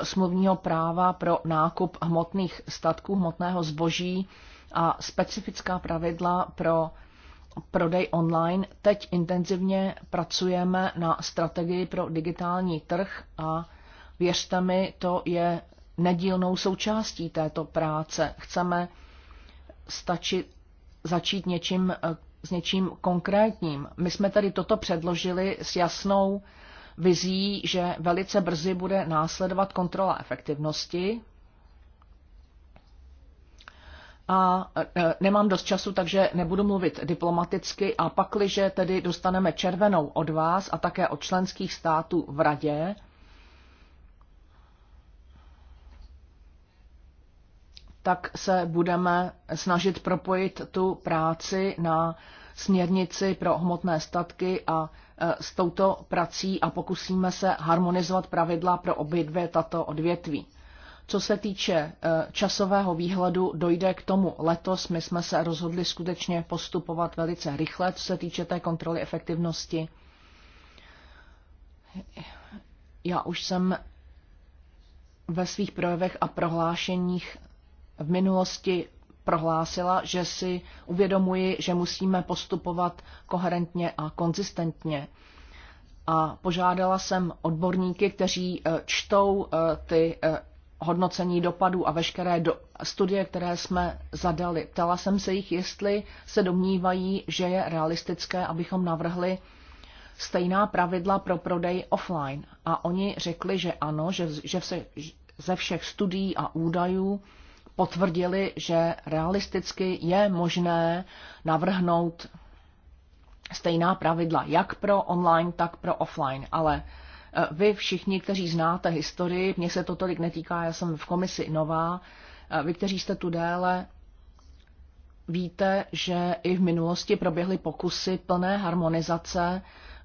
e, smluvního práva pro nákup hmotných statků, hmotného zboží a specifická pravidla pro prodej online. Teď intenzivně pracujeme na strategii pro digitální trh a věřte mi, to je nedílnou součástí této práce. Chceme stačit, začít něčím eh, s něčím konkrétním. My jsme tady toto předložili s jasnou vizí, že velice brzy bude následovat kontrola efektivnosti. A e, nemám dost času, takže nebudu mluvit diplomaticky. A pakliže tedy dostaneme červenou od vás a také od členských států v radě, tak se budeme snažit propojit tu práci na směrnici pro hmotné statky a e, s touto prací a pokusíme se harmonizovat pravidla pro obě dvě tato odvětví. Co se týče e, časového výhledu, dojde k tomu letos. My jsme se rozhodli skutečně postupovat velice rychle, co se týče té kontroly efektivnosti. Já už jsem ve svých projevech a prohlášeních v minulosti prohlásila, že si uvědomuji, že musíme postupovat koherentně a konzistentně. A požádala jsem odborníky, kteří eh, čtou eh, ty eh, hodnocení dopadů a veškeré do, studie, které jsme zadali. Ptala jsem se jich, jestli se domnívají, že je realistické, abychom navrhli stejná pravidla pro prodej offline. A oni řekli, že ano, že, že se, ze všech studií a údajů potvrdili, že realisticky je možné navrhnout stejná pravidla jak pro online, tak pro offline, ale e, vy všichni, kteří znáte historii, mně se to tolik netýká, já jsem v komisi nová, e, vy, kteří jste tu déle, víte, že i v minulosti proběhly pokusy plné harmonizace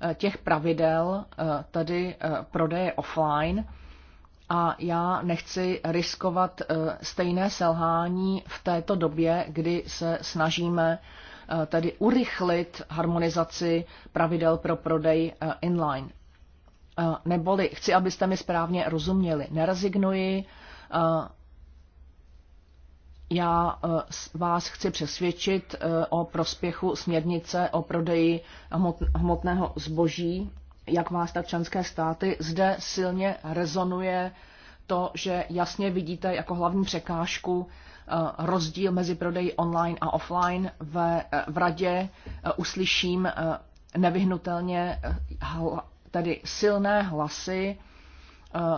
e, těch pravidel, tedy prodeje offline, a já nechci riskovat eh, stejné selhání v této době, kdy se snažíme eh, tedy urychlit harmonizaci pravidel pro prodej eh, inline. Neboli chci, abyste mi správně rozuměli. Nerezignuji, já vás chci přesvědčit o prospěchu směrnice o prodeji hmotného zboží jak vás, tak členské státy, zde silně rezonuje to, že jasně vidíte jako hlavní překážku eh, rozdíl mezi prodeji online a offline. Ve, eh, v radě eh, uslyším nevyhnutelně tedy silné hlasy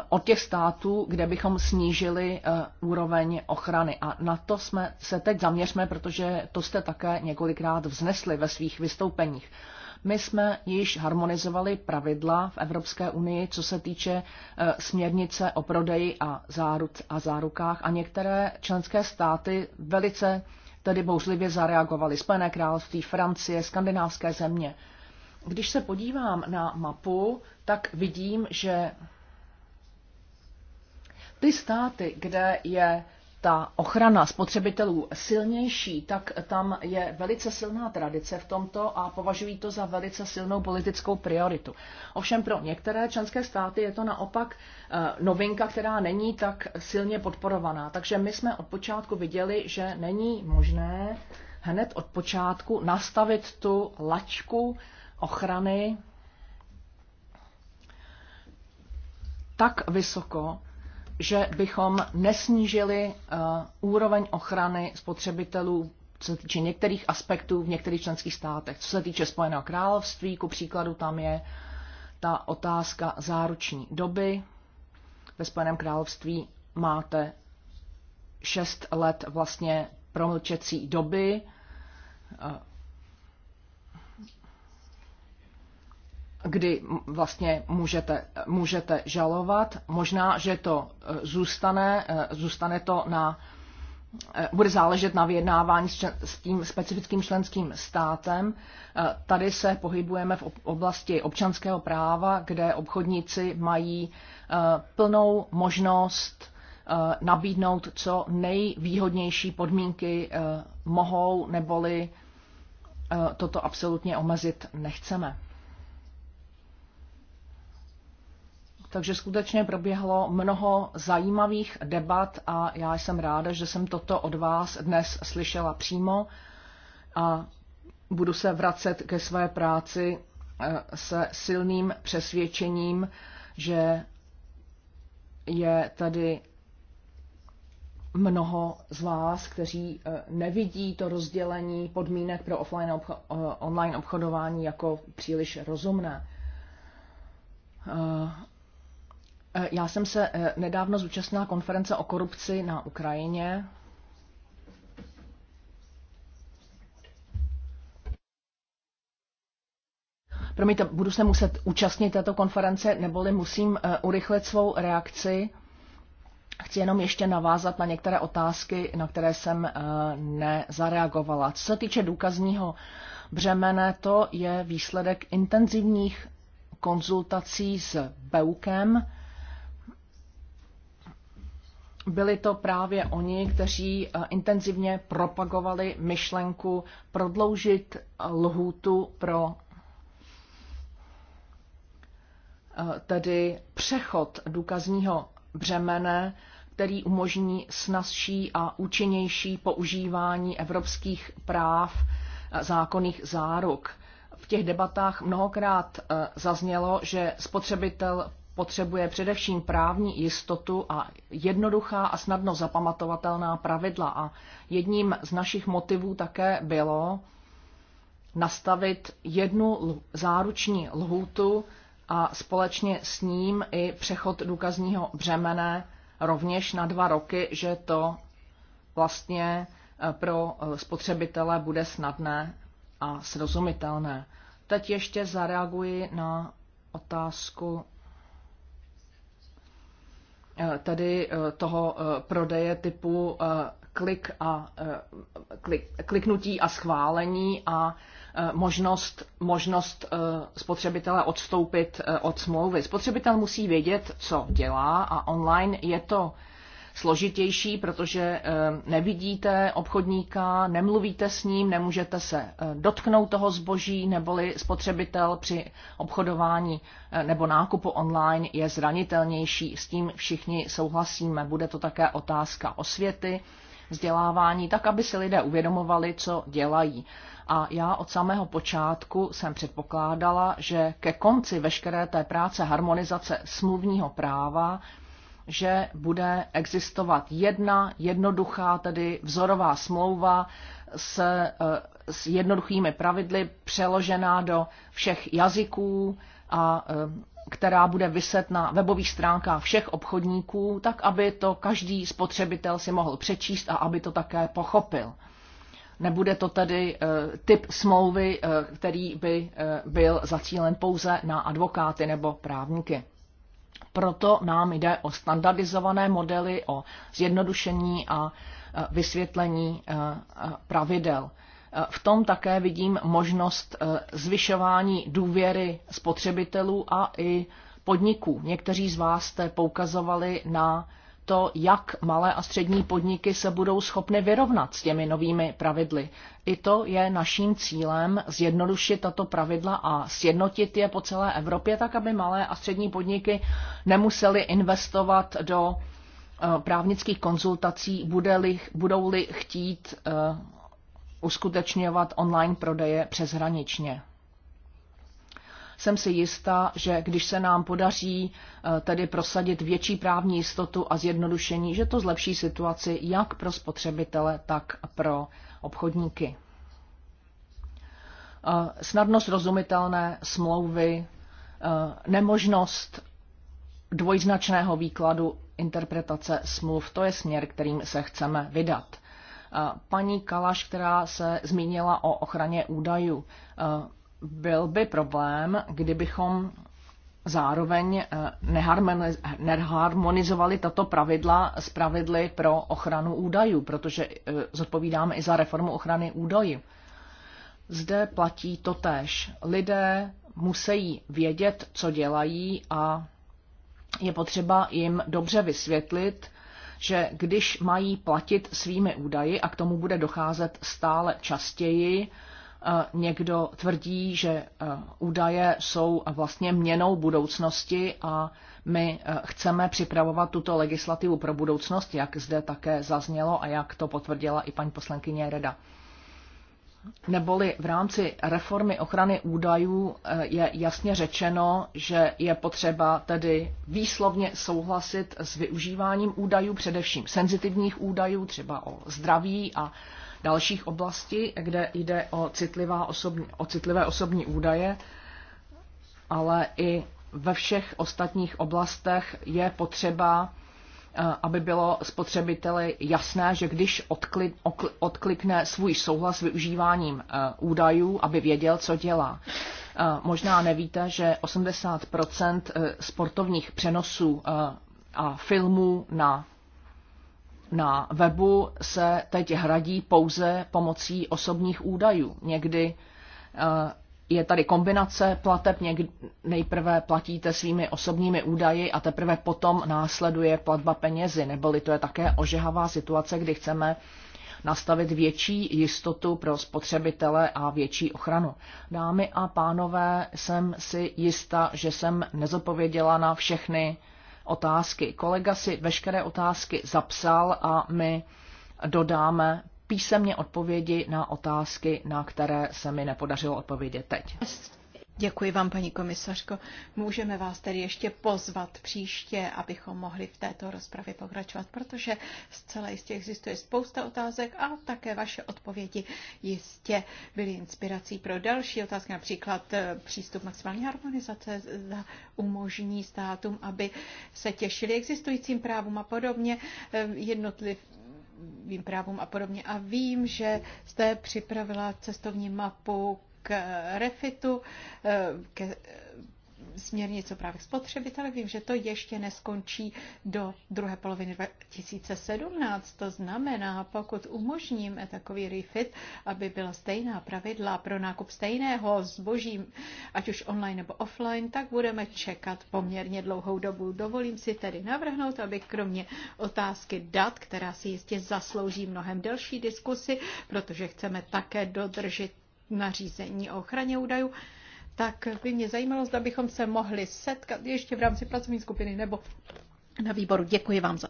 od těch států, kde bychom snížili úroveň ochrany. A na to jsme se teď zaměřme, protože to jste také několikrát vznesli ve svých vystoupeních. My jsme již harmonizovali pravidla v Evropské unii, co se týče e, směrnice o prodeji a, záruc a zárukách a některé členské státy velice tedy bouřlivě zareagovaly. Spojené království, Francie, skandinávské země. Když se podívám na mapu, tak vidím, že ty státy, kde je ta ochrana spotřebitelů silnější, tak tam je velice silná tradice v tomto a považují to za velice silnou politickou prioritu. Ovšem pro některé členské státy je to naopak eh, novinka, která není tak silně podporovaná. Takže my jsme od počátku viděli, že není možné hned od počátku nastavit tu lačku ochrany tak vysoko, že bychom nesnížili eh, úroveň ochrany spotřebitelů co se týče některých aspektů v některých členských státech. Co se týče Spojeného království, ku příkladu tam je ta otázka záruční doby. Ve Spojeném království máte 6 let vlastně promlčecí doby eh, kdy vlastně můžete, můžete žalovat. Možná, že to e, zůstane, e, zůstane to na, e, bude záležet na vyjednávání s tím specifickým členským státem. Tady se pohybujeme v oblasti občanského práva, kde obchodníci mají plnou možnost nabídnout co nejvýhodnější podmínky mohou, neboli toto absolutně omezit nechceme. Takže skutečně proběhlo mnoho zajímavých debat a já jsem ráda, že jsem toto od vás dnes slyšela přímo a budu se vracet ke své práci eh, se silným přesvědčením, že je tady mnoho z vás, kteří eh, nevidí to rozdělení podmínek pro offline obcho- eh, online obchodování jako příliš rozumné. Eh, já jsem se eh, nedávno zúčastnila konference o korupci na Ukrajině. Promiňte, budu se muset účastnit této konference, neboli musím eh, urychlit svou reakci. Chci jenom ještě navázat na některé otázky, na které jsem nezareagovala. Co se týče důkazního břemene, to je výsledek intenzivních konzultací s Beukem, byli to právě oni, kteří eh, intenzivně propagovali myšlenku prodloužit eh, lhůtu pro eh, tedy přechod důkazního břemene, který umožní snazší a účinnější používání evropských práv zákonných záruk. V těch debatách mnohokrát zaznělo, že spotřebitel potřebuje především právní jistotu a jednoduchá a snadno zapamatovatelná pravidla. A jedním z našich motivů také bylo nastavit jednu záruční lhůtu a společně s ním i přechod důkazního břemene rovněž na dva roky, že to vlastně eh, pro eh, spotřebitele bude snadné a srozumitelné. Teď ještě zareaguji na otázku Eh, tedy eh, toho eh, prodeje typu klik a, klik, kliknutí a schválení a možnost, možnost spotřebitele odstoupit od smlouvy. Spotřebitel musí vědět, co dělá a online je to složitější, protože eh, nevidíte obchodníka, nemluvíte s ním, nemůžete se eh, dotknout toho zboží, neboli spotřebitel při obchodování eh, nebo nákupu online je zranitelnější. S tím všichni souhlasíme. Bude to také otázka osvěty, vzdělávání, tak aby si lidé uvědomovali, co dělají. A já od samého počátku jsem předpokládala, že ke konci veškeré té práce harmonizace smluvního práva že bude existovat jedna jednoduchá, tedy vzorová smlouva s, eh, s jednoduchými pravidly, přeložená do všech jazyků a eh, která bude vyset na webových stránkách všech obchodníků, tak aby to každý spotřebitel si mohl přečíst a aby to také pochopil. Nebude to tedy eh, typ smlouvy, který by byl zacílen pouze na advokáty nebo právníky. Proto nám jde o standardizované modely, o zjednodušení a e, vysvětlení e, e, pravidel. V tom také vidím možnost zvyšování důvěry spotřebitelů a i podniků. Někteří z vás jste poukazovali na to, jak malé a střední podniky se budou schopny vyrovnat s těmi novými pravidly. I to je naším cílem zjednodušit tato pravidla a sjednotit je po celé Evropě, tak aby malé a střední podniky nemusely investovat do eh, právnických konzultací, bude-li, budou-li chtít eh, uskutečňovat online prodeje přeshraničně jsem si jistá, že když se nám podaří eh, tedy prosadit větší právní jistotu a zjednodušení, že to zlepší situaci jak pro spotřebitele, tak pro obchodníky. Eh, Snadnost rozumitelné smlouvy, eh, nemožnost dvojznačného výkladu interpretace smluv, to je směr, kterým se chceme vydat paní Kalaš, která se zmínila o ochraně údajů byl by problém, kdybychom zároveň eh, neharmonizovali tato pravidla s pravidly pro ochranu údajů, protože eh, zodpovídáme i za reformu ochrany údajů. Zde platí tež. Lidé musí vědět, co dělají a je potřeba jim dobře vysvětlit, že když mají platit svými údaji a k tomu bude docházet stále častěji, Eh, někdo tvrdí, že eh, údaje jsou vlastně měnou budoucnosti a my eh, chceme připravovat tuto legislativu pro budoucnost, jak zde také zaznělo a jak to potvrdila i paní poslankyně Reda. Neboli v rámci reformy ochrany údajů je jasně řečeno, že je potřeba tedy výslovně souhlasit s využíváním údajů, především senzitivních údajů, třeba o zdraví a dalších oblastí, kde jde o, citlivá osobní, o citlivé osobní údaje, ale i ve všech ostatních oblastech je potřeba, eh, aby bylo spotřebiteli jasné, že když odklikne svůj souhlas s využíváním eh, údajů, aby věděl, co dělá. Eh, možná nevíte, že 80 sportovních přenosů a filmů na na webu se teď hradí pouze pomocí osobních údajů. Někdy eh, je tady kombinace plateb, někdy nejprve platíte svými osobními údaji a teprve potom následuje platba penězi, neboli to je také ožehavá situace, kdy chceme nastavit větší jistotu pro spotřebitele a větší ochranu. Dámy a pánové, jsem si jista, že jsem nezopověděla na všechny otázky. Kolega si veškeré otázky zapsal a my dodáme písemně odpovědi na otázky, na které se mi nepodařilo odpovědět teď. Děkuji vám, paní komisařko. Můžeme vás tedy ještě pozvat příště, abychom mohli v této rozpravě pokračovat, protože zcela jistě existuje spousta otázek a také vaše odpovědi jistě byly inspirací pro další otázky, například eh, přístup maximální harmonizace eh, umožní státům, aby se těšili existujícím právům a podobně. Eh, Jednotliv, vím právům a podobně. A vím, že jste připravila cestovní mapu k refitu, eh, ke směrnici o právech spotřebitele. Vím, že to ještě neskončí do druhé poloviny 2017. To znamená, pokud umožníme takový refit, aby byla stejná pravidla pro nákup stejného zboží, ať už online nebo offline, tak budeme čekat poměrně dlouhou dobu. Dovolím si tedy navrhnout, aby kromě otázky dat, která si jistě zaslouží mnohem delší diskusy, protože chceme také dodržet nařízení o ochraně údajů, tak by mě zajímalo, zda bychom se mohli setkat ještě v rámci pracovní skupiny nebo na výboru. Děkuji vám za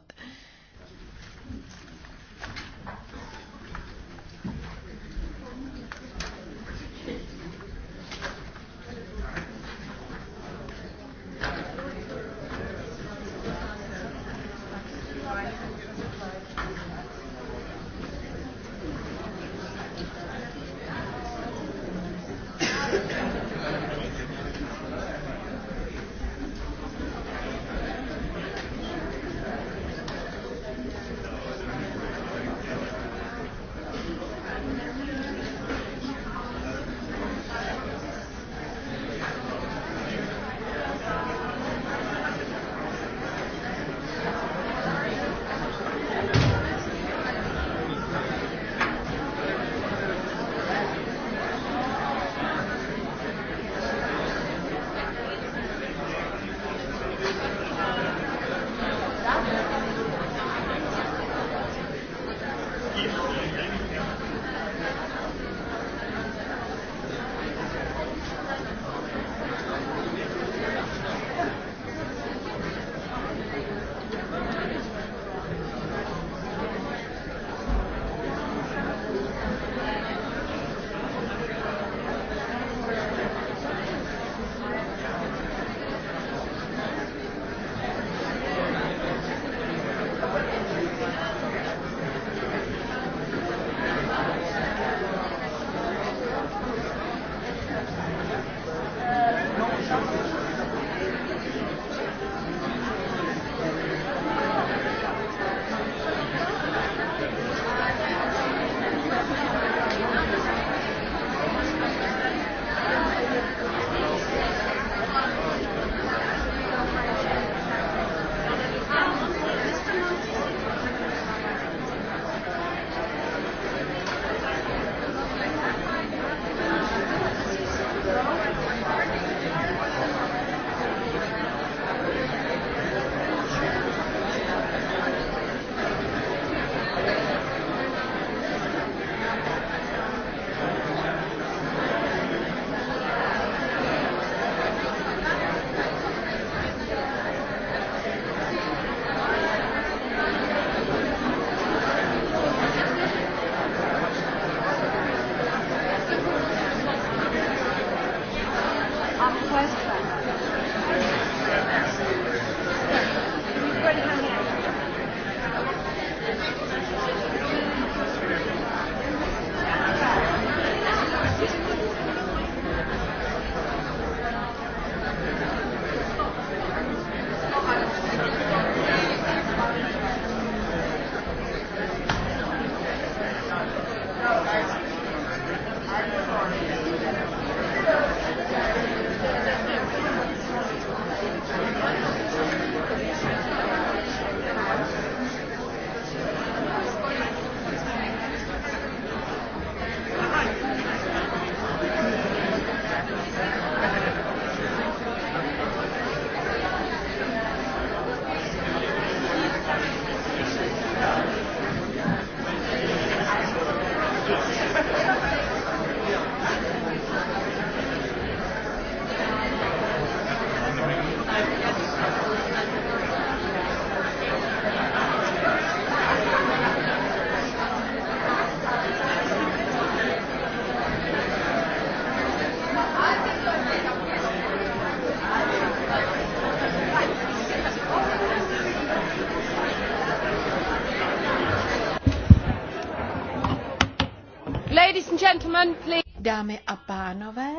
Ladies and gentlemen, please. Dámy a pánové,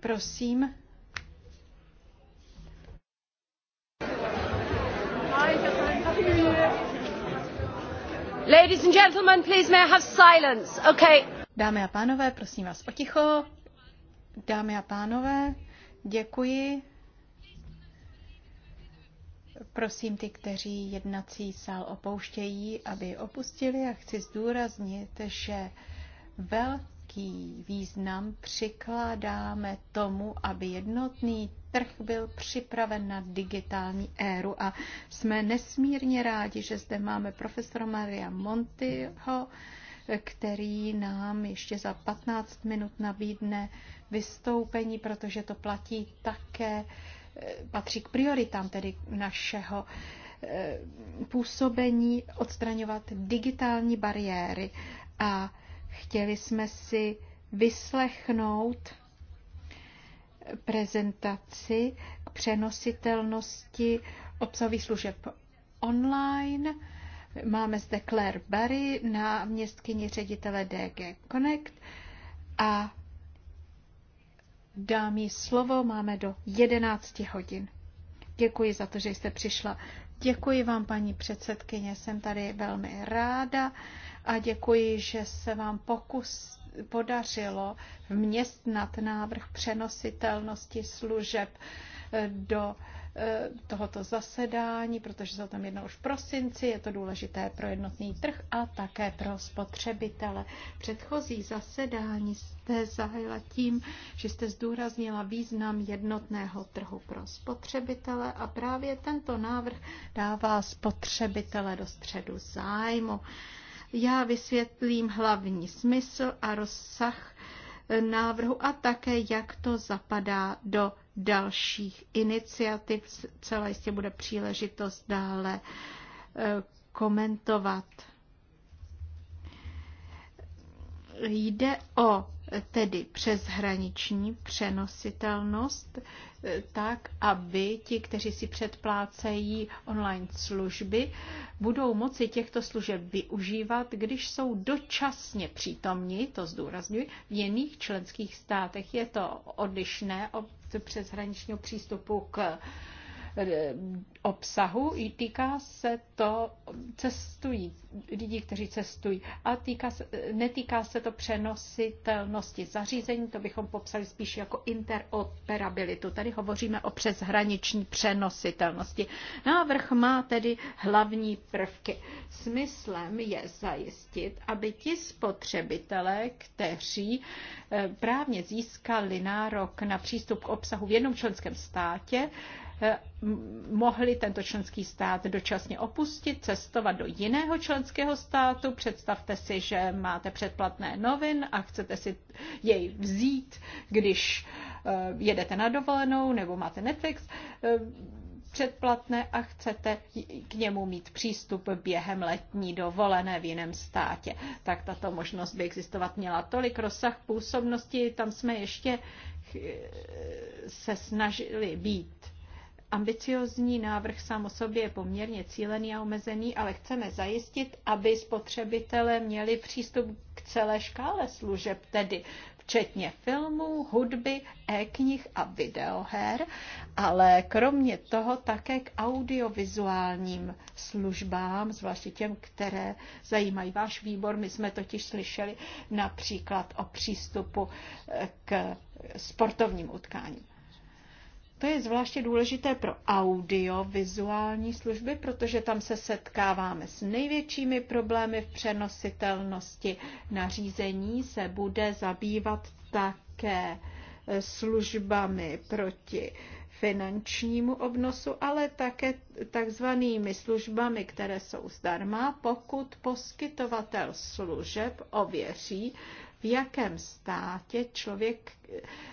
prosím. Ladies and gentlemen, please may I have silence. Okay. Dámy a pánové, prosím vás o ticho. Dámy a pánové, děkuji. Prosím ty, kteří jednací sál opouštějí, aby opustili a chci zdůraznit, že velký význam přikládáme tomu, aby jednotný trh byl připraven na digitální éru a jsme nesmírně rádi, že zde máme profesora Maria Montiho, který nám ještě za 15 minut nabídne vystoupení, protože to platí také, eh, patří k prioritám tedy našeho eh, působení odstraňovat digitální bariéry a Chtěli jsme si vyslechnout prezentaci k přenositelnosti obsahových služeb online. Máme zde Claire Barry, městkyni ředitele DG Connect a dám jí slovo, máme do 11 hodin. Děkuji za to, že jste přišla. Děkuji vám, paní předsedkyně, jsem tady velmi ráda a děkuji, že se vám pokus podařilo vměstnat návrh přenositelnosti služeb eh, do eh, tohoto zasedání, protože se o tom jedno už v prosinci, je to důležité pro jednotný trh a také pro spotřebitele. Předchozí zasedání jste zahájila tím, že jste zdůraznila význam jednotného trhu pro spotřebitele a právě tento návrh dává spotřebitele do středu zájmu. Já vysvětlím hlavní smysl a rozsah eh, návrhu a také, jak to zapadá do dalších iniciativ. Celá jistě bude příležitost dále eh, komentovat. Jde o tedy přeshraniční přenositelnost, eh, tak aby ti, kteří si předplácejí online služby, budou moci těchto služeb využívat, když jsou dočasně přítomni, to zdůrazňuji, v jiných členských státech. Je to odlišné od přeshraničního přístupu k Eh, obsahu, i týká se to cestují, lidí, kteří cestují. A týká se, eh, netýká se to přenositelnosti zařízení, to bychom popsali spíš jako interoperabilitu. Tady hovoříme o přeshraniční přenositelnosti. Návrh má tedy hlavní prvky. Smyslem je zajistit, aby ti spotřebitelé, kteří eh, právně získali nárok na přístup k obsahu v jednom členském státě, Eh, mohli tento členský stát dočasně opustit, cestovat do jiného členského státu. Představte si, že máte předplatné novin a chcete si jej vzít, když eh, jedete na dovolenou nebo máte Netflix eh, předplatné a chcete k němu mít přístup během letní dovolené v jiném státě. Tak tato možnost by existovat měla. Tolik rozsah působnosti, tam jsme ještě se snažili být Ambiciozní návrh sám o sobě je poměrně cílený a omezený, ale chceme zajistit, aby spotřebitelé měli přístup k celé škále služeb, tedy včetně filmů, hudby, e-knih a videoher, ale kromě toho také k audiovizuálním službám, zvláště těm, které zajímají váš výbor. My jsme totiž slyšeli například o přístupu k sportovním utkáním. To je zvláště důležité pro audiovizuální služby, protože tam se setkáváme s největšími problémy v přenositelnosti. Nařízení se bude zabývat také eh, službami proti finančnímu obnosu, ale také takzvanými službami, které jsou zdarma, pokud poskytovatel služeb ověří, v jakém státě člověk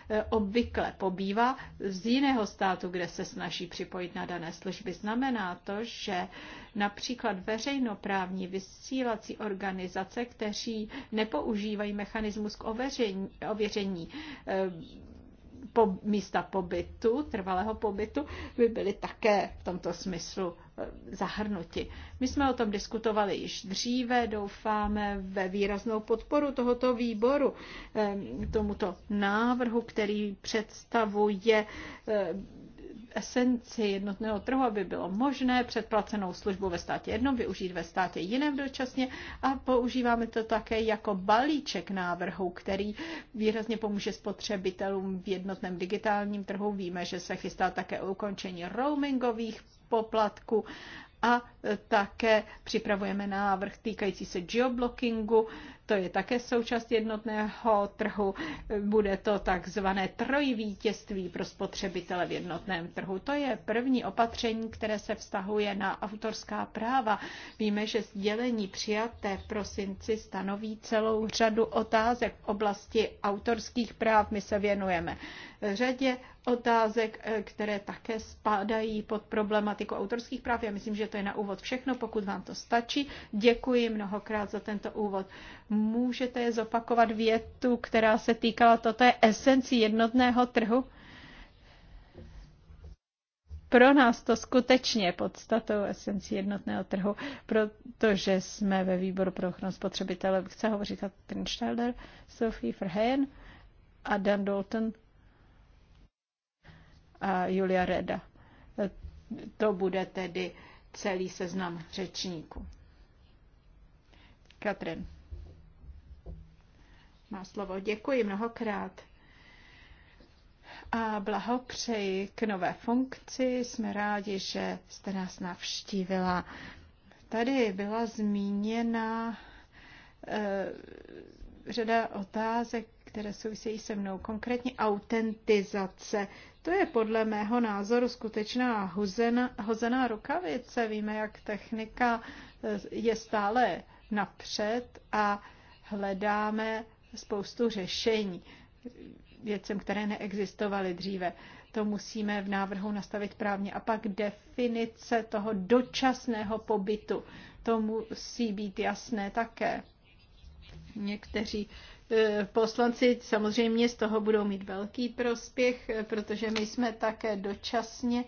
eh, obvykle pobývá z jiného státu, kde se snaží připojit na dané služby. Znamená to, že například veřejnoprávní vysílací organizace, kteří nepoužívají mechanismus k ověření, ověření eh, po, místa pobytu, trvalého pobytu, by byly také v tomto smyslu zahrnuti. My jsme o tom diskutovali již dříve, doufáme ve výraznou podporu tohoto výboru, eh, tomuto návrhu, který představuje eh, esenci jednotného trhu, aby bylo možné předplacenou službu ve státě jednom využít ve státě jiném dočasně a používáme to také jako balíček návrhu, který výrazně pomůže spotřebitelům v jednotném digitálním trhu. Víme, že se chystá také ukončení roamingových poplatku a e, také připravujeme návrh týkající se geoblockingu, to je také součást jednotného trhu. E, bude to takzvané trojvítězství pro spotřebitele v jednotném trhu. To je první opatření, které se vztahuje na autorská práva. Víme, že sdělení přijaté v prosinci stanoví celou řadu otázek v oblasti autorských práv. My se věnujeme řadě otázek, eh, které také spadají pod problematiku autorských práv. Já myslím, že to je na úvod všechno, pokud vám to stačí. Děkuji mnohokrát za tento úvod. Můžete zopakovat větu, která se týkala toto je esenci jednotného trhu? Pro nás to skutečně je podstatou esenci jednotného trhu, protože jsme ve výboru pro ochranu spotřebitele. Chce hovořit Katrin Schneider, Sophie Verheyen a Dan Dalton a Julia Reda. To bude tedy celý seznam řečníků. Katrin. Má slovo. Děkuji mnohokrát a blahopřeji k nové funkci. Jsme rádi, že jste nás navštívila. Tady byla zmíněna e, řada otázek, které souvisejí se mnou, konkrétně autentizace to je podle mého názoru skutečná hozená, hozená rukavice. Víme, jak technika eh, je stále napřed a hledáme spoustu řešení věcem, které neexistovaly dříve. To musíme v návrhu nastavit právně. A pak definice toho dočasného pobytu. To musí být jasné také. Někteří E, poslanci samozřejmě z toho budou mít velký prospěch, e, protože my jsme také dočasně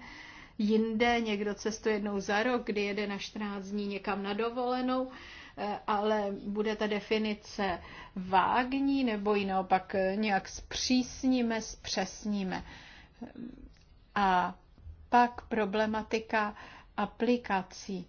jinde, někdo cestuje jednou za rok, kdy jede na 14 dní někam na dovolenou, e, ale bude ta definice vágní nebo ji naopak nějak zpřísníme, zpřesníme. A pak problematika aplikací.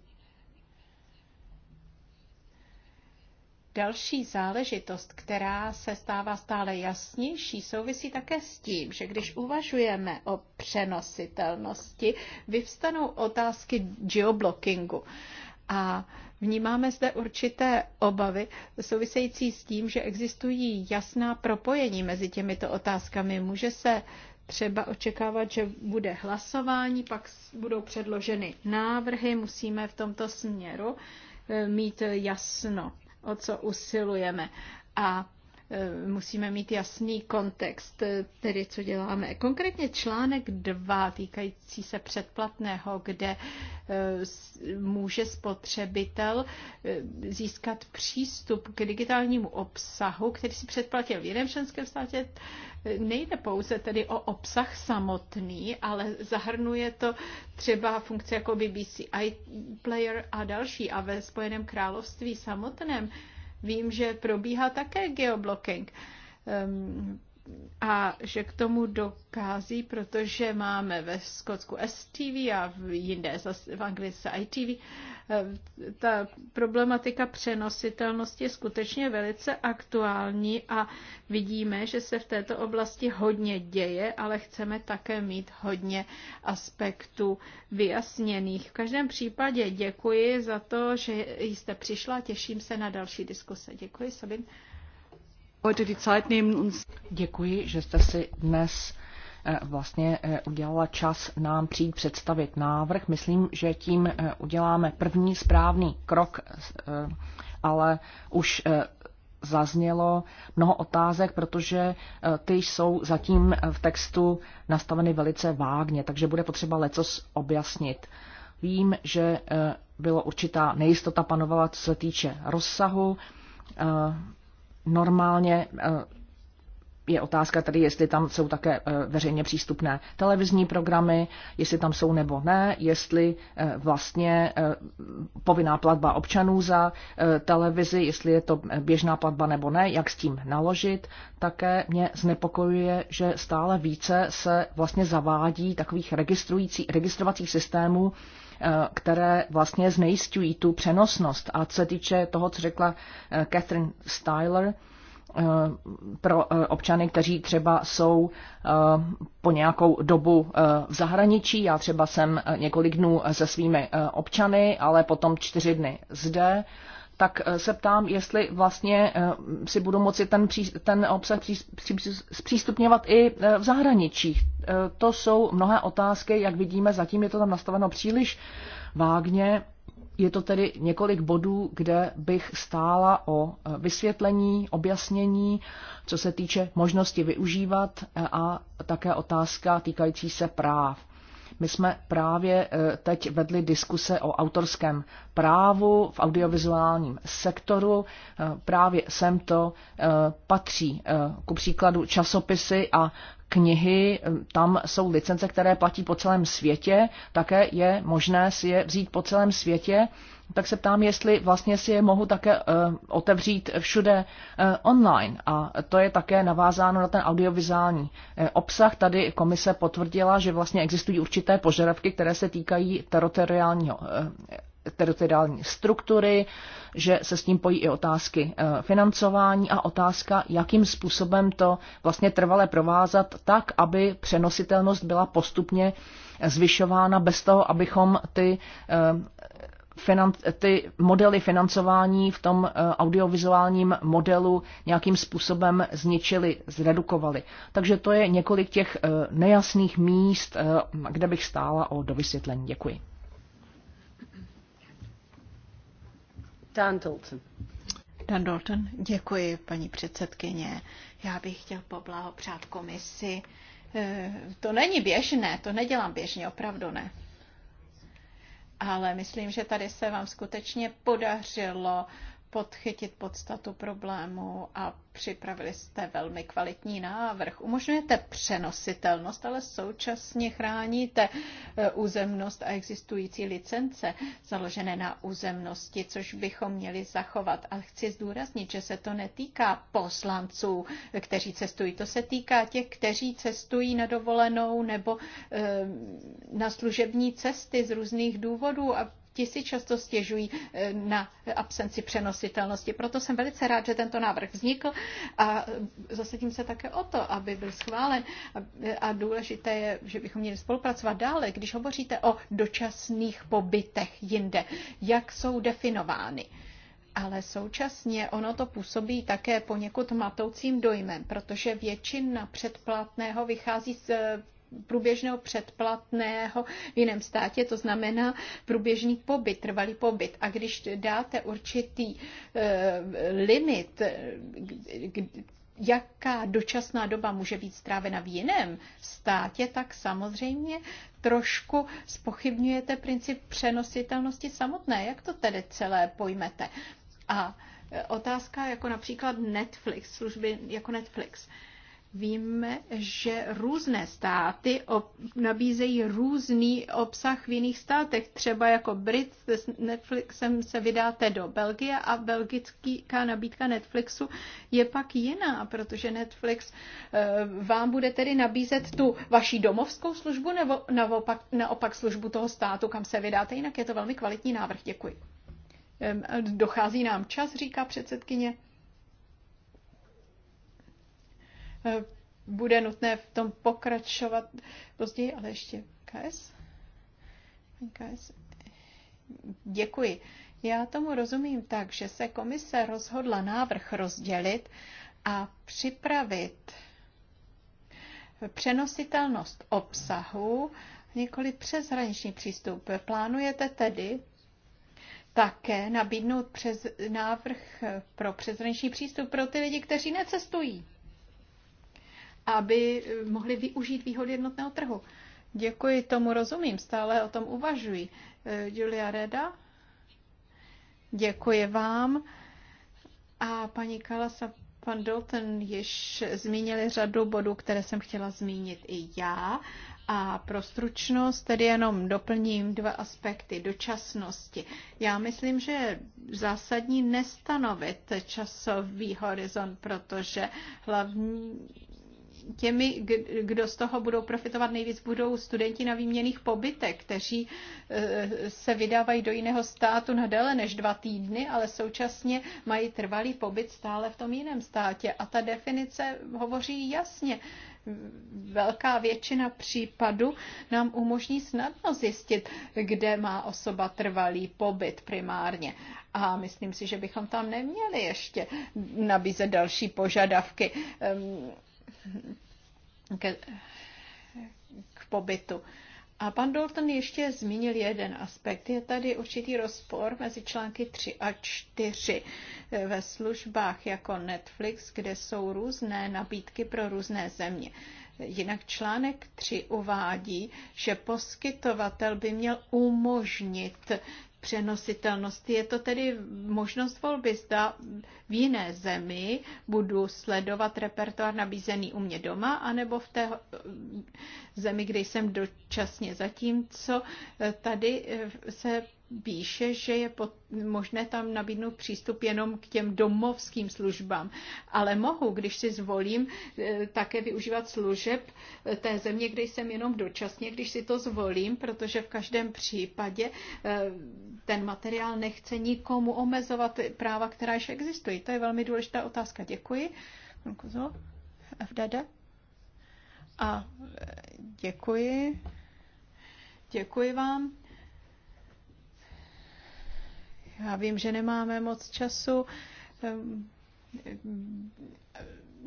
Další záležitost, která se stává stále jasnější, souvisí také s tím, že když uvažujeme o přenositelnosti, vyvstanou otázky geoblockingu. A vnímáme zde určité obavy související s tím, že existují jasná propojení mezi těmito otázkami. Může se třeba očekávat, že bude hlasování, pak budou předloženy návrhy, musíme v tomto směru eh, mít jasno o co usilujeme. A Eh, musíme mít jasný kontext, eh, tedy co děláme. Konkrétně článek 2 týkající se předplatného, kde eh, může spotřebitel získat přístup k digitálnímu obsahu, který si předplatil v jiném členském státě, nejde pouze tedy o obsah samotný, ale zahrnuje to třeba funkce jako BBC iPlayer a další. A ve Spojeném království samotném Vím, že probíhá také geoblocking. Ehm, a že k tomu dokází, protože máme ve Skotsku STV a v jinde v Anglii se ITV. Eh, ta problematika přenositelnosti je skutečně velice aktuální a vidíme, že se v této oblasti hodně děje, ale chceme také mít hodně aspektů vyjasněných. V každém případě děkuji za to, že jste přišla, těším se na další diskuse. Děkuji, Sabin. Děkuji, že jste si dnes eh, vlastně eh, udělala čas nám přijít představit návrh. Myslím, že tím eh, uděláme první správný krok, ale už zaznělo mnoho otázek, protože ty jsou zatím v textu nastaveny velice vágně, takže bude potřeba lecos objasnit. Vím, že bylo určitá nejistota panovala, co se týče rozsahu normálně eh, je otázka tedy, jestli tam jsou také eh, veřejně přístupné televizní programy, jestli tam jsou nebo ne, jestli eh, vlastně povinná platba občanů za televizi, jestli je to běžná platba nebo ne, jak s tím naložit. Také mě znepokojuje, že stále více se vlastně zavádí takových registrovacích systémů, Eh, které vlastně znejistují tu přenosnost. A co se týče toho, co řekla eh, Catherine Styler, eh, pro občany, kteří třeba jsou po nějakou dobu v zahraničí. Já třeba jsem několik dnů se svými občany, ale potom čtyři dny zde tak eh, se ptám, jestli vlastně eh, si budu moci ten, pří, ten obsah pří, pří, zpřístupňovat i eh, v zahraničí. To jsou mnohé otázky, jak vidíme, zatím je to tam nastaveno příliš vágně. Je to tedy několik bodů, kde bych stála o vysvětlení, objasnění, co se týče možnosti využívat a také otázka týkající se práv. My jsme právě e, teď vedli diskuse o autorském právu v audiovizuálním sektoru. E, právě sem to e, patří. Ku příkladu časopisy a knihy, tam jsou licence, které platí po celém světě, také je možné si je vzít po celém světě, tak se ptám, jestli vlastně si je mohu také eh, otevřít všude eh, online. A to je také navázáno na ten audiovizuální eh, obsah. Tady komise potvrdila, že vlastně existují určité požadavky, které se týkají teritoriálního teritoriální struktury, že se s tím pojí i otázky eh, financování a otázka, jakým způsobem to vlastně trvale provázat tak, aby přenositelnost byla postupně zvyšována bez toho, abychom ty, eh, ty modely financování v tom eh, audiovizuálním modelu nějakým způsobem zničili, zredukovali. Takže to je několik těch nejasných míst, kde bych stála o dovysvětlení. Děkuji. Dan Dalton. Dan Dalton, děkuji, paní předsedkyně. Já bych chtěl poblahopřát komisi. Eh, to není běžné, to nedělám běžně, opravdu ne. Ale myslím, že tady se vám skutečně podařilo podchytit podstatu problému a připravili jste velmi kvalitní návrh. Umožňujete přenositelnost, ale současně chráníte e, územnost a existující licence založené na územnosti, což bychom měli zachovat. A chci zdůraznit, že se to netýká poslanců, kteří cestují. To se týká těch, kteří cestují na dovolenou nebo e, na služební cesty z různých důvodů a ti si často stěžují eh, na absenci přenositelnosti. Proto jsem velice rád, že tento návrh vznikl a eh, zasadím se také o to, aby byl schválen. Eh, a důležité je, že bychom měli spolupracovat dále, když hovoříte o dočasných pobytech jinde. Jak jsou definovány? ale současně ono to působí také poněkud matoucím dojmem, protože většina předplatného vychází z průběžného předplatného v jiném státě, to znamená průběžný pobyt, trvalý pobyt. A když dáte určitý eh, limit, eh, jaká dočasná doba může být strávena v jiném státě, tak samozřejmě trošku spochybňujete princip přenositelnosti samotné. Jak to tedy celé pojmete? A eh, otázka jako například Netflix, služby jako Netflix. Víme, že různé státy nabízejí různý obsah v jiných státech. Třeba jako Brit s Netflixem se vydáte do Belgie a belgická nabídka Netflixu je pak jiná, protože Netflix eh, vám bude tedy nabízet tu vaší domovskou službu nebo naopak, naopak službu toho státu, kam se vydáte. Jinak je to velmi kvalitní návrh. Děkuji. Dochází nám čas, říká předsedkyně. Eh, bude nutné v tom pokračovat později, ale ještě KS. KS. Děkuji. Já tomu rozumím tak, že se komise rozhodla návrh rozdělit a připravit přenositelnost obsahu, nikoli přeshraniční přístup. Plánujete tedy také nabídnout přes návrh pro přeshraniční přístup pro ty lidi, kteří necestují? aby eh, mohli využít výhody jednotného trhu. Děkuji, tomu rozumím, stále o tom uvažuji. Eh, Julia Reda, děkuji vám. A paní a pan Dalton již zmínili řadu bodů, které jsem chtěla zmínit i já. A pro stručnost tedy jenom doplním dva aspekty dočasnosti. Já myslím, že je zásadní nestanovit časový horizont, protože hlavní těmi, kdo z toho budou profitovat nejvíc, budou studenti na výměných pobytek, kteří eh, se vydávají do jiného státu na déle než dva týdny, ale současně mají trvalý pobyt stále v tom jiném státě. A ta definice hovoří jasně velká většina případů nám umožní snadno zjistit, kde má osoba trvalý pobyt primárně. A myslím si, že bychom tam neměli ještě nabízet další požadavky. Ehm, ke, k pobytu. A pan Dalton ještě zmínil jeden aspekt. Je tady určitý rozpor mezi články 3 a 4 ve službách jako Netflix, kde jsou různé nabídky pro různé země. Jinak článek 3 uvádí, že poskytovatel by měl umožnit Přenositelnosti Je to tedy možnost volby, zda v jiné zemi budu sledovat repertoár nabízený u mě doma, anebo v té eh, zemi, kde jsem dočasně. Zatímco eh, tady eh, se píše, že je pot, možné tam nabídnout přístup jenom k těm domovským službám, ale mohu, když si zvolím, eh, také využívat služeb eh, té země, kde jsem jenom dočasně, když si to zvolím, protože v každém případě eh, ten materiál nechce nikomu omezovat práva, která již existují. To je velmi důležitá otázka. Děkuji. FDD. A děkuji. Děkuji vám. Já vím, že nemáme moc času. Ehm,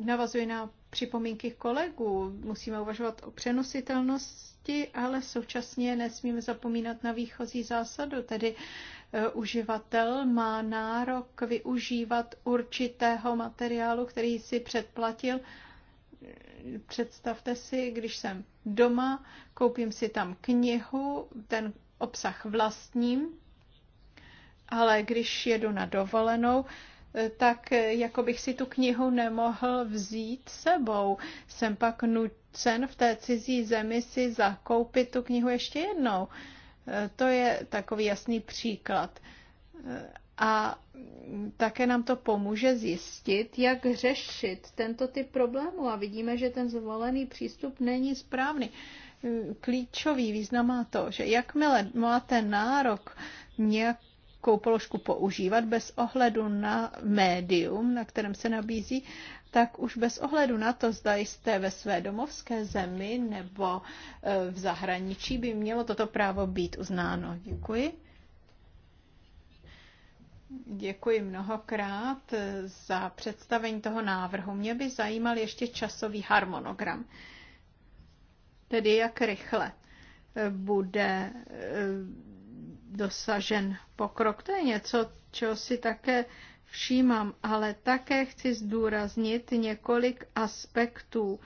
navazuji na připomínky kolegů. Musíme uvažovat o přenositelnosti, ale současně nesmíme zapomínat na výchozí zásadu, tedy e, uživatel má nárok využívat určitého materiálu, který si předplatil. Představte si, když jsem doma, koupím si tam knihu, ten obsah vlastním, ale když jedu na dovolenou, eh, tak eh, jako bych si tu knihu nemohl vzít sebou. Jsem pak nucen v té cizí zemi si zakoupit tu knihu ještě jednou. Eh, to je takový jasný příklad. A také nám to pomůže zjistit, jak řešit tento typ problému. A vidíme, že ten zvolený přístup není správný. Klíčový význam má to, že jakmile máte nárok nějak takovou položku používat bez ohledu na médium, na kterém se nabízí, tak už bez ohledu na to, zda jste ve své domovské zemi nebo e, v zahraničí, by mělo toto právo být uznáno. Děkuji. Děkuji mnohokrát e, za představení toho návrhu. Mě by zajímal ještě časový harmonogram. Tedy jak rychle e, bude dosažen pokrok. To je něco, čeho si také všímám, ale také chci zdůraznit několik aspektů.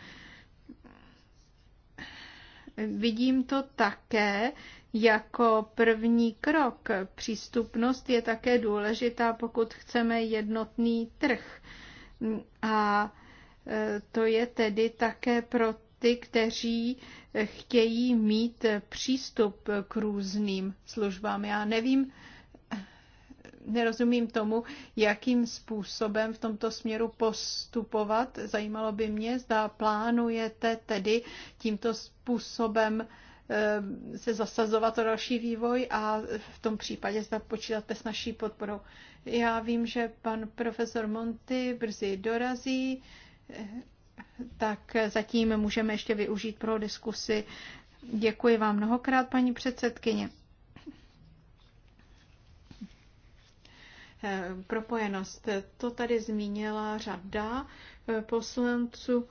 Vidím to také jako první krok. Přístupnost je také důležitá, pokud chceme jednotný trh. A e, to je tedy také pro ty, kteří eh, chtějí mít eh, přístup eh, k různým službám. Já nevím, nerozumím tomu, jakým způsobem v tomto směru postupovat. Zajímalo by mě, zda plánujete tedy tímto způsobem se zasazovat o další vývoj a v tom případě zda počítáte s naší podporou. Já vím, že pan profesor Monty brzy dorazí tak zatím můžeme ještě využít pro diskusy. Děkuji vám mnohokrát, paní předsedkyně. Propojenost. To tady zmínila řada eh, poslanců.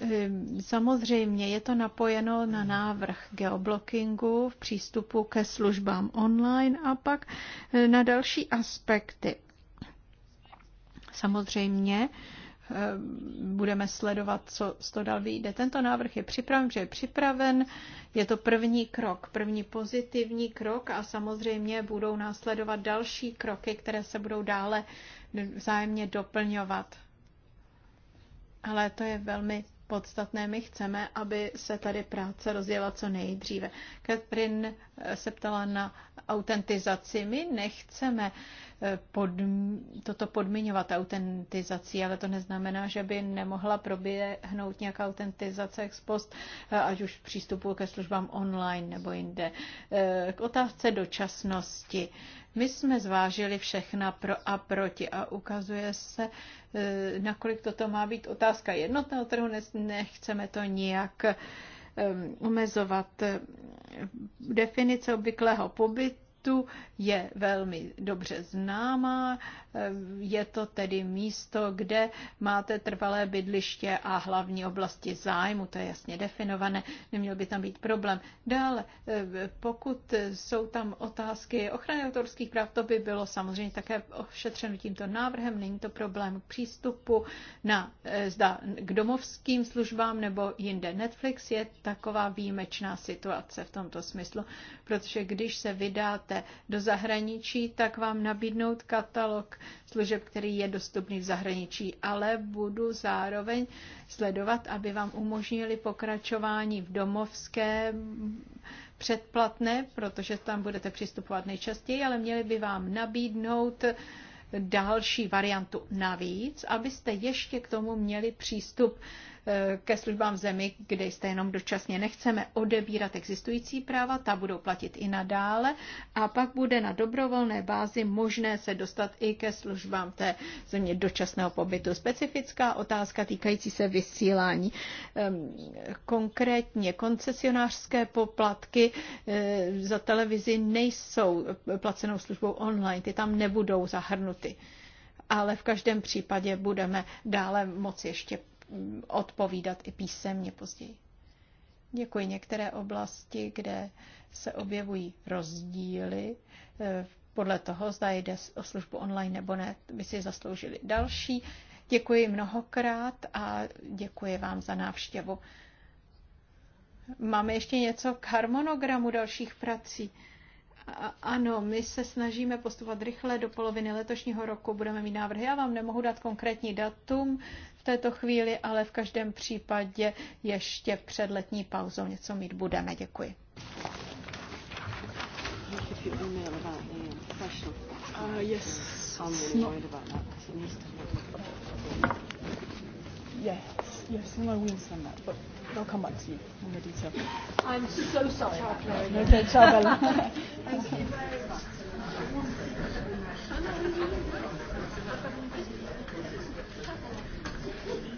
Ehm, samozřejmě je to napojeno na návrh geoblockingu v přístupu ke službám online a pak eh, na další aspekty. Samozřejmě Eh, budeme sledovat, co z toho dal vyjde. Tento návrh je připraven, že je připraven, je to první krok, první pozitivní krok a samozřejmě budou následovat další kroky, které se budou dále vzájemně doplňovat. Ale to je velmi podstatné. My chceme, aby se tady práce rozjela co nejdříve. Katrin eh, se ptala na autentizaci. My nechceme eh, pod, toto podmiňovat autentizací, ale to neznamená, že by nemohla proběhnout nějaká autentizace ex post, eh, ať už v přístupu ke službám online nebo jinde. Eh, k otázce dočasnosti. My jsme zvážili všechna pro a proti a ukazuje se, nakolik toto má být otázka jednotného trhu. Nechceme to nijak Um, omezovat eh, definice obvyklého pobytu, tu je velmi dobře známá. Eh, je to tedy místo, kde máte trvalé bydliště a hlavní oblasti zájmu, to je jasně definované, neměl by tam být problém. Dále, eh, pokud jsou tam otázky ochrany autorských práv, to by bylo samozřejmě také ošetřeno tímto návrhem, není to problém k přístupu na, eh, zda, k domovským službám nebo jinde. Netflix je taková výjimečná situace v tomto smyslu, protože když se vydáte vydáte do zahraničí, tak vám nabídnout katalog služeb, který je dostupný v zahraničí, ale budu zároveň sledovat, aby vám umožnili pokračování v domovské předplatné, protože tam budete přistupovat nejčastěji, ale měli by vám nabídnout další variantu navíc, abyste ještě k tomu měli přístup Eh, ke službám v zemi, kde jste jenom dočasně. Nechceme odebírat existující práva, ta budou platit i nadále a pak bude na dobrovolné bázi možné se dostat i ke službám té země dočasného pobytu. Specifická otázka týkající se vysílání. Konkrétně koncesionářské poplatky eh, za televizi nejsou placenou službou online, ty tam nebudou zahrnuty ale v každém případě budeme dále moci ještě odpovídat i písemně později. Děkuji. Některé oblasti, kde se objevují rozdíly eh, podle toho, zda jde o službu online nebo ne, by si zasloužili další. Děkuji mnohokrát a děkuji vám za návštěvu. Máme ještě něco k harmonogramu dalších prací. Ano, my se snažíme postupovat rychle. Do poloviny letošního roku budeme mít návrhy. Já vám nemohu dát konkrétní datum v této chvíli, ale v každém případě ještě před letní pauzou něco mít budeme. Děkuji. Uh, yes. Yes. Yes, no, we understand that, but they'll come back to you in the detail. I'm so sorry. Ciao, Chloe. No, okay, ciao, Bella. Thank you very much. Thank you.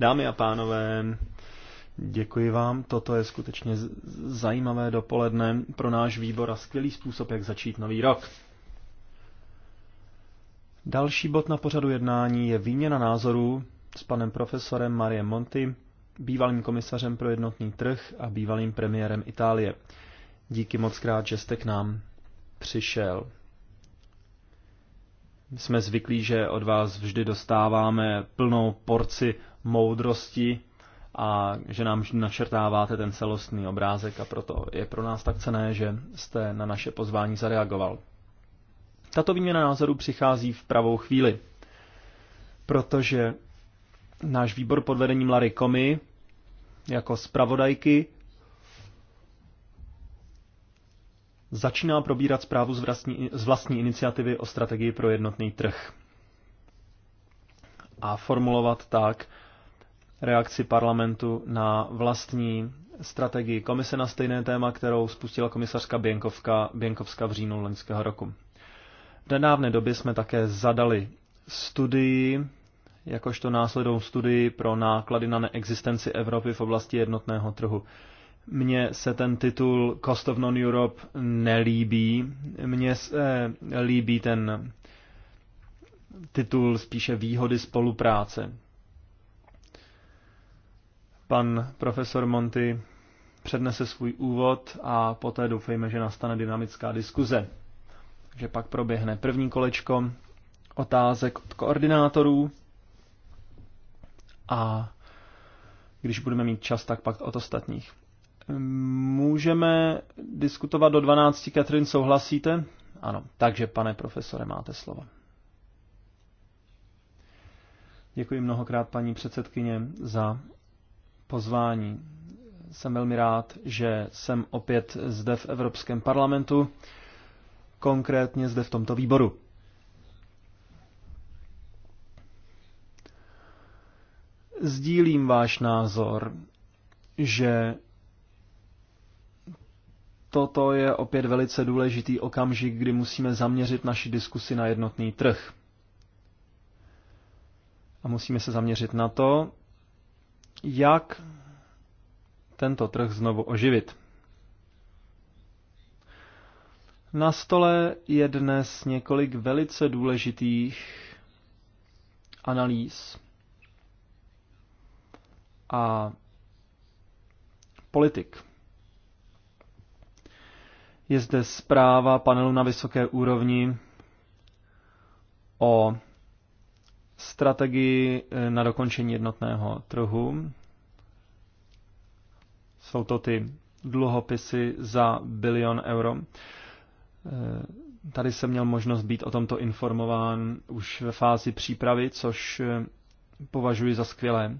Dámy a pánové, děkuji vám. Toto je skutečně zajímavé dopoledne pro náš výbor a skvělý způsob, jak začít nový rok. Další bod na pořadu jednání je výměna názorů s panem profesorem Marie Monti, bývalým komisařem pro jednotný trh a bývalým premiérem Itálie. Díky moc krát, že jste k nám přišel jsme zvyklí, že od vás vždy dostáváme plnou porci moudrosti a že nám vždy načrtáváte ten celostný obrázek a proto je pro nás tak cené, že jste na naše pozvání zareagoval. Tato výměna názorů přichází v pravou chvíli, protože náš výbor pod vedením Lary Komy jako zpravodajky začíná probírat zprávu z vlastní, z vlastní iniciativy o strategii pro jednotný trh a formulovat tak reakci parlamentu na vlastní strategii komise na stejné téma, kterou spustila komisařka Běnkovka, Běnkovska v říjnu loňského roku. V nedávné době jsme také zadali studii, jakožto následnou studii pro náklady na neexistenci Evropy v oblasti jednotného trhu. Mně se ten titul Cost of Non-Europe nelíbí. Mně se eh, líbí ten titul spíše výhody spolupráce. Pan profesor Monty přednese svůj úvod a poté doufejme, že nastane dynamická diskuze. Takže pak proběhne první kolečko otázek od koordinátorů a když budeme mít čas, tak pak od ostatních. Můžeme diskutovat do 12. Katrin, souhlasíte? Ano, takže pane profesore, máte slovo. Děkuji mnohokrát paní předsedkyně za pozvání. Jsem velmi rád, že jsem opět zde v Evropském parlamentu, konkrétně zde v tomto výboru. Sdílím váš názor, že toto je opět velice důležitý okamžik, kdy musíme zaměřit naši diskusi na jednotný trh. A musíme se zaměřit na to, jak tento trh znovu oživit. Na stole je dnes několik velice důležitých analýz a politik. Je zde zpráva panelu na vysoké úrovni o strategii eh, na dokončení jednotného trhu. Jsou to ty dluhopisy za bilion euro. Eh, tady jsem měl možnost být o tomto informován už ve fázi přípravy, což eh, považuji za skvělé.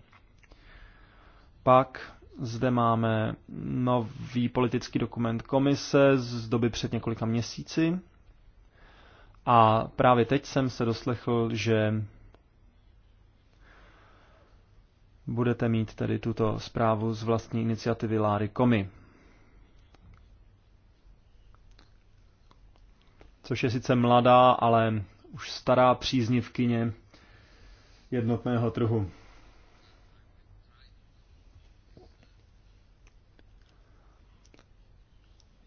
Pak zde máme nový politický dokument komise z doby před několika měsíci. A právě teď jsem se doslechl, že budete mít tedy tuto zprávu z vlastní iniciativy Láry Komy. Což je sice mladá, ale už stará příznivkyně jednotného trhu.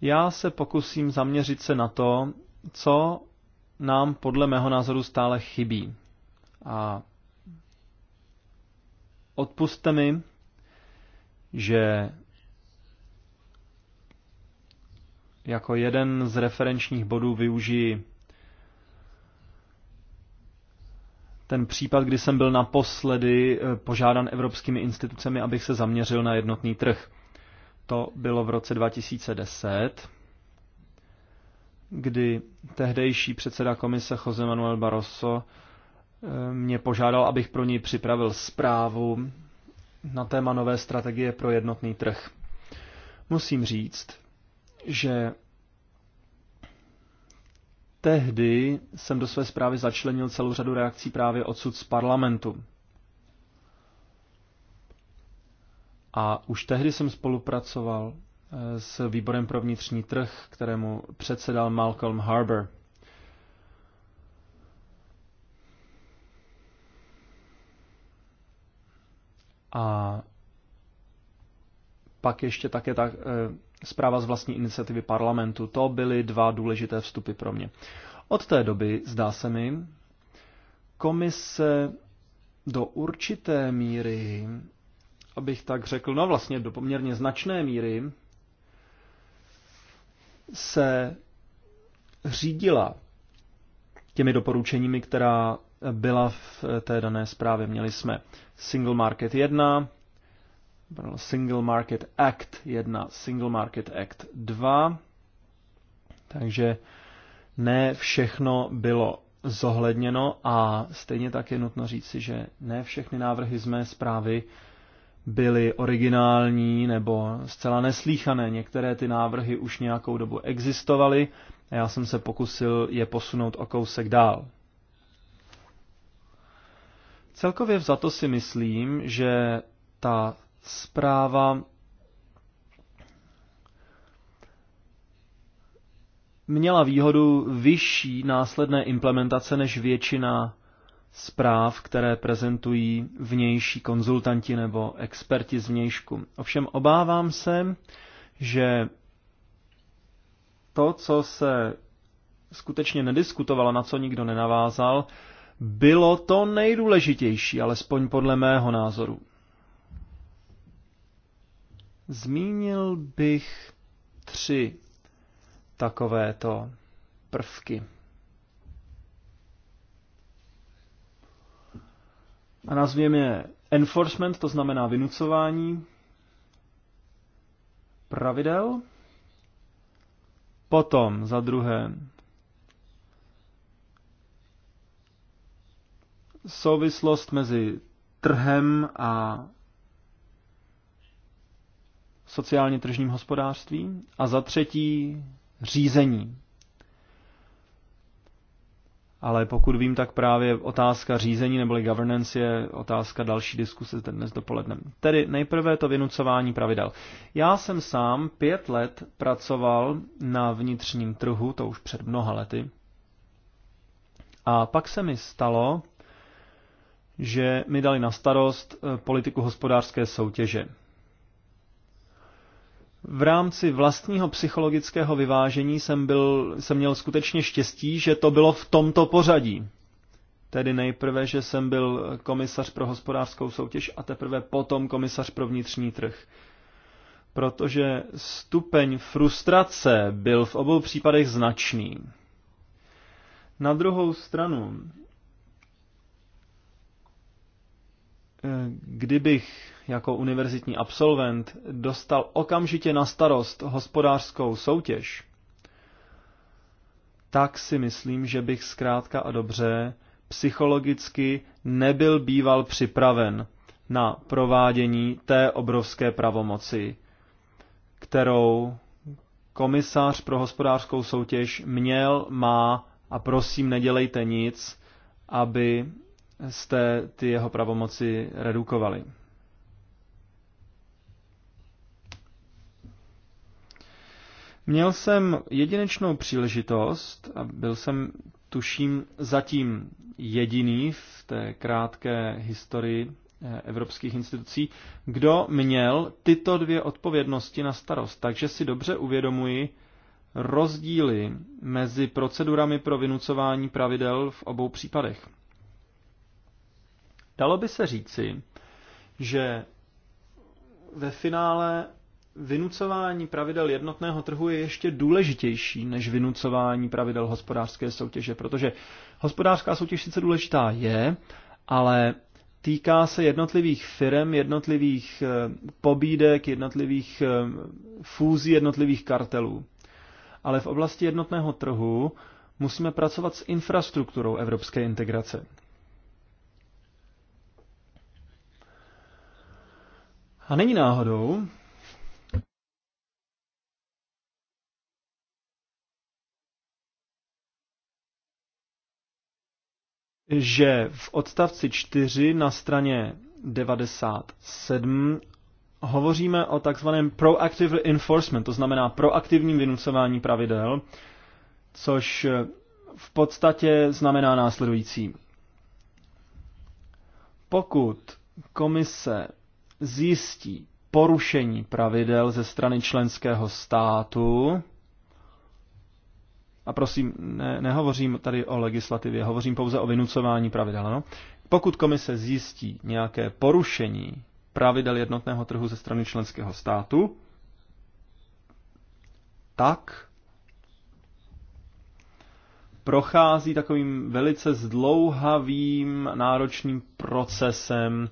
Já se pokusím zaměřit se na to, co nám podle mého názoru stále chybí. A odpuste mi, že jako jeden z referenčních bodů využiji ten případ, kdy jsem byl naposledy eh, požádan evropskými institucemi, abych se zaměřil na jednotný trh. To bylo v roce 2010, kdy tehdejší předseda komise Jose Manuel Barroso eh, mě požádal, abych pro něj připravil zprávu na téma nové strategie pro jednotný trh. Musím říct, že tehdy jsem do své zprávy začlenil celou řadu reakcí právě odsud z parlamentu. A už tehdy jsem spolupracoval eh, s výborem pro vnitřní trh, kterému předsedal Malcolm Harbour. A pak ještě také ta eh, zpráva z vlastní iniciativy parlamentu. To byly dva důležité vstupy pro mě. Od té doby, zdá se mi, komise do určité míry abych tak řekl, no vlastně do poměrně značné míry se řídila těmi doporučeními, která byla v té dané zprávě. Měli jsme Single Market 1, Single Market Act 1, Single Market Act 2, takže ne všechno bylo zohledněno a stejně tak je nutno říci, že ne všechny návrhy z mé zprávy byly originální nebo zcela neslíchané. Některé ty návrhy už nějakou dobu existovaly a já jsem se pokusil je posunout o kousek dál. Celkově to si myslím, že ta zpráva měla výhodu vyšší následné implementace než většina zpráv, které prezentují vnější konzultanti nebo experti z vnějšku. Ovšem obávám se, že to, co se skutečně nediskutovalo, na co nikdo nenavázal, bylo to nejdůležitější, alespoň podle mého názoru. Zmínil bych tři takovéto prvky. a nazvěme je enforcement, to znamená vynucování pravidel. Potom za druhé souvislost mezi trhem a sociálně tržním hospodářstvím a za třetí řízení ale pokud vím, tak právě otázka řízení neboli governance je otázka další diskuse dnes dopoledne. Tedy nejprve to vynucování pravidel. Já jsem sám pět let pracoval na vnitřním trhu, to už před mnoha lety, a pak se mi stalo, že mi dali na starost eh, politiku hospodářské soutěže v rámci vlastního psychologického vyvážení jsem, byl, jsem měl skutečně štěstí, že to bylo v tomto pořadí. Tedy nejprve, že jsem byl komisař pro hospodářskou soutěž a teprve potom komisař pro vnitřní trh. Protože stupeň frustrace byl v obou případech značný. Na druhou stranu, Eh, kdybych jako univerzitní absolvent dostal okamžitě na starost hospodářskou soutěž, tak si myslím, že bych zkrátka a dobře psychologicky nebyl býval připraven na provádění té obrovské pravomoci, kterou komisář pro hospodářskou soutěž měl, má a prosím nedělejte nic, aby jste ty jeho pravomoci redukovali. Měl jsem jedinečnou příležitost a byl jsem, tuším, zatím jediný v té krátké historii eh, evropských institucí, kdo měl tyto dvě odpovědnosti na starost. Takže si dobře uvědomuji rozdíly mezi procedurami pro vynucování pravidel v obou případech. Dalo by se říci, že ve finále vynucování pravidel jednotného trhu je ještě důležitější než vynucování pravidel hospodářské soutěže, protože hospodářská soutěž sice důležitá je, ale týká se jednotlivých firm, jednotlivých eh, pobídek, jednotlivých eh, fúzí, jednotlivých kartelů. Ale v oblasti jednotného trhu musíme pracovat s infrastrukturou evropské integrace. A není náhodou, že v odstavci 4 na straně 97 hovoříme o takzvaném proactive enforcement, to znamená proaktivním vynucování pravidel, což v podstatě znamená následující. Pokud komise zjistí porušení pravidel ze strany členského státu, a prosím, ne, nehovořím tady o legislativě, hovořím pouze o vynucování pravidel, No? Pokud komise zjistí nějaké porušení pravidel jednotného trhu ze strany členského státu, tak prochází takovým velice zdlouhavým náročným procesem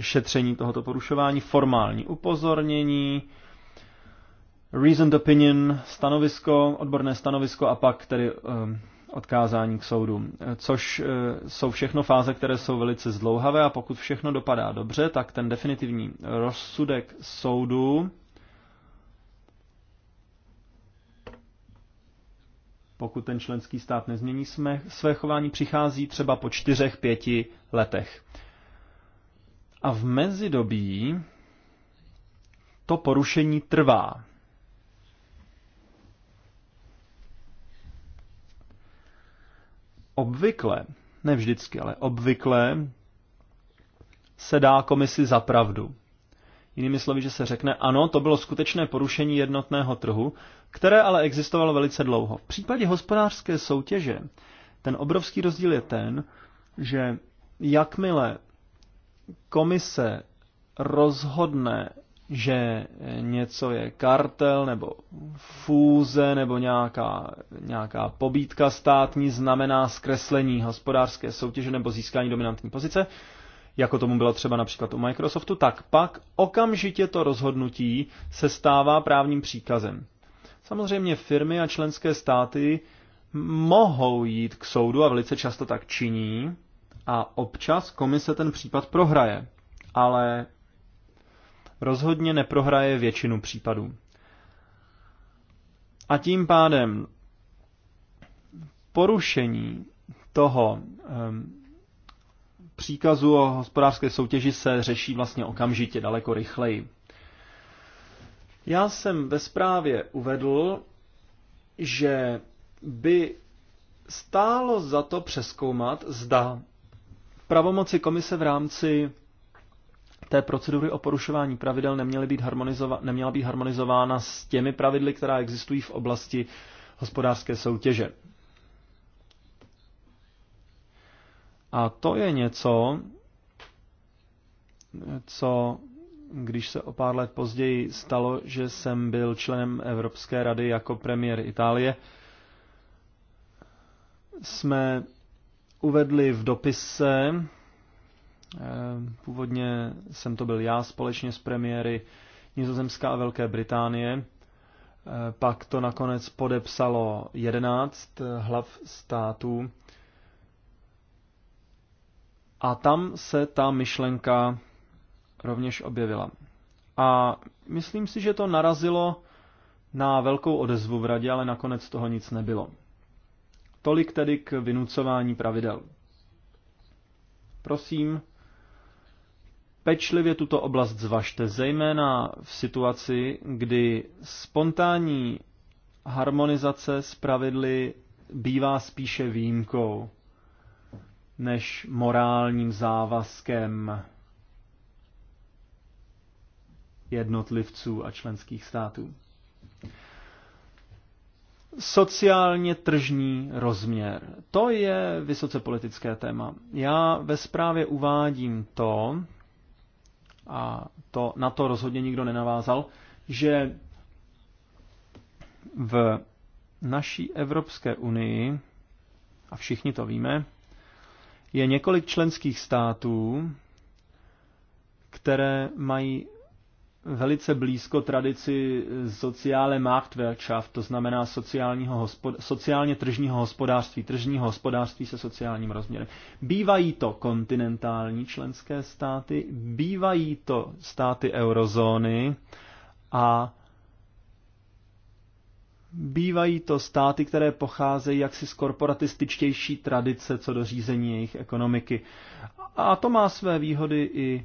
šetření tohoto porušování, formální upozornění, reasoned opinion, stanovisko, odborné stanovisko a pak tedy ehm, odkázání k soudu, což e, jsou všechno fáze, které jsou velice zdlouhavé a pokud všechno dopadá dobře, tak ten definitivní rozsudek soudu pokud ten členský stát nezmění své chování, přichází třeba po čtyřech, pěti letech. A v mezidobí to porušení trvá. Obvykle, ne vždycky, ale obvykle se dá komisi za pravdu. Jinými slovy, že se řekne, ano, to bylo skutečné porušení jednotného trhu, které ale existovalo velice dlouho. V případě hospodářské soutěže ten obrovský rozdíl je ten, že jakmile komise rozhodne, že něco je kartel nebo fúze nebo nějaká, nějaká pobídka státní znamená zkreslení hospodářské soutěže nebo získání dominantní pozice, jako tomu bylo třeba například u Microsoftu, tak pak okamžitě to rozhodnutí se stává právním příkazem. Samozřejmě firmy a členské státy mohou jít k soudu a velice často tak činí, a občas komise ten případ prohraje, ale rozhodně neprohraje většinu případů. A tím pádem porušení toho um, příkazu o hospodářské soutěži se řeší vlastně okamžitě, daleko rychleji. Já jsem ve zprávě uvedl, že by stálo za to přeskoumat, zda Pravomoci komise v rámci té procedury o porušování pravidel neměly být neměla být harmonizována s těmi pravidly, která existují v oblasti hospodářské soutěže. A to je něco, co když se o pár let později stalo, že jsem byl členem Evropské rady jako premiér Itálie, jsme uvedli v dopise, eh, původně jsem to byl já společně s premiéry Nizozemská a Velké Británie, eh, pak to nakonec podepsalo 11 eh, hlav států a tam se ta myšlenka rovněž objevila. A myslím si, že to narazilo na velkou odezvu v radě, ale nakonec toho nic nebylo. Tolik tedy k vynucování pravidel. Prosím, pečlivě tuto oblast zvažte, zejména v situaci, kdy spontánní harmonizace s pravidly bývá spíše výjimkou než morálním závazkem jednotlivců a členských států sociálně tržní rozměr. To je vysoce politické téma. Já ve zprávě uvádím to, a to na to rozhodně nikdo nenavázal, že v naší Evropské unii, a všichni to víme, je několik členských států, které mají velice blízko tradici sociále Marktwirtschaft, to znamená sociálního hospod- sociálně tržního hospodářství, tržního hospodářství se sociálním rozměrem. Bývají to kontinentální členské státy, bývají to státy eurozóny a bývají to státy, které pocházejí jaksi z korporatističtější tradice co do řízení jejich ekonomiky. A to má své výhody i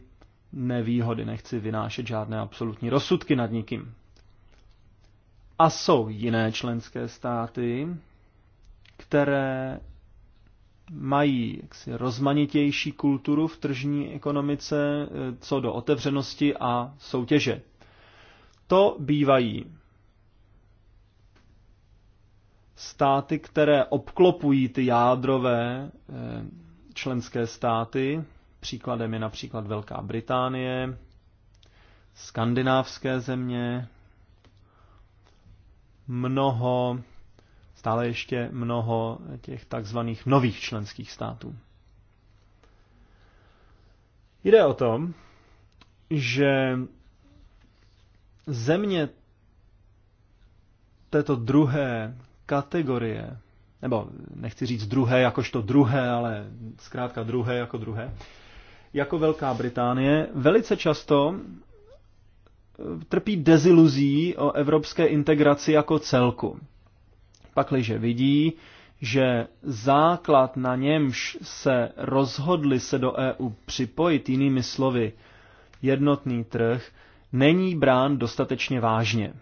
nevýhody, nechci vynášet žádné absolutní rozsudky nad nikým. A jsou jiné členské státy, které mají jaksi rozmanitější kulturu v tržní ekonomice eh, co do otevřenosti a soutěže. To bývají státy, které obklopují ty jádrové eh, členské státy, Příkladem je například Velká Británie, skandinávské země, mnoho, stále ještě mnoho těch takzvaných nových členských států. Jde o tom, že země této druhé kategorie, nebo nechci říct druhé jakožto druhé, ale zkrátka druhé jako druhé, jako Velká Británie velice často eh, trpí deziluzí o evropské integraci jako celku. Pakliže vidí, že základ na němž se rozhodli se do EU připojit, jinými slovy, jednotný trh, není brán dostatečně vážně.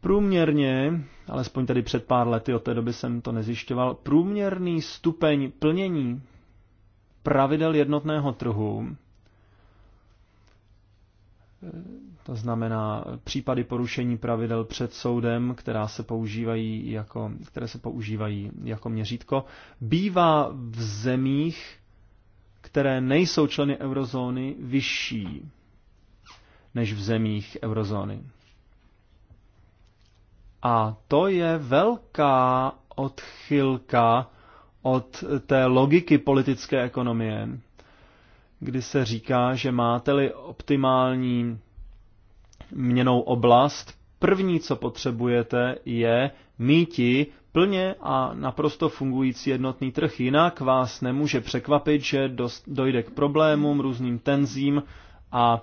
Průměrně, alespoň tedy před pár lety, od té doby jsem to nezjišťoval, průměrný stupeň plnění pravidel jednotného trhu, to znamená případy porušení pravidel před soudem, která se používají jako, které se používají jako měřítko, bývá v zemích, které nejsou členy eurozóny, vyšší než v zemích eurozóny. A to je velká odchylka od té logiky politické ekonomie, kdy se říká, že máte-li optimální měnou oblast, první, co potřebujete, je míti plně a naprosto fungující jednotný trh. Jinak vás nemůže překvapit, že dojde k problémům, různým tenzím a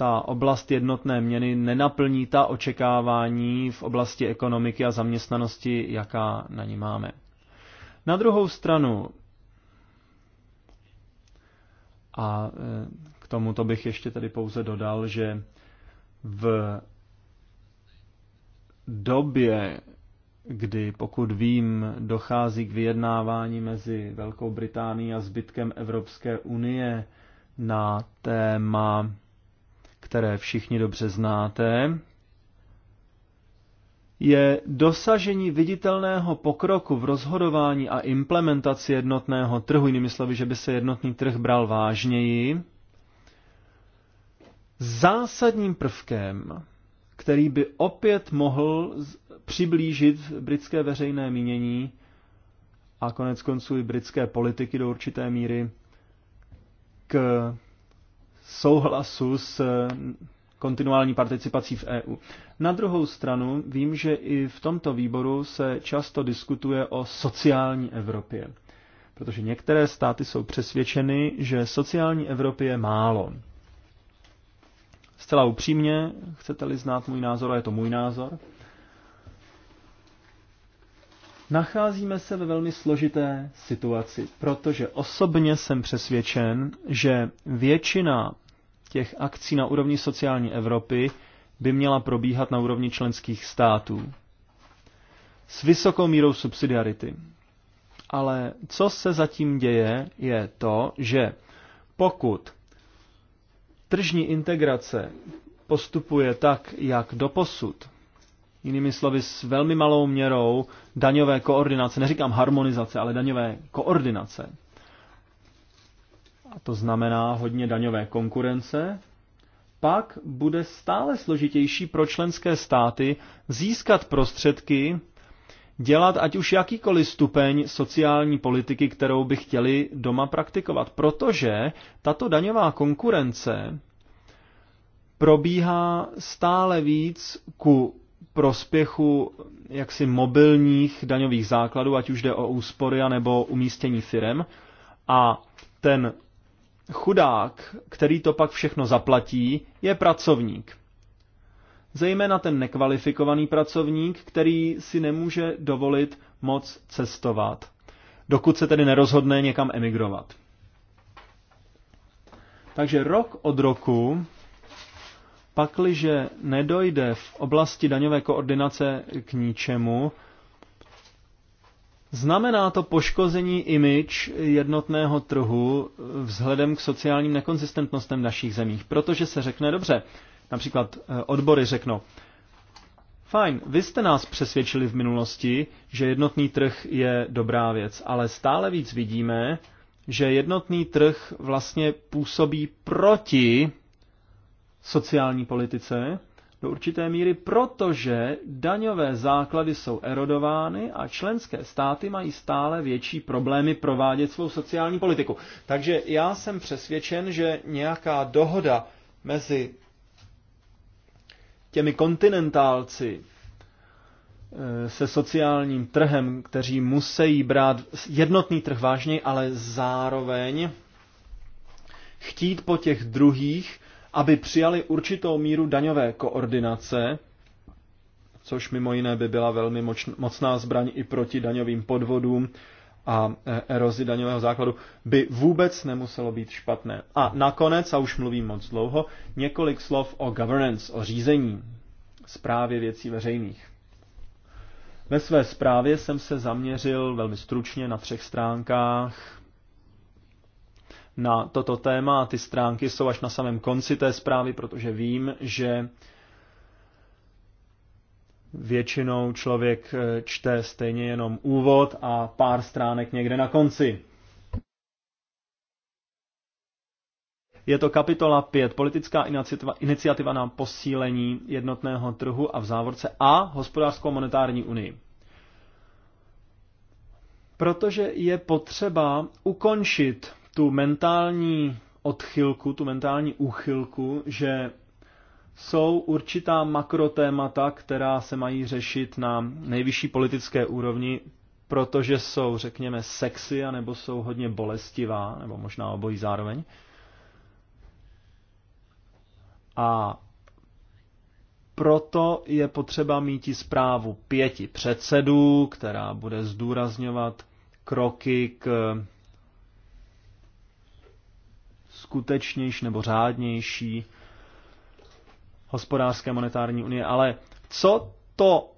ta oblast jednotné měny nenaplní ta očekávání v oblasti ekonomiky a zaměstnanosti, jaká na ní máme. Na druhou stranu, a e, k tomuto bych ještě tady pouze dodal, že v době, kdy, pokud vím, dochází k vyjednávání mezi Velkou Británií a zbytkem Evropské unie na téma které všichni dobře znáte, je dosažení viditelného pokroku v rozhodování a implementaci jednotného trhu, jinými slovy, že by se jednotný trh bral vážněji, zásadním prvkem, který by opět mohl přiblížit britské veřejné mínění a konec konců i britské politiky do určité míry k souhlasu s eh, kontinuální participací v EU. Na druhou stranu vím, že i v tomto výboru se často diskutuje o sociální Evropě, protože některé státy jsou přesvědčeny, že sociální Evropě je málo. Zcela upřímně, chcete-li znát můj názor, a je to můj názor, Nacházíme se ve velmi složité situaci, protože osobně jsem přesvědčen, že většina těch akcí na úrovni sociální Evropy by měla probíhat na úrovni členských států s vysokou mírou subsidiarity. Ale co se zatím děje, je to, že pokud tržní integrace postupuje tak, jak doposud, jinými slovy s velmi malou měrou daňové koordinace, neříkám harmonizace, ale daňové koordinace. A to znamená hodně daňové konkurence, pak bude stále složitější pro členské státy získat prostředky, dělat ať už jakýkoliv stupeň sociální politiky, kterou by chtěli doma praktikovat, protože tato daňová konkurence probíhá stále víc ku prospěchu jaksi mobilních daňových základů, ať už jde o úspory nebo umístění firem. A ten chudák, který to pak všechno zaplatí, je pracovník. Zejména ten nekvalifikovaný pracovník, který si nemůže dovolit moc cestovat, dokud se tedy nerozhodne někam emigrovat. Takže rok od roku Pakliže nedojde v oblasti daňové koordinace k ničemu, Znamená to poškození image jednotného trhu vzhledem k sociálním nekonzistentnostem našich zemích, protože se řekne dobře, například eh, odbory řeknou, fajn, vy jste nás přesvědčili v minulosti, že jednotný trh je dobrá věc, ale stále víc vidíme, že jednotný trh vlastně působí proti sociální politice do určité míry, protože daňové základy jsou erodovány a členské státy mají stále větší problémy provádět svou sociální politiku. Takže já jsem přesvědčen, že nějaká dohoda mezi těmi kontinentálci eh, se sociálním trhem, kteří musí brát jednotný trh vážně, ale zároveň chtít po těch druhých, aby přijali určitou míru daňové koordinace, což mimo jiné by byla velmi mocná zbraň i proti daňovým podvodům a e, erozi daňového základu, by vůbec nemuselo být špatné. A nakonec, a už mluvím moc dlouho, několik slov o governance, o řízení, zprávě věcí veřejných. Ve své zprávě jsem se zaměřil velmi stručně na třech stránkách na toto téma. Ty stránky jsou až na samém konci té zprávy, protože vím, že většinou člověk eh, čte stejně jenom úvod a pár stránek někde na konci. Je to kapitola 5. Politická iniciativa, iniciativa na posílení jednotného trhu a v závorce A. Hospodářskou monetární unii. Protože je potřeba ukončit tu mentální odchylku, tu mentální úchylku, že jsou určitá makrotémata, která se mají řešit na nejvyšší politické úrovni, protože jsou, řekněme, sexy, anebo jsou hodně bolestivá, nebo možná obojí zároveň. A proto je potřeba mít i zprávu pěti předsedů, která bude zdůrazňovat kroky k skutečnější nebo řádnější hospodářské monetární unie. Ale co to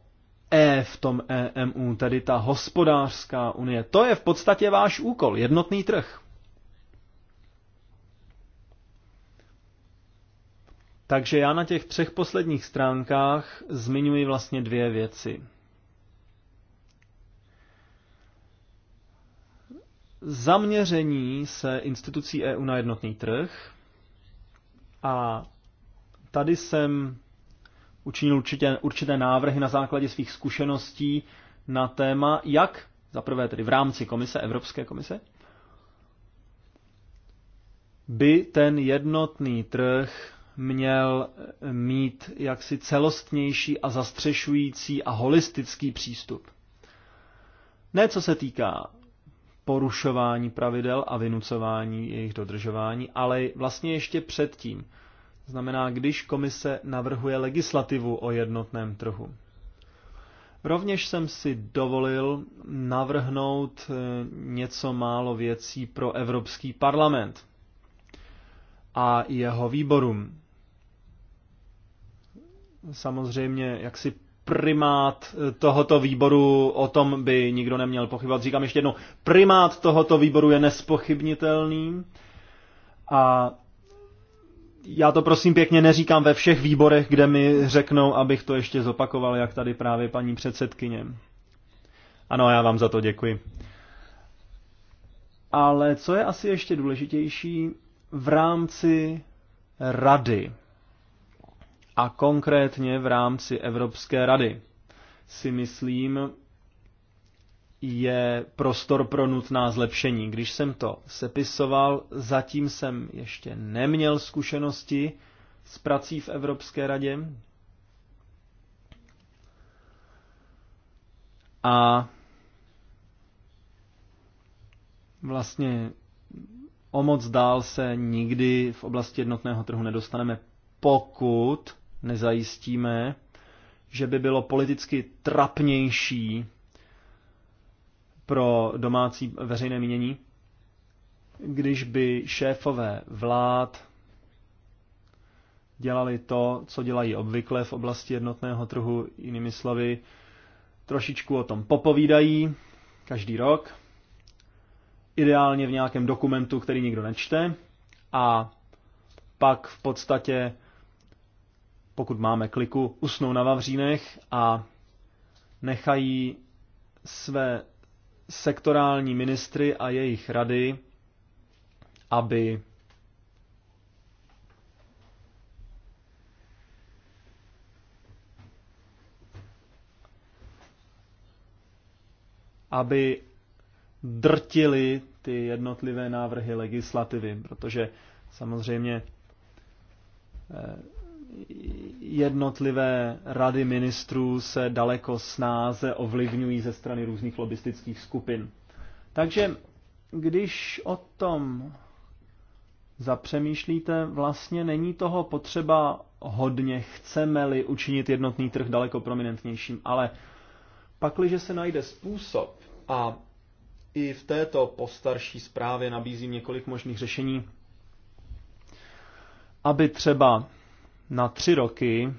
E v tom EMU, tedy ta hospodářská unie, to je v podstatě váš úkol, jednotný trh. Takže já na těch třech posledních stránkách zmiňuji vlastně dvě věci. zaměření se institucí EU na jednotný trh a tady jsem učinil určitě, určité návrhy na základě svých zkušeností na téma, jak, za prvé tedy v rámci komise, Evropské komise, by ten jednotný trh měl mít jaksi celostnější a zastřešující a holistický přístup. Ne co se týká porušování pravidel a vynucování jejich dodržování, ale vlastně ještě předtím. Znamená, když komise navrhuje legislativu o jednotném trhu. Rovněž jsem si dovolil navrhnout eh, něco málo věcí pro Evropský parlament a jeho výborům. Samozřejmě, jak si primát tohoto výboru, o tom by nikdo neměl pochybovat. Říkám ještě jednou, primát tohoto výboru je nespochybnitelný a já to prosím pěkně neříkám ve všech výborech, kde mi řeknou, abych to ještě zopakoval, jak tady právě paní předsedkyně. Ano, já vám za to děkuji. Ale co je asi ještě důležitější, v rámci rady a konkrétně v rámci Evropské rady. Si myslím, je prostor pro nutná zlepšení. Když jsem to sepisoval, zatím jsem ještě neměl zkušenosti s prací v Evropské radě. A vlastně o moc dál se nikdy v oblasti jednotného trhu nedostaneme, pokud nezajistíme, že by bylo politicky trapnější pro domácí veřejné mínění, když by šéfové vlád dělali to, co dělají obvykle v oblasti jednotného trhu, jinými slovy, trošičku o tom popovídají každý rok, ideálně v nějakém dokumentu, který nikdo nečte, a pak v podstatě pokud máme kliku, usnou na Vavřínech a nechají své sektorální ministry a jejich rady, aby aby drtili ty jednotlivé návrhy legislativy, protože samozřejmě eh, jednotlivé rady ministrů se daleko snáze ovlivňují ze strany různých lobistických skupin. Takže když o tom zapřemýšlíte, vlastně není toho potřeba hodně, chceme-li učinit jednotný trh daleko prominentnějším, ale pakliže se najde způsob a i v této postarší zprávě nabízím několik možných řešení, aby třeba na tři roky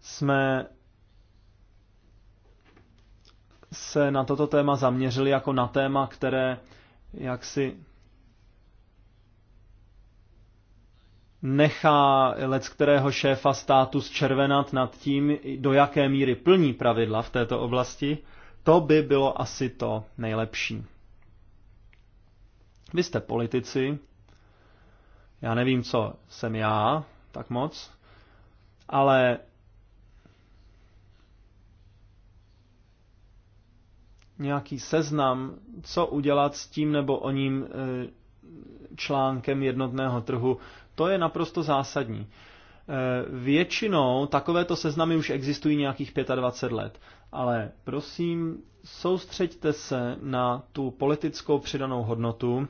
jsme se na toto téma zaměřili jako na téma, které jaksi nechá lec kterého šéfa státu zčervenat nad tím, do jaké míry plní pravidla v této oblasti, to by bylo asi to nejlepší. Vy jste politici, já nevím, co jsem já, tak moc, ale nějaký seznam, co udělat s tím nebo o ním e, článkem jednotného trhu, to je naprosto zásadní. E, většinou takovéto seznamy už existují nějakých 25 let, ale prosím, soustřeďte se na tu politickou přidanou hodnotu,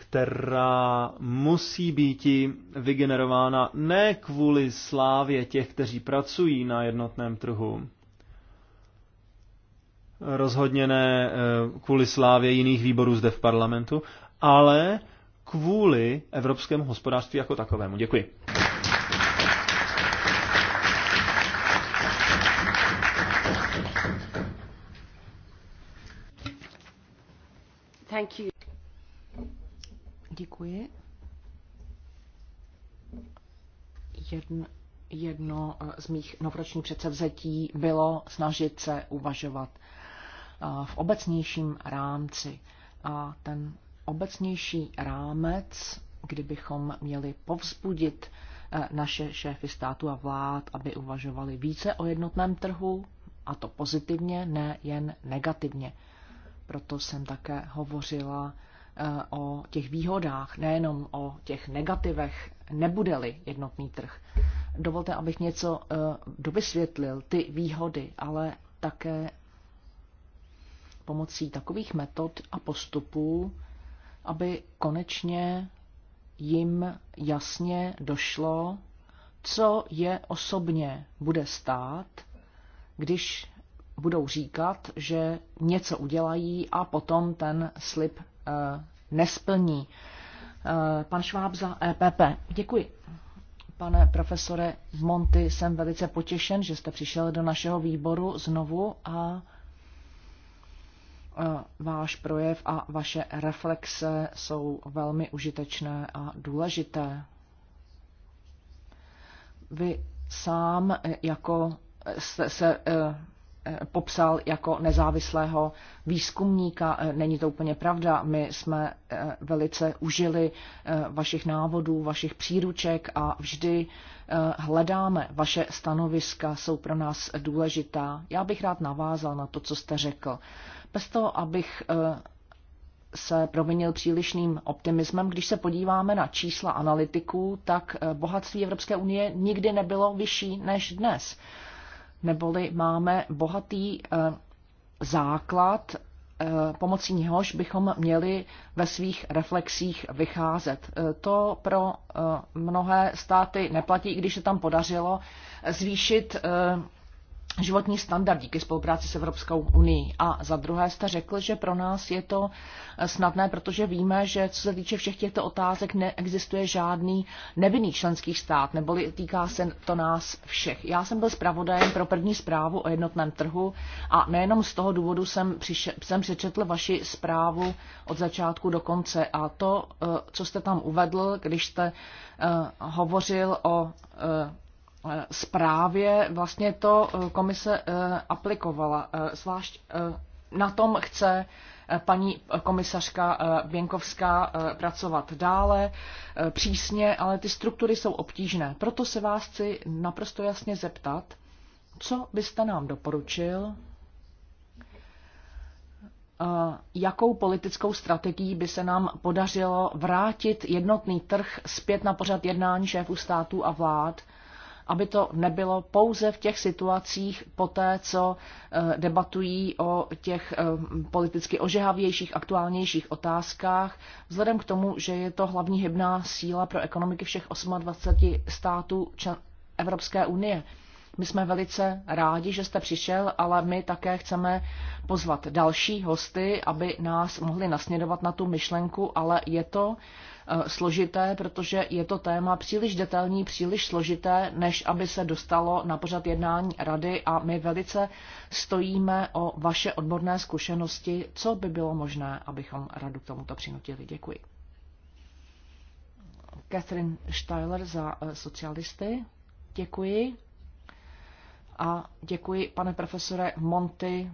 která musí být vygenerována ne kvůli slávě těch, kteří pracují na jednotném trhu, rozhodně ne eh, kvůli slávě jiných výborů zde v parlamentu, ale kvůli evropskému hospodářství jako takovému. Děkuji. jedno, jedno eh, z mých novoročních předsevzetí bylo snažit se uvažovat eh, v obecnějším rámci. A ten obecnější rámec, kdybychom měli povzbudit eh, naše šéfy státu a vlád, aby uvažovali více o jednotném trhu, a to pozitivně, ne jen negativně. Proto jsem také hovořila o těch výhodách, nejenom o těch negativech nebude-li jednotný trh. Dovolte, abych něco eh, dovysvětlil, ty výhody, ale také pomocí takových metod a postupů, aby konečně jim jasně došlo, co je osobně bude stát, když budou říkat, že něco udělají a potom ten slib eh, nesplní. Eh, pan Šváb za EPP. Děkuji. Pane profesore Monty, jsem velice potěšen, že jste přišel do našeho výboru znovu a eh, váš projev a vaše reflexe jsou velmi užitečné a důležité. Vy sám eh, jako se, se Eh, popsal jako nezávislého výzkumníka. Eh, není to úplně pravda. My jsme eh, velice užili vašich návodů, vašich příruček a vždy hledáme. Vaše stanoviska jsou pro nás důležitá. Já bych rád navázal na to, co jste řekl. Bez toho, abych se provinil přílišným optimismem. Když se podíváme na čísla analytiků, tak bohatství Evropské unie nikdy nebylo vyšší než dnes neboli máme bohatý eh, základ, eh, pomocí něhož bychom měli ve svých reflexích vycházet. Eh, to pro mnohé státy neplatí, i když se tam podařilo zvýšit životní standard díky spolupráci s Evropskou unii. A za druhé jste řekl, že pro nás je to eh, snadné, protože víme, že co se týče všech těchto otázek, neexistuje žádný nevinný členský stát, neboli týká se to nás všech. Já jsem byl zpravodajem pro první zprávu o jednotném trhu a nejenom z toho důvodu jsem, přišel, jsem přečetl vaši zprávu od začátku do konce a to, eh, co jste tam uvedl, když jste eh, hovořil o Eh, zprávě vlastně to eh, komise eh, aplikovala. Zvlášť na tom chce paní komisařka Běnkovská pracovat dále přísně, ale ty struktury jsou obtížné. Proto se vás chci naprosto jasně zeptat, co byste nám doporučil, jakou politickou strategií by se nám podařilo vrátit jednotný trh zpět na pořad jednání šéfů států a vlád, aby to nebylo pouze v těch situacích poté, co eh, debatují o těch eh, politicky ožehavějších, aktuálnějších otázkách, vzhledem k tomu, že je to hlavní hybná síla pro ekonomiky všech 28 států Evropské unie. My jsme velice rádi, že jste přišel, ale my také chceme pozvat další hosty, aby nás mohli nasměrovat na tu myšlenku, ale je to Eh, složité, protože je to téma příliš detailní, příliš složité, než aby se dostalo na pořad jednání rady a my velice stojíme o vaše odborné zkušenosti, co by bylo možné, abychom radu k tomuto přinutili. Děkuji. Catherine Steiler za eh, socialisty. Děkuji. A děkuji, pane profesore Monty.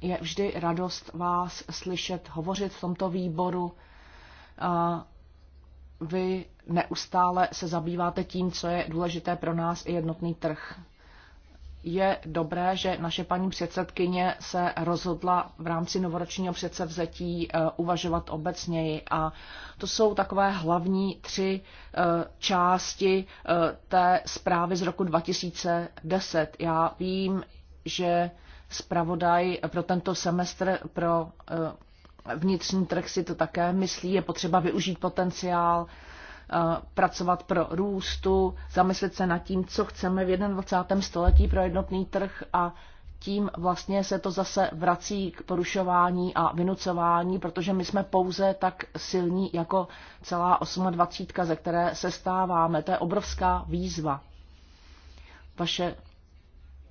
Je vždy radost vás slyšet hovořit v tomto výboru vy neustále se zabýváte tím, co je důležité pro nás i jednotný trh. Je dobré, že naše paní předsedkyně se rozhodla v rámci novoročního předsevzetí eh, uvažovat obecněji. A to jsou takové hlavní tři eh, části eh, té zprávy z roku 2010. Já vím, že zpravodaj pro tento semestr pro vnitřní trh si to také myslí, je potřeba využít potenciál, eh, pracovat pro růstu, zamyslet se nad tím, co chceme v 21. století pro jednotný trh a tím vlastně se to zase vrací k porušování a vynucování, protože my jsme pouze tak silní jako celá 28, ze které se stáváme. To je obrovská výzva. Vaše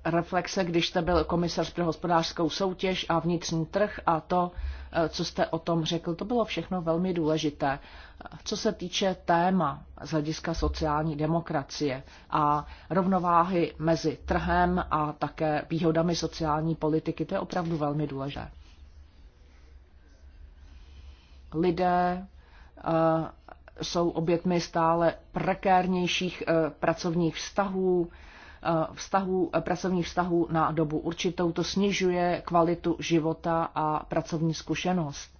reflexe, když jste byl komisař pro hospodářskou soutěž a vnitřní trh a to, eh, co jste o tom řekl, to bylo všechno velmi důležité. Co se týče téma z hlediska sociální demokracie a rovnováhy mezi trhem a také výhodami sociální politiky, to je opravdu velmi důležité. Lidé eh, jsou obětmi stále prekérnějších eh, pracovních vztahů, Eh, vztahů, eh, pracovních vztahů na dobu určitou. To snižuje kvalitu života a pracovní zkušenost.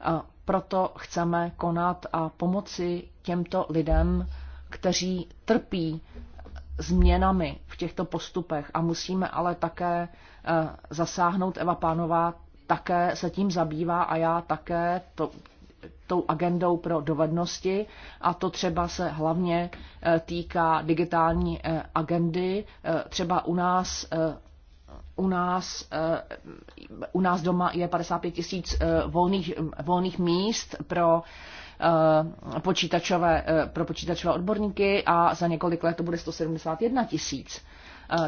Eh, proto chceme konat a pomoci těmto lidem, kteří trpí změnami v těchto postupech a musíme ale také zasáhnout. Eva Pánová také se tím zabývá a já také. To, tou agendou pro dovednosti a to třeba se hlavně e, týká digitální e, agendy. E, třeba u nás u nás, u nás doma je 55 tisíc volných, volných míst pro počítačové, pro počítačové odborníky a za několik let to bude 171 tisíc.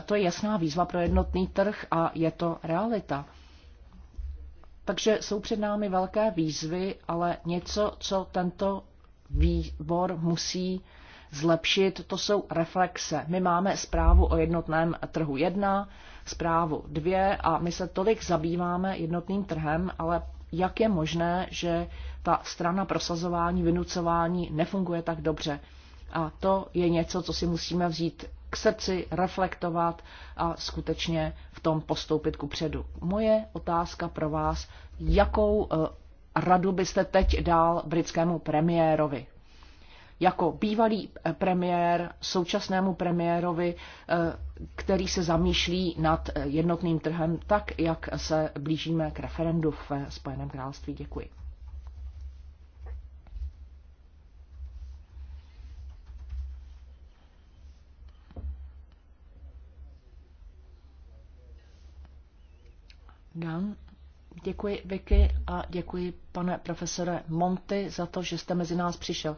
To je jasná výzva pro jednotný trh a je to realita. Takže jsou před námi velké výzvy, ale něco, co tento výbor musí zlepšit, to jsou reflexe. My máme zprávu o jednotném trhu 1, zprávu 2 a my se tolik zabýváme jednotným trhem, ale jak je možné, že ta strana prosazování, vynucování nefunguje tak dobře. A to je něco, co si musíme vzít k srdci, reflektovat a skutečně v tom postoupit ku předu. Moje otázka pro vás, jakou eh, radu byste teď dal britskému premiérovi? Jako bývalý eh, premiér současnému premiérovi, eh, který se zamýšlí nad jednotným trhem, tak jak se blížíme k referendu v Spojeném království. Děkuji. Dan. Děkuji Vicky a děkuji pane profesore Monty za to, že jste mezi nás přišel.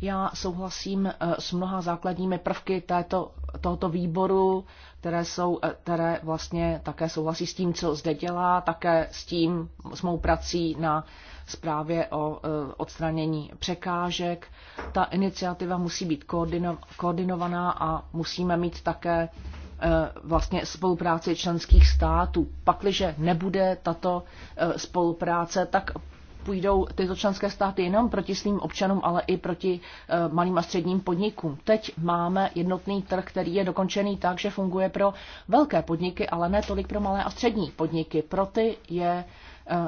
Já souhlasím eh, s mnoha základními prvky této, tohoto výboru, které, jsou, eh, které vlastně také souhlasí s tím, co zde dělá, také s tím, s mou prací na zprávě o eh, odstranění překážek. Ta iniciativa musí být koordinovaná a musíme mít také Eh, vlastně spolupráci členských států. Pakliže nebude tato eh, spolupráce, tak půjdou tyto členské státy jenom proti svým občanům, ale i proti eh, malým a středním podnikům. Teď máme jednotný trh, který je dokončený tak, že funguje pro velké podniky, ale ne tolik pro malé a střední podniky. Pro ty je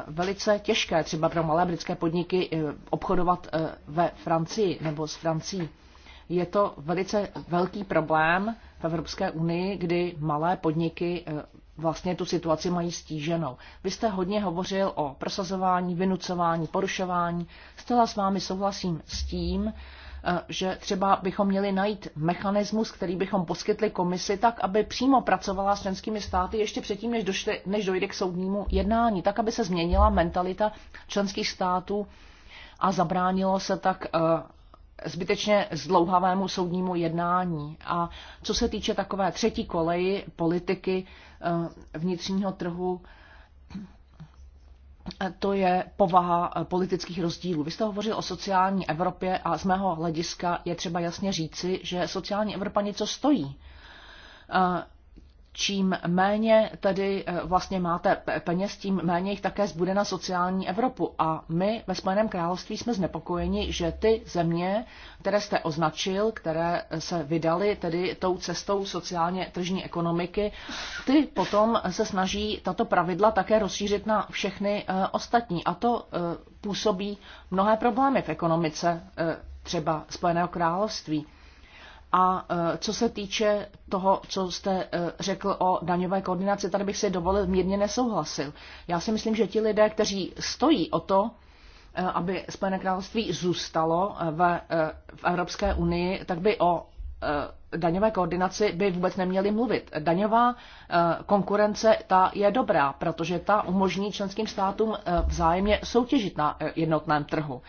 velice těžké třeba pro malé britské podniky obchodovat ve Francii nebo s Francií. Je to velice velký problém, v Evropské unii, kdy malé podniky eh, vlastně tu situaci mají stíženou. Vy jste hodně hovořil o prosazování, vynucování, porušování. Zcela s vámi souhlasím s tím, eh, že třeba bychom měli najít mechanismus, který bychom poskytli komisi tak, aby přímo pracovala s členskými státy ještě předtím, než, došli, než dojde k soudnímu jednání, tak, aby se změnila mentalita členských států a zabránilo se tak eh, zbytečně zdlouhavému soudnímu jednání. A co se týče takové třetí koleji politiky eh, vnitřního trhu, eh, to je povaha eh, politických rozdílů. Vy jste hovořil o sociální Evropě a z mého hlediska je třeba jasně říci, že sociální Evropa něco stojí čím méně tedy eh, vlastně máte peněz, tím méně jich také zbude na sociální Evropu. A my ve Spojeném království jsme znepokojeni, že ty země, které jste označil, které eh, se vydaly tedy tou cestou sociálně tržní ekonomiky, ty potom se snaží tato pravidla také rozšířit na všechny eh, ostatní. A to působí mnohé problémy v ekonomice třeba Spojeného království. A e, co se týče toho, co jste e, řekl o daňové koordinaci, tady bych si dovolil mírně nesouhlasil. Já si myslím, že ti lidé, kteří stojí o to, e, aby Spojené království zůstalo v, v Evropské unii, tak by o daňové koordinaci by vůbec neměli mluvit. Daňová konkurence ta je dobrá, protože ta umožní členským státům vzájemně soutěžit na jednotném trhu.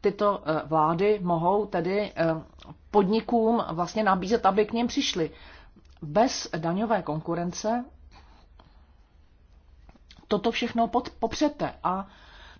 Tyto vlády mohou tedy podnikům vlastně nabízet, aby k něm přišli. Bez daňové konkurence toto všechno pod, popřete a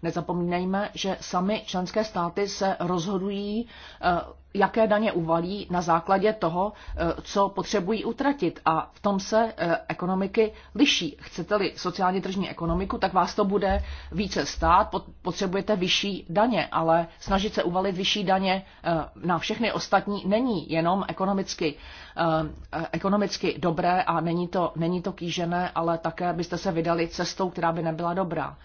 Nezapomínejme, že sami členské státy se rozhodují, eh, jaké daně uvalí na základě toho, eh, co potřebují utratit. A v tom se eh, ekonomiky liší. Chcete-li sociálně tržní ekonomiku, tak vás to bude více stát, potřebujete vyšší daně, ale snažit se uvalit vyšší daně na všechny ostatní není jenom ekonomicky, ekonomicky dobré a není to, není to kýžené, ale také byste se vydali cestou, která by nebyla dobrá.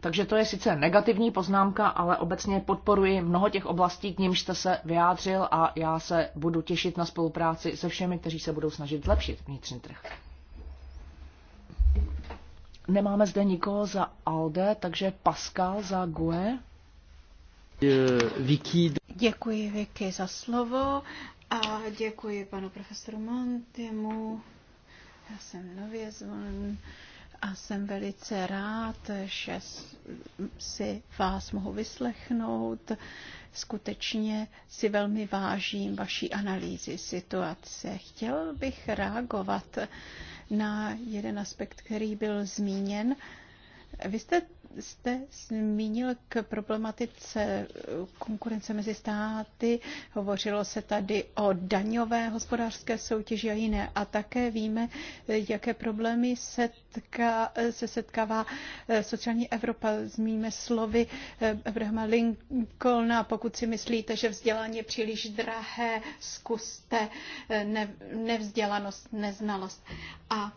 Takže to je sice negativní poznámka, ale obecně podporuji mnoho těch oblastí, k nímž jste se vyjádřil a já se budu těšit na spolupráci se všemi, kteří se budou snažit zlepšit vnitřní trh. Nemáme zde nikoho za ALDE, takže Pascal za GUE. Děkuji Vicky za slovo a děkuji panu profesoru Montemu. Já jsem nově zvolen a jsem velice rád, že si vás mohu vyslechnout. Skutečně si velmi vážím vaší analýzy situace. Chtěl bych reagovat na jeden aspekt, který byl zmíněn. Vy jste jste zmínil k problematice konkurence mezi státy. Hovořilo se tady o daňové hospodářské soutěži a jiné. A také víme, jaké problémy setká, se setkává sociální Evropa. Zmíme slovy Abrahama Lincolna. Pokud si myslíte, že vzdělání je příliš drahé, zkuste nevzdělanost, neznalost. A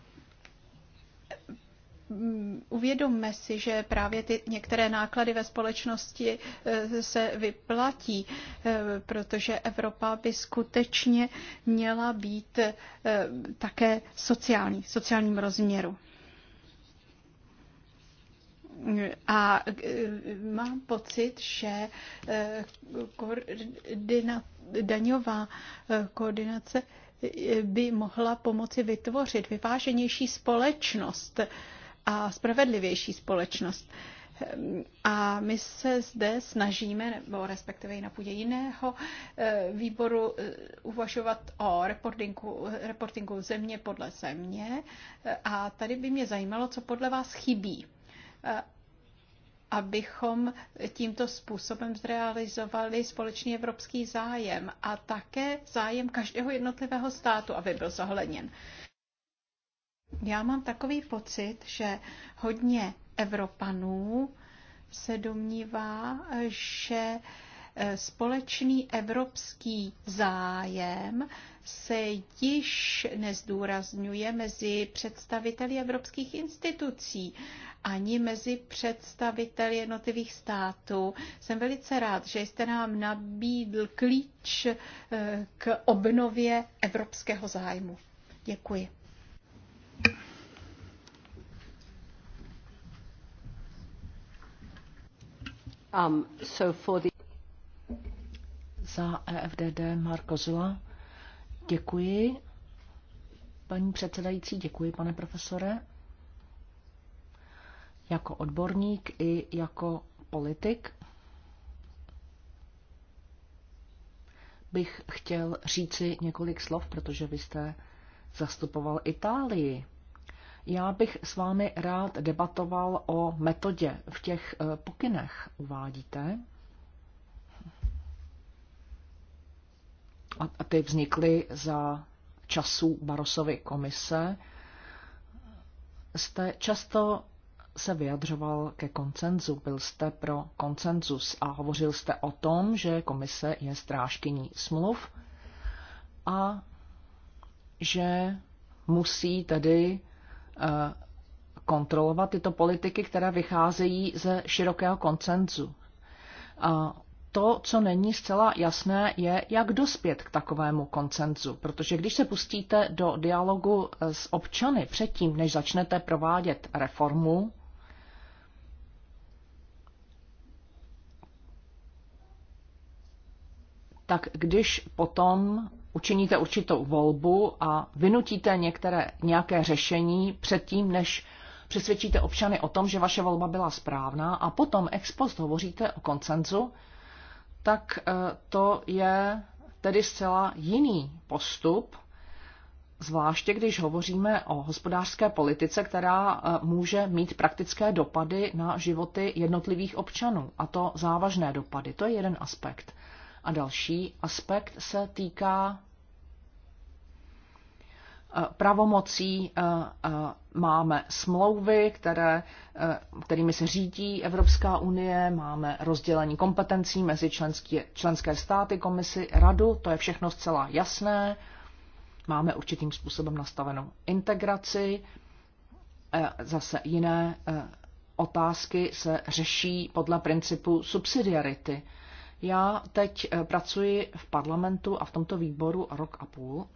Mm, uvědomme si, že právě ty některé náklady ve společnosti e, se vyplatí, e, protože Evropa by skutečně měla být e, také sociální, v sociálním rozměru. A mám pocit, že koordina, daňová koordinace by mohla pomoci vytvořit vyváženější společnost, a spravedlivější společnost. A my se zde snažíme, nebo respektive i na půdě jiného eh, výboru, eh, uvažovat o reportingu, reportingu země podle země. Eh, a tady by mě zajímalo, co podle vás chybí, abychom tímto způsobem zrealizovali společný evropský zájem a také zájem každého jednotlivého státu, aby byl zohledněn. Já mám takový pocit, že hodně Evropanů se domnívá, že e, společný evropský zájem se již nezdůrazňuje mezi představiteli evropských institucí ani mezi představiteli jednotlivých států. Jsem velice rád, že jste nám nabídl klíč e, k obnově evropského zájmu. Děkuji. Um, so for the... Za EFDD Marko Zula. Děkuji. Paní předsedající, děkuji, pane profesore. Jako odborník i jako politik bych chtěl říci několik slov, protože vy jste zastupoval Itálii já bych s vámi rád debatoval o metodě v těch eh, pokynech, uvádíte. A ty vznikly za časů Barosovy komise. Jste často se vyjadřoval ke koncenzu, byl jste pro koncenzus a hovořil jste o tom, že komise je strážkyní smluv a že musí tedy Eh, kontrolovat tyto politiky, které vycházejí ze širokého koncenzu. A to, co není zcela jasné, je, jak dospět k takovému koncenzu, protože když se pustíte do dialogu s občany předtím, než začnete provádět reformu, tak když potom učiníte určitou volbu a vynutíte některé, nějaké řešení předtím, než přesvědčíte občany o tom, že vaše volba byla správná a potom ex post hovoříte o koncenzu, tak eh, to je tedy zcela jiný postup, zvláště když hovoříme o hospodářské politice, která eh, může mít praktické dopady na životy jednotlivých občanů, a to závažné dopady. To je jeden aspekt. A další aspekt se týká eh, pravomocí eh, eh, máme smlouvy, které, kterými se řídí Evropská unie, máme rozdělení kompetencí mezi členské, členské státy, komisi, radu, to je všechno zcela jasné. Máme určitým způsobem nastavenou integraci, zase jiné otázky se řeší podle principu subsidiarity. Já teď eh, pracuji v parlamentu a v tomto výboru rok a půl.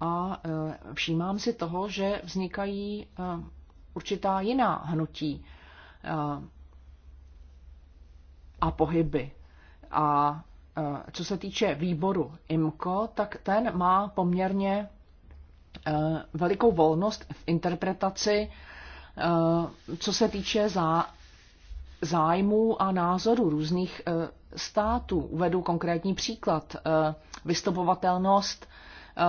A eh, všímám si toho, že vznikají eh, určitá jiná hnutí a pohyby. A co se týče výboru IMCO, tak ten má poměrně velikou volnost v interpretaci, co se týče zájmů a názorů různých eh, států. Uvedu konkrétní příklad. Eh, vystupovatelnost eh,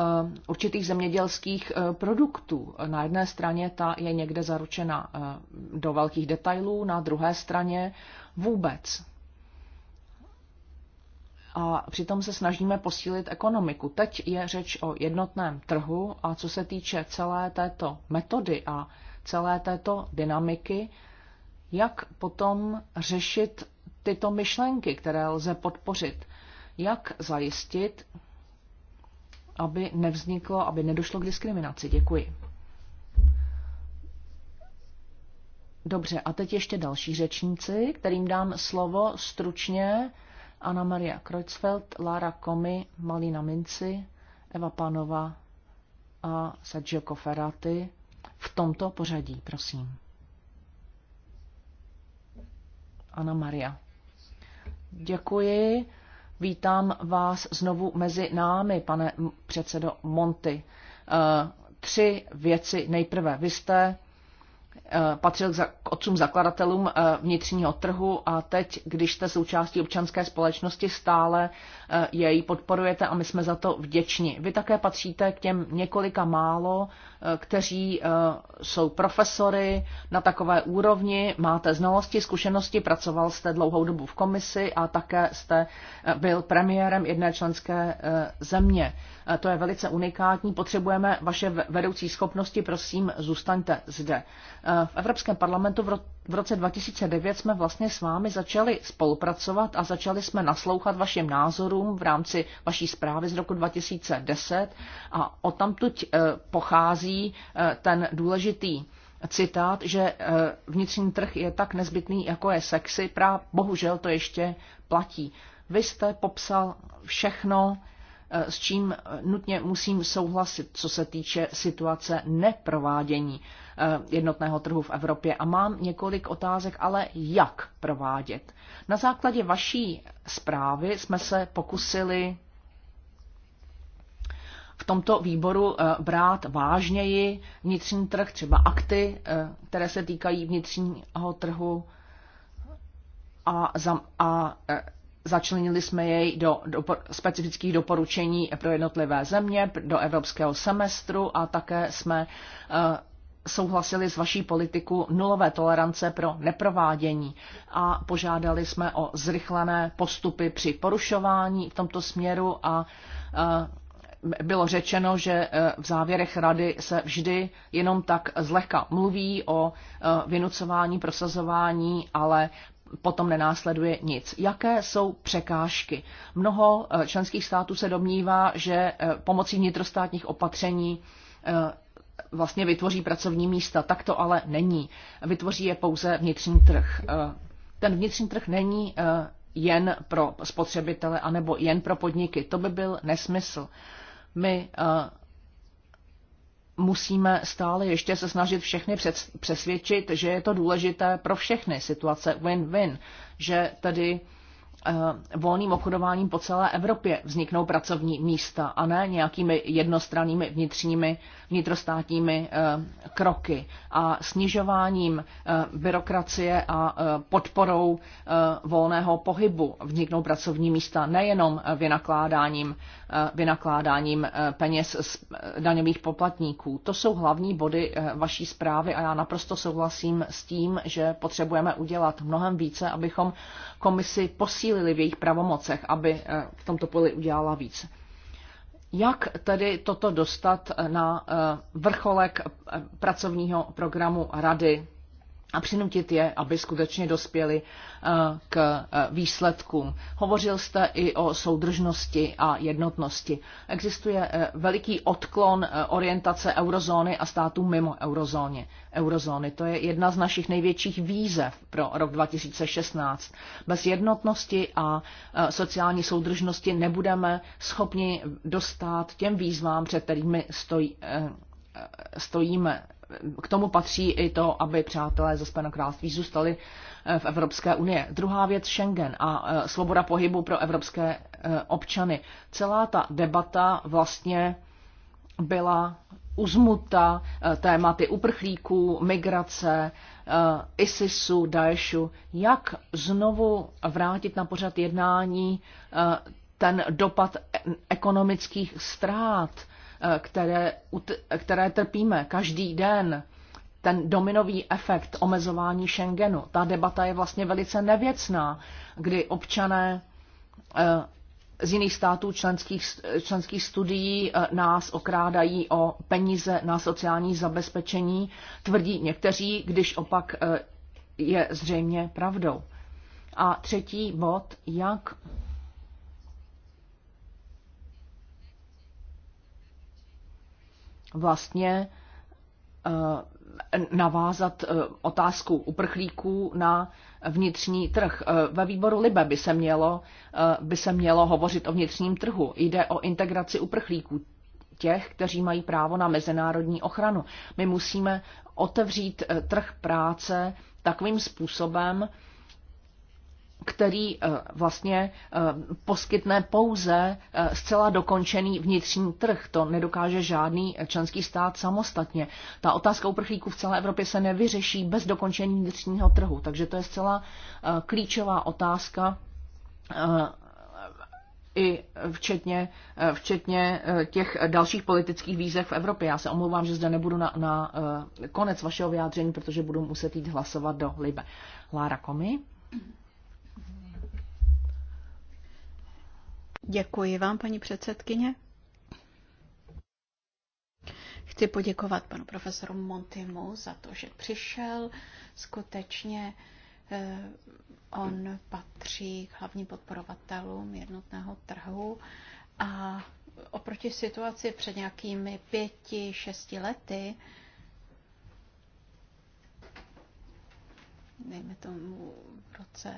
určitých zemědělských produktů. Na jedné straně ta je někde zaručena do velkých detailů, na druhé straně vůbec. A přitom se snažíme posílit ekonomiku. Teď je řeč o jednotném trhu a co se týče celé této metody a celé této dynamiky, jak potom řešit tyto myšlenky, které lze podpořit? Jak zajistit, aby nevzniklo, aby nedošlo k diskriminaci? Děkuji. Dobře, a teď ještě další řečníci, kterým dám slovo stručně. Anna Maria Kreuzfeld, Lara Komi, Malina Minci, Eva Panova a Sergio Koferaty. V tomto pořadí, prosím. Ana Maria. Děkuji. Vítám vás znovu mezi námi, pane předsedo Monty. Eh, tři věci nejprve. Vy jste Eh, patřil k otcům zakladatelům eh, vnitřního trhu a teď, když jste součástí občanské společnosti, stále eh, jej podporujete a my jsme za to vděční. Vy také patříte k těm několika málo, kteří jsou profesory na takové úrovni, máte znalosti, zkušenosti, pracoval jste dlouhou dobu v komisi a také jste byl premiérem jedné členské země. To je velice unikátní, potřebujeme vaše vedoucí schopnosti, prosím, zůstaňte zde Eh, v Evropském parlamentu v roce 2009 jsme vlastně s vámi začali spolupracovat a začali jsme naslouchat vašim názorům v rámci vaší zprávy z roku 2010 a odtamtud eh, pochází eh, ten důležitý citát, že vnitřní trh je tak nezbytný, jako je sexy, právě bohužel to ještě platí. Vy jste popsal všechno, s čím nutně musím souhlasit, co se týče situace neprovádění Eh, jednotného trhu v Evropě. A mám několik otázek, ale jak provádět? Na základě vaší zprávy jsme se pokusili v tomto výboru eh, brát vážněji vnitřní trh, třeba akty, eh, které se týkají vnitřního trhu a, za, a začlenili jsme jej do, do specifických doporučení pro jednotlivé země, do evropského semestru a také jsme souhlasili s vaší politiku nulové tolerance pro neprovádění a požádali jsme o zrychlené postupy při porušování v tomto směru a eh, bylo řečeno, že eh, v závěrech rady se vždy jenom tak zlehka mluví o eh, vynucování, prosazování, ale potom nenásleduje nic. Jaké jsou překážky? Mnoho členských států se domnívá, že pomocí vnitrostátních opatření vlastně vytvoří pracovní místa. Tak to ale není. Vytvoří je pouze vnitřní trh. Eh, ten vnitřní trh není eh, jen pro spotřebitele anebo jen pro podniky. To by byl nesmysl. My eh, musíme stále ještě se snažit všechny přesvědčit, že je to důležité pro všechny situace win-win, že tedy Eh, volným obchodováním po celé Evropě vzniknou pracovní místa a ne nějakými jednostrannými vnitřními, vnitrostátními eh, kroky. A snižováním eh, byrokracie a podporou volného pohybu vzniknou pracovní místa nejenom vynakládáním, vynakládáním peněz z daňových poplatníků. To jsou hlavní body vaší zprávy a já naprosto souhlasím s tím, že potřebujeme udělat mnohem více, abychom komisi posílili posílili v jejich pravomocech, aby eh, v tomto poli udělala víc. Jak tedy toto dostat na eh, vrcholek eh, pracovního programu Rady a přinutit je, aby skutečně dospěli eh, k eh, výsledkům. Hovořil jste i o soudržnosti a jednotnosti. Existuje eh, veliký odklon orientace eurozóny a států mimo eurozóny. eurozóny. To je jedna z našich největších výzev pro rok 2016. Bez jednotnosti a sociální soudržnosti nebudeme schopni dostat těm výzvám, před kterými stojí, stojíme k tomu patří i to, aby přátelé ze Spojeného království zůstali eh, v Evropské unie. Druhá věc Schengen a eh, svoboda pohybu pro evropské eh, občany. Celá ta debata vlastně byla uzmuta tématy uprchlíků, migrace, ISISu, Daeshu. Jak znovu vrátit na pořad jednání ten dopad e-, ekonomických ztrát, Eh, které, které trpíme každý den, ten dominový efekt omezování Schengenu. Ta debata je vlastně velice nevěcná, kdy občané eh, z jiných států členských, členských studií eh, nás okrádají o peníze na sociální zabezpečení, tvrdí někteří, když opak je zřejmě pravdou. A třetí bod, jak vlastně eh, navázat eh, otázku uprchlíků na vnitřní trh. Eh, ve výboru Libe by se, mělo, by se mělo hovořit o vnitřním trhu. Jde o integraci uprchlíků, těch, kteří mají právo na mezinárodní ochranu. My musíme otevřít trh práce takovým způsobem, který eh, vlastně eh, poskytne pouze eh, zcela dokončený vnitřní trh. To nedokáže žádný členský stát samostatně. Ta otázka uprchlíků v celé Evropě se nevyřeší bez dokončení vnitřního trhu. Takže to je zcela klíčová otázka i včetně, včetně těch dalších politických výzev v Evropě. Já se omlouvám, že zde nebudu na, na konec vašeho vyjádření, protože budu muset jít hlasovat do Libe. Lára Komi. Děkuji vám, paní předsedkyně. Chci poděkovat panu profesoru Montimu za to, že přišel. Skutečně eh, on patří k hlavním podporovatelům jednotného trhu a oproti situaci před nějakými pěti, šesti lety, dejme tomu v roce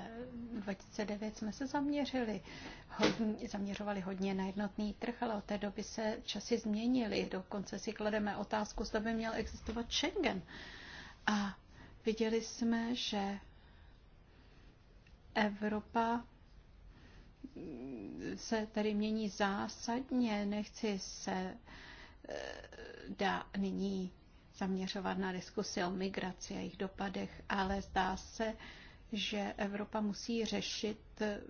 2009 jsme se zaměřili, hodně, zaměřovali hodně na jednotný trh, ale od té doby se časy změnily. Dokonce si klademe otázku, zda by měl existovat Schengen. A viděli jsme, že Evropa se tady mění zásadně. Nechci se eh, dá nyní zaměřovat na diskusy o migraci a jejich dopadech, ale zdá se, že Evropa musí řešit eh,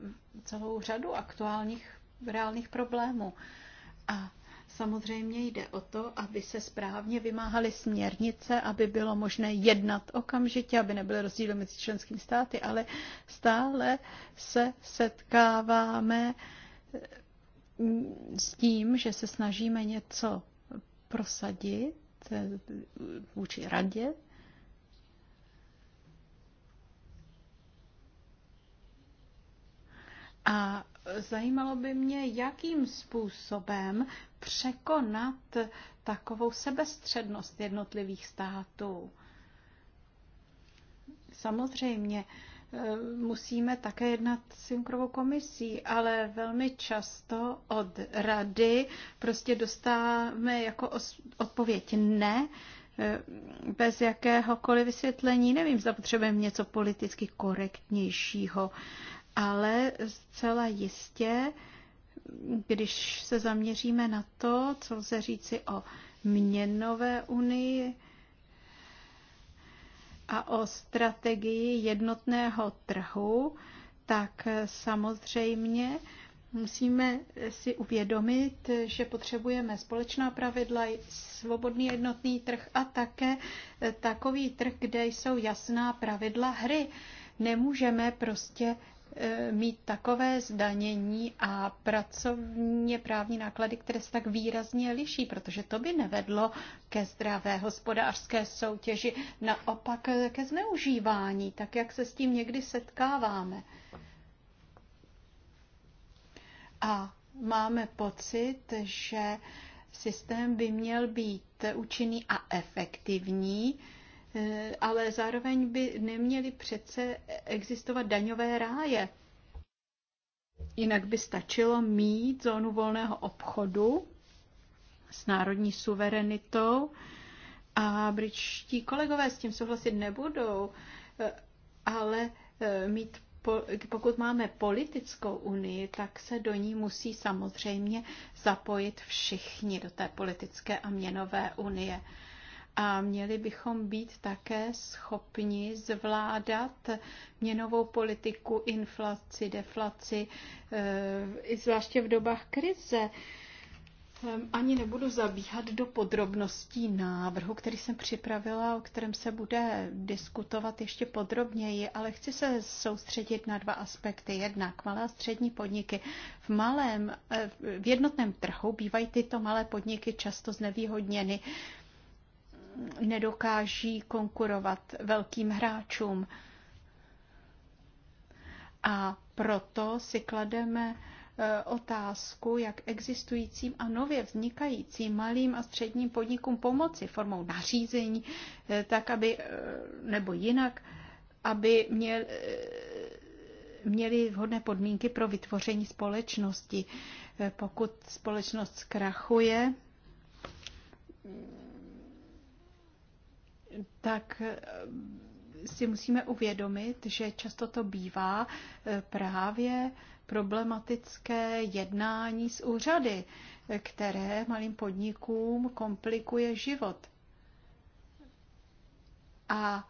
celou řadu aktuálních reálných problémů. A samozřejmě jde o to, aby se správně vymáhaly směrnice, aby bylo možné jednat okamžitě, aby nebyly rozdíly mezi členskými státy, ale stále se setkáváme eh, s tím, že se snažíme něco prosadit vůči radě. A zajímalo by mě, jakým způsobem překonat takovou sebestřednost jednotlivých států. Samozřejmě, Eh, musíme také jednat s synkrovou komisí, ale velmi často od rady prostě dostáváme jako odpověď ne, eh, bez jakéhokoliv vysvětlení. Nevím, zda potřebujeme něco politicky korektnějšího, ale zcela jistě, když se zaměříme na to, co lze říci o měnové unii, a o strategii jednotného trhu, tak samozřejmě musíme si uvědomit, že potřebujeme společná pravidla, svobodný jednotný trh a také takový trh, kde jsou jasná pravidla hry. Nemůžeme prostě Eh, mít takové zdanění a pracovně právní náklady, které se tak výrazně liší, protože to by nevedlo ke zdravé hospodářské soutěži, naopak eh, ke zneužívání, tak jak se s tím někdy setkáváme. A máme pocit, že systém by měl být účinný a efektivní, Eh, ale zároveň by neměly přece existovat daňové ráje. Jinak by stačilo mít zónu volného obchodu s národní suverenitou a britští kolegové s tím souhlasit nebudou, eh, ale eh, mít pokud máme politickou unii, tak se do ní musí samozřejmě zapojit všichni do té politické a měnové unie a měli bychom být také schopni zvládat měnovou politiku, inflaci, deflaci, eh, i zvláště v dobách krize. Ehm, ani nebudu zabíhat do podrobností návrhu, který jsem připravila, o kterém se bude diskutovat ještě podrobněji, ale chci se soustředit na dva aspekty. Jednak malé a střední podniky. V, malém, eh, v jednotném trhu bývají tyto malé podniky často znevýhodněny nedokáží konkurovat velkým hráčům. A proto si klademe e, otázku, jak existujícím a nově vznikajícím malým a středním podnikům pomoci formou nařízení, e, tak aby, e, nebo jinak, aby měl, měli vhodné podmínky pro vytvoření společnosti. Pokud společnost zkrachuje, tak eh, si musíme uvědomit, že často to bývá eh, právě problematické jednání s úřady, eh, které malým podnikům komplikuje život. A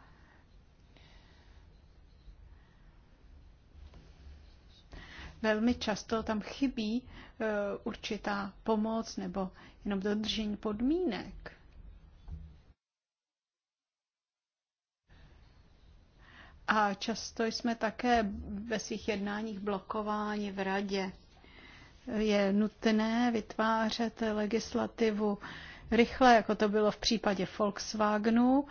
velmi často tam chybí určitá pomoc nebo jenom dodržení podmínek. A často jsme také ve svých jednáních blokováni v radě. Je nutné vytvářet legislativu rychle, jako to bylo v případě Volkswagenu,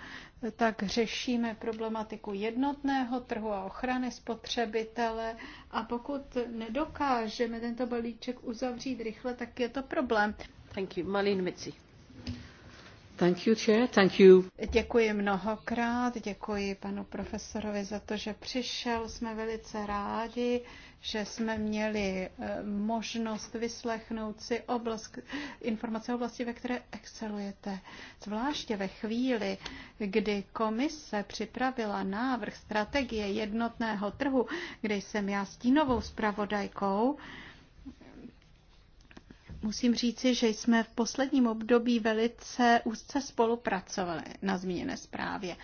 tak řešíme problematiku jednotného trhu a ochrany spotřebitele a pokud nedokážeme tento balíček uzavřít rychle, tak je to problém. Thank you. Malin Mici. Děkuji mnohokrát, děkuji panu profesorovi za to, že přišel. Jsme velice rádi, že jsme měli eh, možnost vyslechnout si oblast, informace o oblasti, ve které excelujete. Zvláště ve chvíli, kdy komise připravila návrh strategie jednotného trhu, kde jsem já stínovou zpravodajkou, Musím říci, že jsme v posledním období velice úzce spolupracovali na zmíněné zprávě.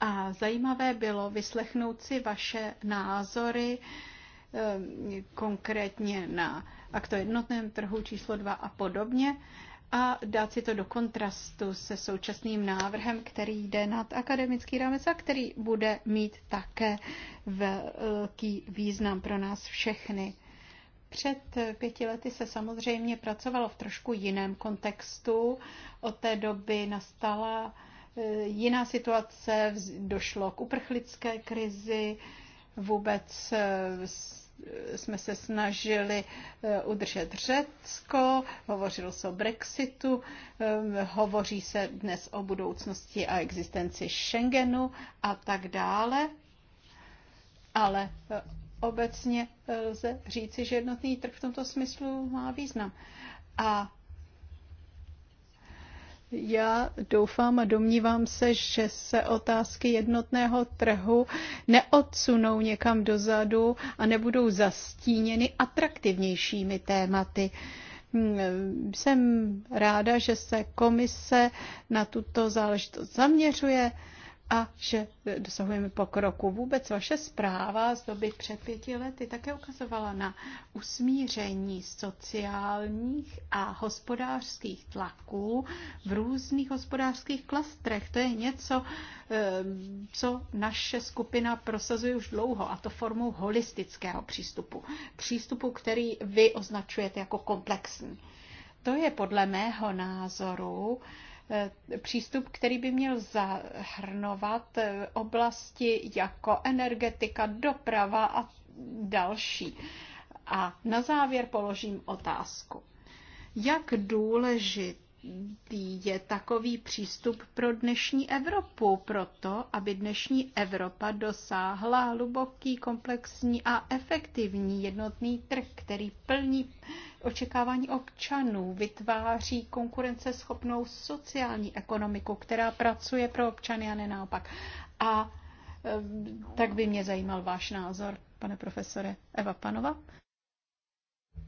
A zajímavé bylo vyslechnout si vaše názory eh, konkrétně na akto jednotném trhu číslo 2 a podobně a dát si to do kontrastu se současným návrhem, který jde nad akademický rámec a který bude mít také velký význam pro nás všechny. Před pěti lety se samozřejmě pracovalo v trošku jiném kontextu. Od té doby nastala e, jiná situace, došlo k uprchlické krizi, vůbec e, e, jsme se snažili udržet Řecko, hovořilo se o Brexitu, hovoří se dnes o budoucnosti a existenci Schengenu a tak dále. Ale obecně e, lze říci, že jednotný trh v tomto smyslu má význam. A já doufám a domnívám se, že se otázky jednotného trhu neodsunou někam dozadu a nebudou zastíněny atraktivnějšími tématy. Hmm, jsem ráda, že se komise na tuto záležitost zaměřuje a že dosahujeme pokroku. Vůbec vaše zpráva z doby před pěti lety také ukazovala na usmíření sociálních a hospodářských tlaků v různých hospodářských klastrech. To je něco, eh, co naše skupina prosazuje už dlouho, a to formou holistického přístupu. Přístupu, který vy označujete jako komplexní. To je podle mého názoru Eh, přístup, který by měl zahrnovat eh, oblasti jako energetika, doprava a další. A na závěr položím otázku. Jak důležit je takový přístup pro dnešní Evropu, proto aby dnešní Evropa dosáhla hluboký, komplexní a efektivní jednotný trh, který plní očekávání občanů, vytváří konkurenceschopnou sociální ekonomiku, která pracuje pro občany a ne naopak. A eh, tak by mě zajímal váš názor, pane profesore Eva Panova.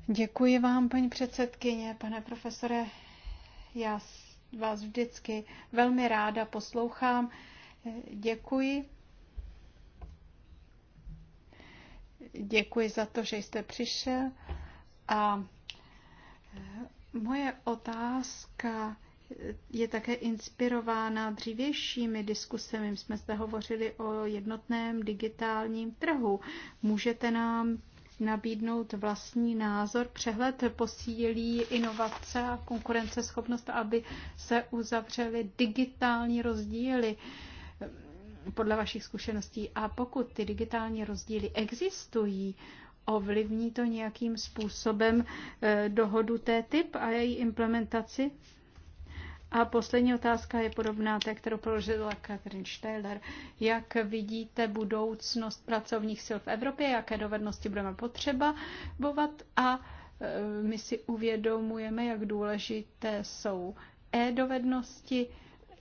Děkuji vám, paní předsedkyně, pane profesore já vás vždycky velmi ráda poslouchám. Děkuji. Děkuji za to, že jste přišel. A moje otázka je také inspirována dřívějšími diskusemi. My jsme zde hovořili o jednotném digitálním trhu. Můžete nám nabídnout vlastní názor, přehled posílí inovace a konkurenceschopnost, aby se uzavřely digitální rozdíly mm, podle vašich zkušeností. A pokud ty digitální rozdíly existují, ovlivní to nějakým způsobem eh, dohodu té typ a její implementaci? A poslední otázka je podobná té, kterou položila Katrin Steiler. Jak vidíte budoucnost pracovních sil v Evropě, jaké dovednosti budeme potřebovat a e, my si uvědomujeme, jak důležité jsou e-dovednosti,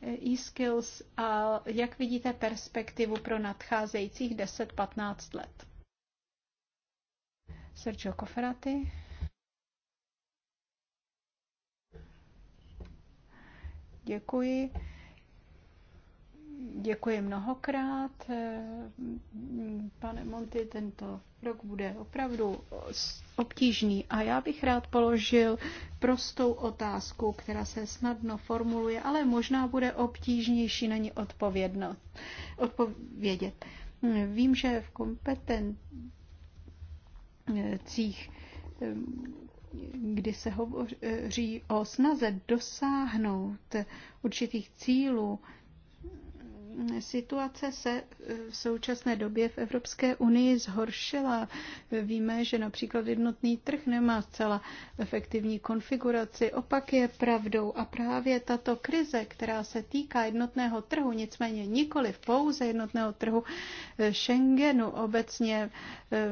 e-, e-skills a jak vidíte perspektivu pro nadcházejících 10-15 let. Sergio Cofferati. Děkuji. Děkuji mnohokrát. Pane Monty, tento rok bude opravdu obtížný a já bych rád položil prostou otázku, která se snadno formuluje, ale možná bude obtížnější na ní odpovědět. Vím, že v kompetencích kdy se hovoří o snaze dosáhnout určitých cílů, Situace se eh, v současné době v Evropské unii zhoršila. Víme, že například jednotný trh nemá zcela efektivní konfiguraci. Opak je pravdou a právě tato krize, která se týká jednotného trhu, nicméně nikoli pouze jednotného trhu eh, Schengenu obecně, eh,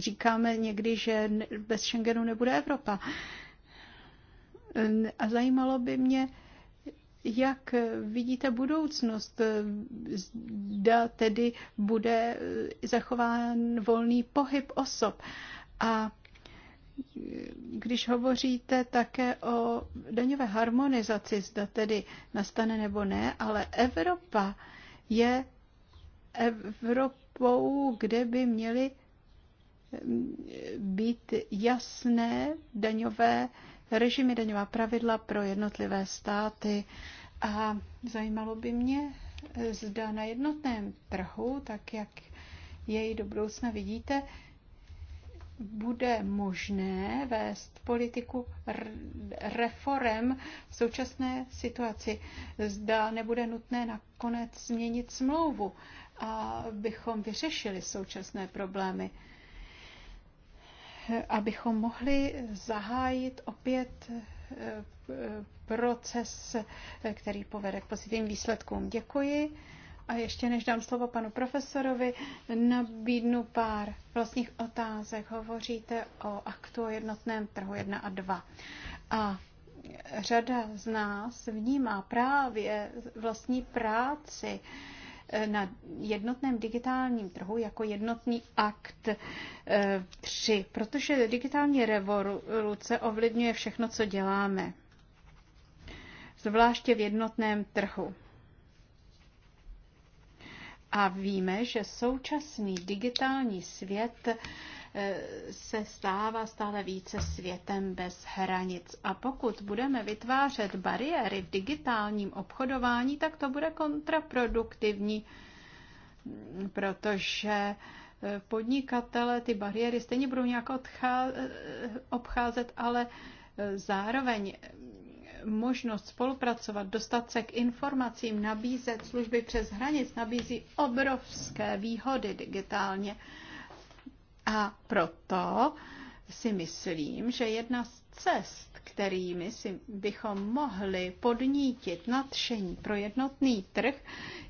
říkáme někdy, že bez Schengenu nebude Evropa. A zajímalo by mě, jak vidíte budoucnost? Zda tedy bude zachován volný pohyb osob? A když hovoříte také o daňové harmonizaci, zda tedy nastane nebo ne, ale Evropa je Evropou, kde by měly být jasné daňové režimy, daňová pravidla pro jednotlivé státy. A zajímalo by mě, zda na jednotném trhu, tak jak jej do budoucna vidíte, bude možné vést politiku reform v současné situaci. Zda nebude nutné nakonec změnit smlouvu, abychom vyřešili současné problémy abychom mohli zahájit opět eh, proces, který povede k pozitivním výsledkům. Děkuji. A ještě než dám slovo panu profesorovi, nabídnu pár vlastních otázek. Hovoříte o aktu o jednotném trhu 1 a 2. A řada z nás vnímá právě vlastní práci na jednotném digitálním trhu jako jednotný akt 3, eh, protože digitální revoluce ovlivňuje všechno, co děláme, zvláště v jednotném trhu. A víme, že současný digitální svět se stává stále více světem bez hranic. A pokud budeme vytvářet bariéry v digitálním obchodování, tak to bude kontraproduktivní, protože eh, podnikatele ty bariéry stejně budou nějak eh, obcházet, ale eh, zároveň možnost spolupracovat, dostat se k informacím, nabízet služby přes hranic, nabízí obrovské výhody digitálně. A proto si myslím, že jedna z cest, kterými si bychom mohli podnítit nadšení pro jednotný trh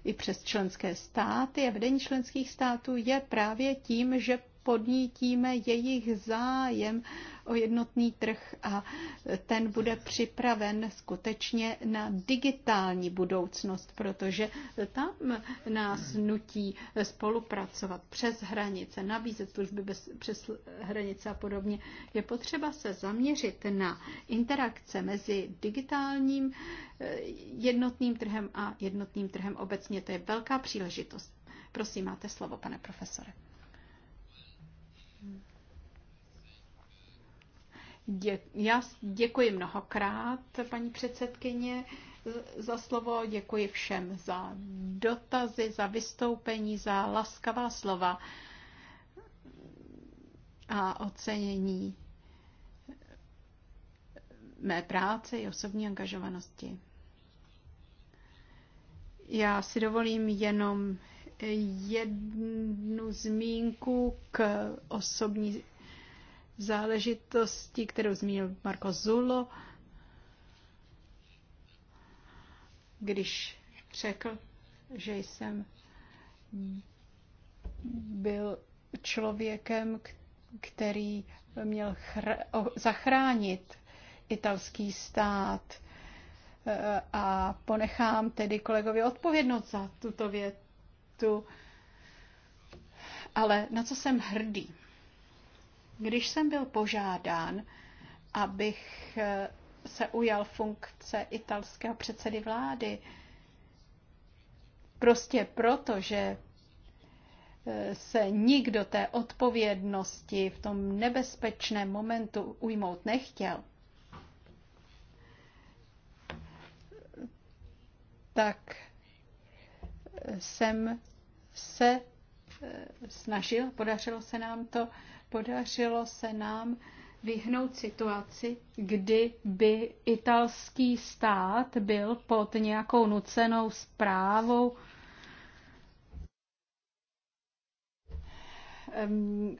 i přes členské státy a vedení členských států je právě tím, že podnítíme jejich zájem o jednotný trh a ten bude připraven skutečně na digitální budoucnost, protože tam nás nutí spolupracovat přes hranice, nabízet služby bez, přes hranice a podobně. Je potřeba se zaměřit na interakce mezi digitálním eh, jednotným trhem a jednotným trhem obecně. To je velká příležitost. Prosím, máte slovo, pane profesore. Dě, já děkuji mnohokrát, paní předsedkyně, za slovo, děkuji všem za dotazy, za vystoupení, za laskavá slova a ocenění mé práce i osobní angažovanosti. Já si dovolím jenom jednu zmínku k osobní záležitosti, kterou zmínil Marko Zulo, když řekl, že jsem byl člověkem, který měl zachránit italský stát e, a ponechám tedy kolegovi odpovědnost za tuto větu. Ale na co jsem hrdý? Když jsem byl požádán, abych eh, se ujal funkce italského předsedy vlády, prostě proto, že eh, se nikdo té odpovědnosti v tom nebezpečném momentu ujmout nechtěl, tak eh, jsem se snažil, podařilo se nám to podařilo se nám vyhnout situaci, kdy by italský stát byl pod nějakou nucenou zprávou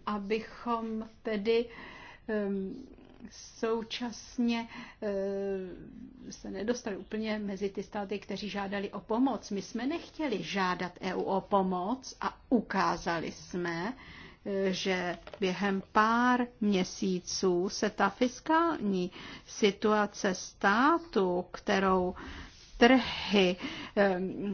abychom tedy současně eh, se nedostali úplně mezi ty státy, kteří žádali o pomoc. My jsme nechtěli žádat EU o pomoc a ukázali jsme, že během pár měsíců se ta fiskální situace státu, kterou trhy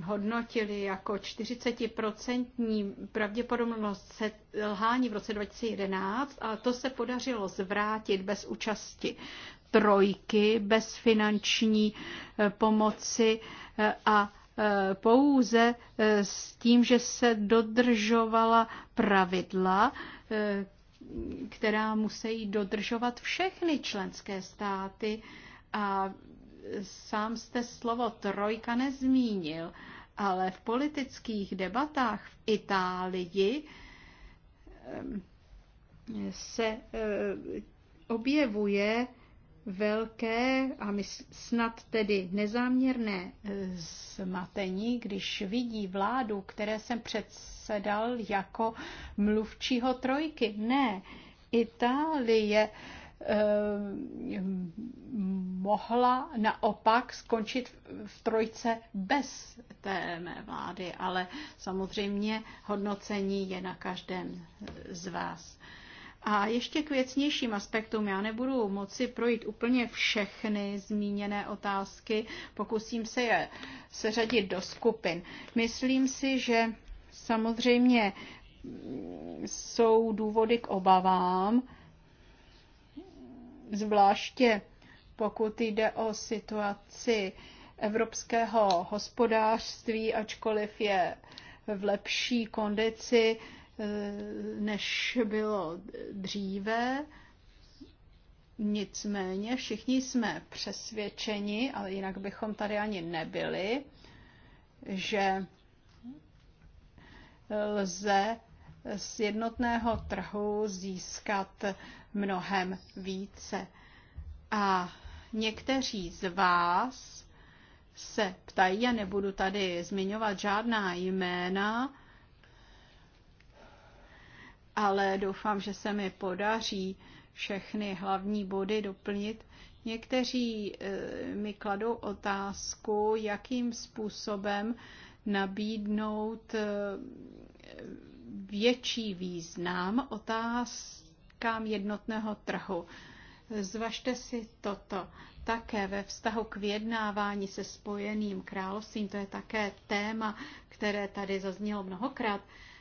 hodnotili jako 40% pravděpodobnost selhání v roce 2011, ale to se podařilo zvrátit bez účasti trojky, bez finanční eh, pomoci eh, a Eh, pouze eh, s tím, že se dodržovala pravidla, eh, která musí dodržovat všechny členské státy. A sám jste slovo trojka nezmínil, ale v politických debatách v Itálii se objevuje velké a snad tedy nezáměrné eh, zmatení, když vidí vládu, které jsem předsedal jako mluvčího trojky. Ne, Itálie eh, mohla naopak skončit v trojce bez té mé vlády, ale samozřejmě hodnocení je na každém z vás. A ještě k věcnějším aspektům. Já nebudu moci projít úplně všechny zmíněné otázky, pokusím se je seřadit do skupin. Myslím si, že samozřejmě jsou důvody k obavám, zvláště pokud jde o situaci evropského hospodářství, ačkoliv je v lepší kondici, než bylo dříve. Nicméně všichni jsme přesvědčeni, ale jinak bychom tady ani nebyli, že lze z jednotného trhu získat mnohem více. A někteří z vás se ptají, a nebudu tady zmiňovat žádná jména, ale doufám, že se mi podaří všechny hlavní body doplnit. Někteří eh, mi kladou otázku, jakým způsobem nabídnout eh, větší význam otázkám jednotného trhu. Zvažte si toto. Také ve vztahu k vyjednávání se spojeným královstvím, to je také téma, které tady zaznělo mnohokrát,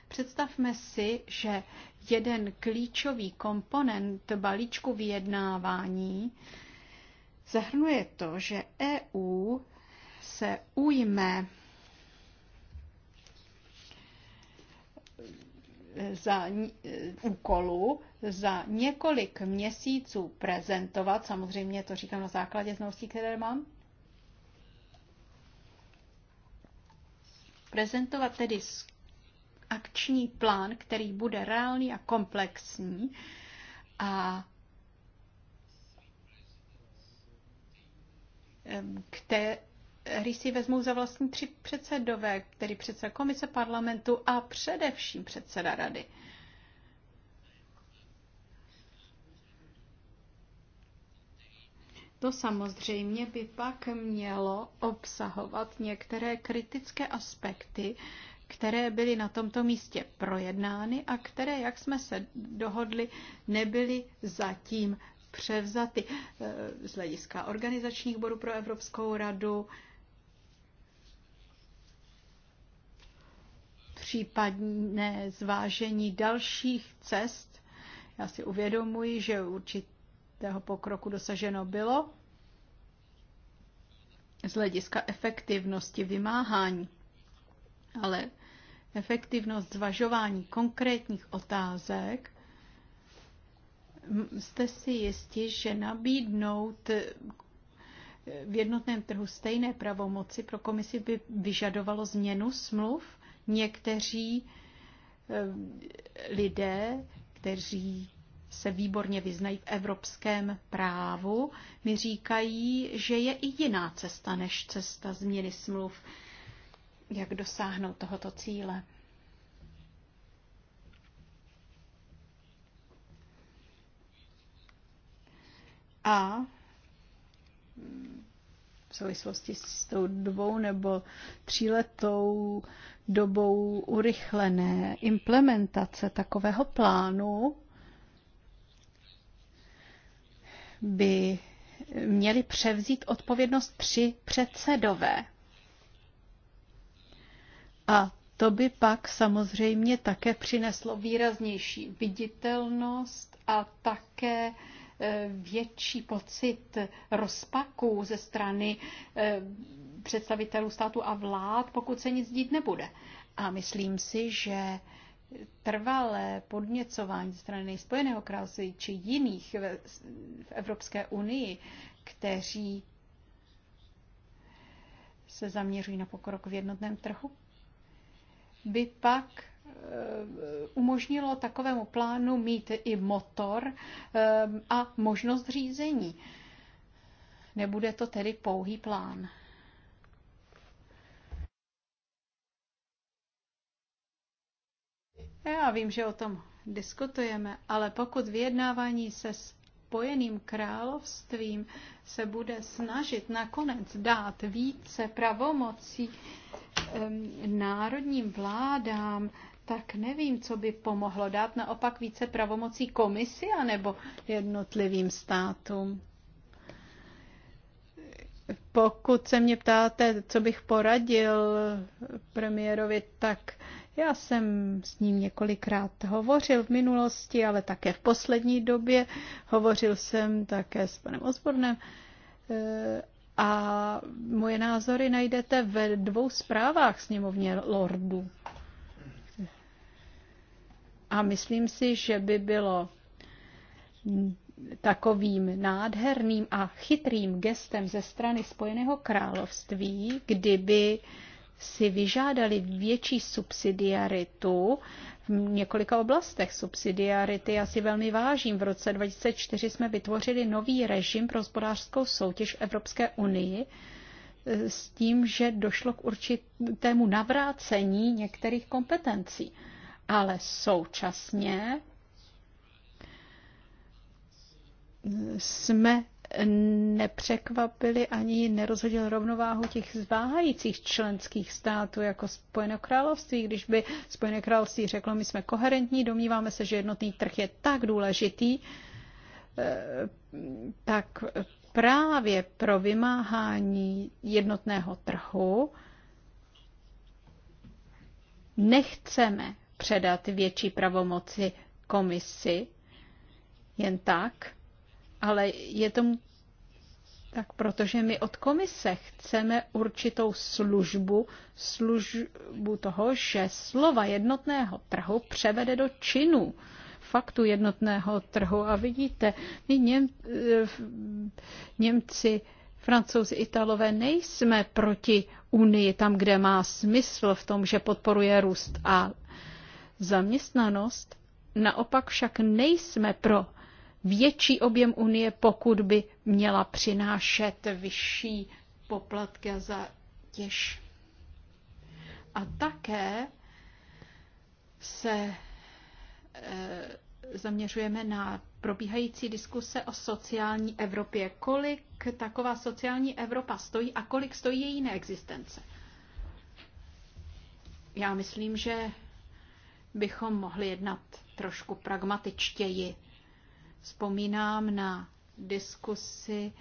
Představme si, že jeden klíčový komponent balíčku vyjednávání zahrnuje to, že EU se ujme za úkolu za několik měsíců prezentovat, samozřejmě to říkám na základě znalostí, které mám, prezentovat tedy akční plán, který bude reálný a komplexní a který si vezmou za vlastní tři předsedové, tedy předseda komise parlamentu a především předseda rady. To samozřejmě by pak mělo obsahovat některé kritické aspekty, které byly na tomto místě projednány a které, jak jsme se dohodli, nebyly zatím převzaty e, z hlediska organizačních bodů pro Evropskou radu, případné zvážení dalších cest. Já si uvědomuji, že určitého pokroku dosaženo bylo z hlediska efektivnosti vymáhání. Ale efektivnost zvažování konkrétních otázek, jste si jistí, že nabídnout eh, v jednotném trhu stejné pravomoci pro komisi by vyžadovalo změnu smluv. Někteří eh, lidé, kteří se výborně vyznají v evropském právu, mi říkají, že je i jiná cesta než cesta změny smluv jak dosáhnout tohoto cíle. A v souvislosti s tou dvou nebo tříletou dobou urychlené implementace takového plánu by měli převzít odpovědnost tři předsedové a to by pak samozřejmě také přineslo výraznější viditelnost a také e, větší pocit rozpaků ze strany e, představitelů státu a vlád, pokud se nic dít nebude. A myslím si, že trvalé podněcování strany Spojeného království či jiných v Evropské unii, kteří se zaměřují na pokrok v jednotném trhu, by pak eh, umožnilo takovému plánu mít i motor eh, a možnost řízení. Nebude to tedy pouhý plán. Já vím, že o tom diskutujeme, ale pokud vyjednávání se s spojeným královstvím se bude snažit nakonec dát více pravomocí národním vládám, tak nevím, co by pomohlo dát naopak více pravomocí komisi anebo jednotlivým státům. Pokud se mě ptáte, co bych poradil premiérovi, tak já jsem s ním několikrát hovořil v minulosti, ale také v poslední době. Hovořil jsem také s panem Osbornem eh, a moje názory najdete ve dvou zprávách sněmovně Lordu. A myslím si, že by bylo takovým nádherným a chytrým gestem ze strany Spojeného království, kdyby si vyžádali větší subsidiaritu v několika oblastech subsidiarity. Já si velmi vážím. V roce 2004 jsme vytvořili nový režim pro hospodářskou soutěž v Evropské unii eh, s tím, že došlo k určitému navrácení některých kompetencí. Ale současně jsme nepřekvapili ani nerozhodil rovnováhu těch zváhajících členských států jako Spojené království. Když by Spojené království řeklo, my jsme koherentní, domníváme se, že jednotný trh je tak důležitý, eh, tak právě pro vymáhání jednotného trhu nechceme předat větší pravomoci komisi jen tak, ale je to tak protože my od komise chceme určitou službu, službu toho, že slova jednotného trhu převede do činu, faktu jednotného trhu. A vidíte, my Něm, eh, Němci, Francouzi, Italové nejsme proti Unii tam, kde má smysl v tom, že podporuje růst a zaměstnanost. Naopak však nejsme pro větší objem Unie, pokud by měla přinášet vyšší poplatky za těž. A také se e, zaměřujeme na probíhající diskuse o sociální Evropě. Kolik taková sociální Evropa stojí a kolik stojí její neexistence? Já myslím, že bychom mohli jednat trošku pragmatičtěji Vzpomínám na diskusy,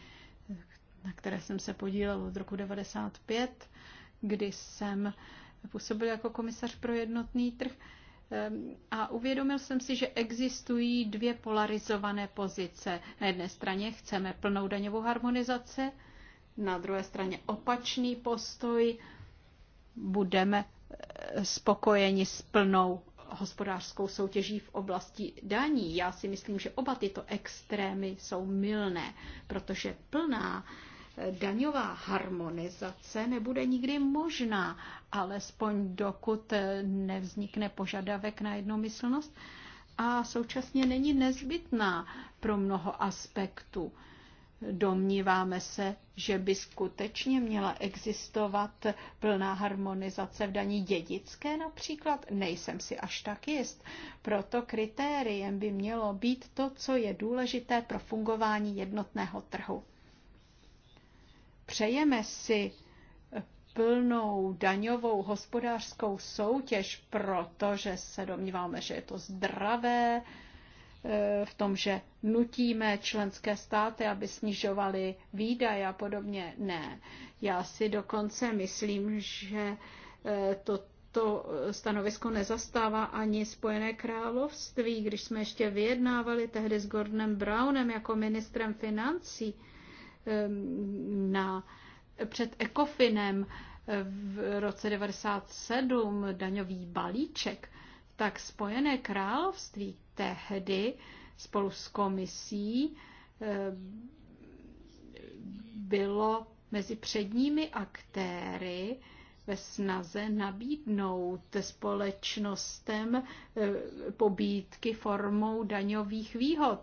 na které jsem se podílel od roku 95, kdy jsem působil jako komisař pro jednotný trh ehm, a uvědomil jsem si, že existují dvě polarizované pozice. Na jedné straně chceme plnou daňovou harmonizaci, na druhé straně opačný postoj, budeme eh, spokojeni s plnou hospodářskou soutěží v oblasti daní. Já si myslím, že oba tyto extrémy jsou mylné, protože plná eh, daňová harmonizace nebude nikdy možná, alespoň dokud eh, nevznikne požadavek na jednomyslnost a současně není nezbytná pro mnoho aspektů. Domníváme se, že by skutečně měla existovat plná harmonizace v daní dědické například? Nejsem si až tak jist. Proto kritériem by mělo být to, co je důležité pro fungování jednotného trhu. Přejeme si plnou daňovou hospodářskou soutěž, protože se domníváme, že je to zdravé, E, v tom, že nutíme členské státy, aby snižovaly výdaje a podobně. Ne. Já si dokonce myslím, že e, to to stanovisko nezastává ani Spojené království, když jsme ještě vyjednávali tehdy s Gordonem Brownem jako ministrem financí e, na, před Ekofinem v roce 1997 daňový balíček, tak Spojené království tehdy spolu s komisí eh, bylo mezi předními aktéry ve snaze nabídnout společnostem eh, pobídky formou daňových výhod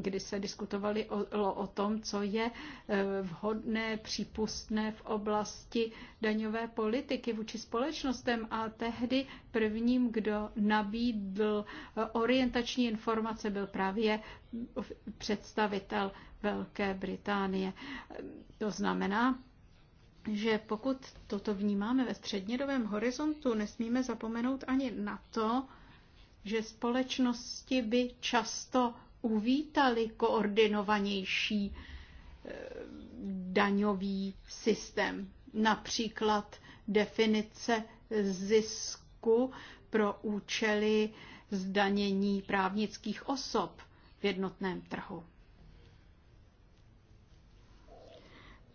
kdy se diskutovali o, o tom, co je eh, vhodné, přípustné v oblasti daňové politiky vůči společnostem a tehdy prvním, kdo nabídl eh, orientační informace, byl právě představitel Velké Británie. To znamená, že pokud toto vnímáme ve střednědobém horizontu, nesmíme zapomenout ani na to, že společnosti by často uvítali koordinovanější eh, daňový systém. Například definice zisku pro účely zdanění právnických osob v jednotném trhu.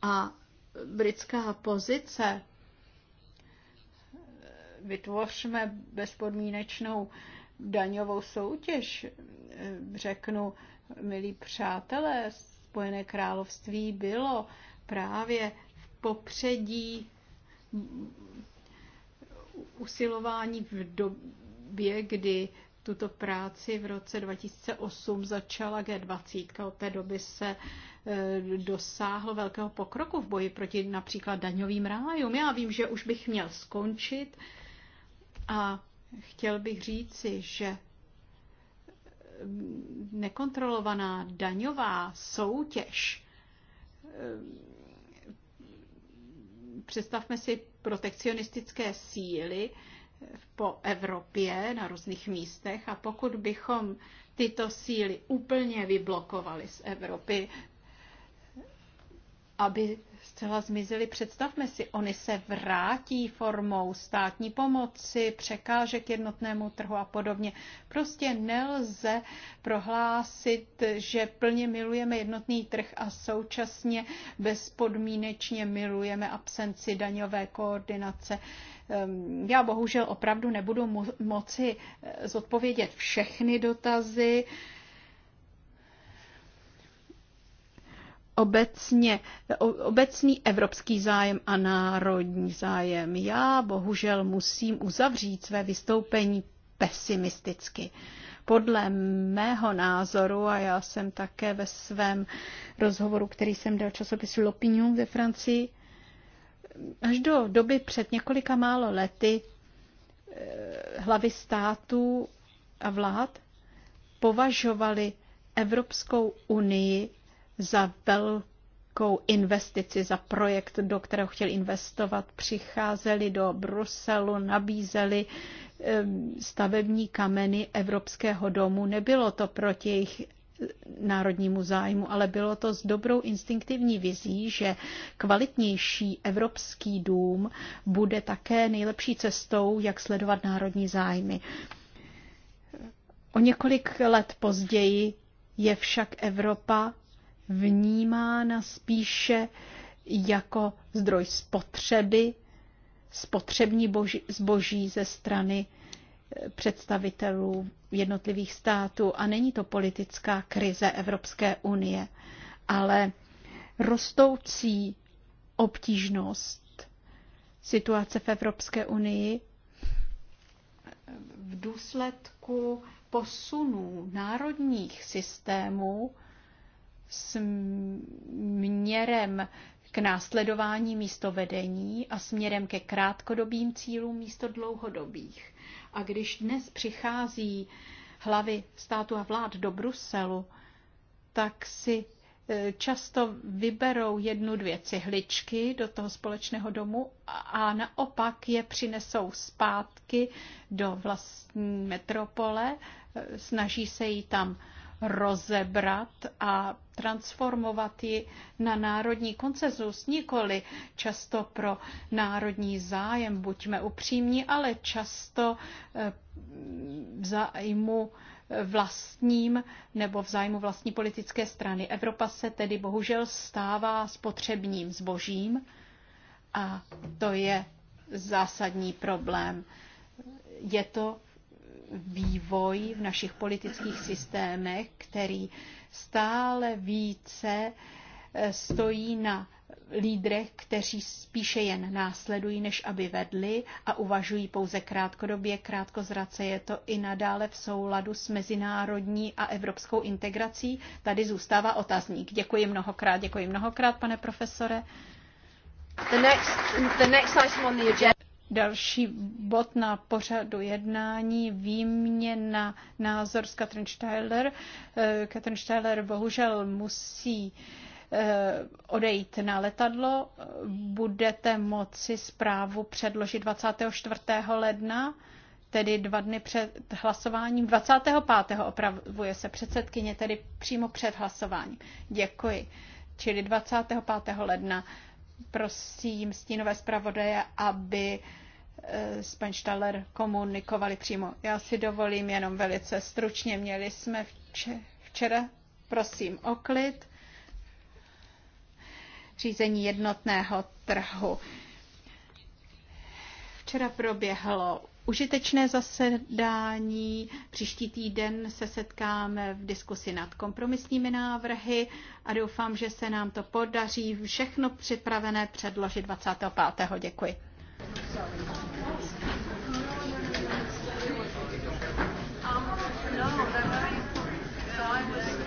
A britská pozice eh, vytvořme bezpodmínečnou daňovou soutěž. Řeknu, milí přátelé, Spojené království bylo právě v popředí usilování v době, kdy tuto práci v roce 2008 začala G20. Od té doby se eh, dosáhlo velkého pokroku v boji proti například daňovým rájům. Já vím, že už bych měl skončit a Chtěl bych říci, že nekontrolovaná daňová soutěž eh, představme si protekcionistické síly po Evropě na různých místech a pokud bychom tyto síly úplně vyblokovali z Evropy, aby zcela zmizely. Představme si, oni se vrátí formou státní pomoci, překážek jednotnému trhu a podobně. Prostě nelze prohlásit, že plně milujeme jednotný trh a současně bezpodmínečně milujeme absenci daňové koordinace. Ehm, já bohužel opravdu nebudu moci eh, zodpovědět všechny dotazy. obecně, obecný evropský zájem a národní zájem. Já bohužel musím uzavřít své vystoupení pesimisticky. Podle mého názoru, a já jsem také ve svém rozhovoru, který jsem dal časopisu L'Opinion ve Francii, až do doby před několika málo lety eh, hlavy států a vlád považovali Evropskou unii za velkou investici, za projekt, do kterého chtěl investovat. Přicházeli do Bruselu, nabízeli stavební kameny Evropského domu. Nebylo to proti jejich národnímu zájmu, ale bylo to s dobrou instinktivní vizí, že kvalitnější evropský dům bude také nejlepší cestou, jak sledovat národní zájmy. O několik let později je však Evropa vnímána spíše jako zdroj spotřeby, spotřební boží, zboží ze strany eh, představitelů jednotlivých států. A není to politická krize Evropské unie, ale rostoucí obtížnost situace v Evropské unii eh, v důsledku posunů národních systémů směrem k následování místo vedení a směrem ke krátkodobým cílům místo dlouhodobých. A když dnes přichází hlavy státu a vlád do Bruselu, tak si e, často vyberou jednu, dvě cihličky do toho společného domu a naopak je přinesou zpátky do vlastní metropole, e, snaží se ji tam rozebrat a transformovat ji na národní koncezus, nikoli často pro národní zájem, buďme upřímní, ale často eh, v zájmu vlastním nebo v zájmu vlastní politické strany. Evropa se tedy bohužel stává spotřebním zbožím a to je zásadní problém. Je to vývoj v našich politických systémech, který stále více eh, stojí na lídrech, kteří spíše jen následují, než aby vedli a uvažují pouze krátkodobě. Krátkozrace je to i nadále v souladu s mezinárodní a evropskou integrací. Tady zůstává otazník. Děkuji mnohokrát, děkuji mnohokrát, pane profesore. The next, the next item on the agenda. Další bod na pořadu jednání, výměna názor s Katrin Steiler. Eh, Katrin Steiler bohužel musí eh, odejít na letadlo. Budete moci zprávu předložit 24. ledna, tedy dva dny před hlasováním. 25. opravuje se předsedkyně, tedy přímo před hlasováním. Děkuji. Čili 25. ledna prosím stínové zpravodaje, aby eh, s pan Staller komunikovali přímo. Já si dovolím jenom velice stručně. Měli jsme včera, prosím, o klid řízení jednotného trhu. Včera proběhlo užitečné zasedání. Příští týden se setkáme v diskusi nad kompromisními návrhy a doufám, že se nám to podaří všechno připravené předložit 25. Děkuji.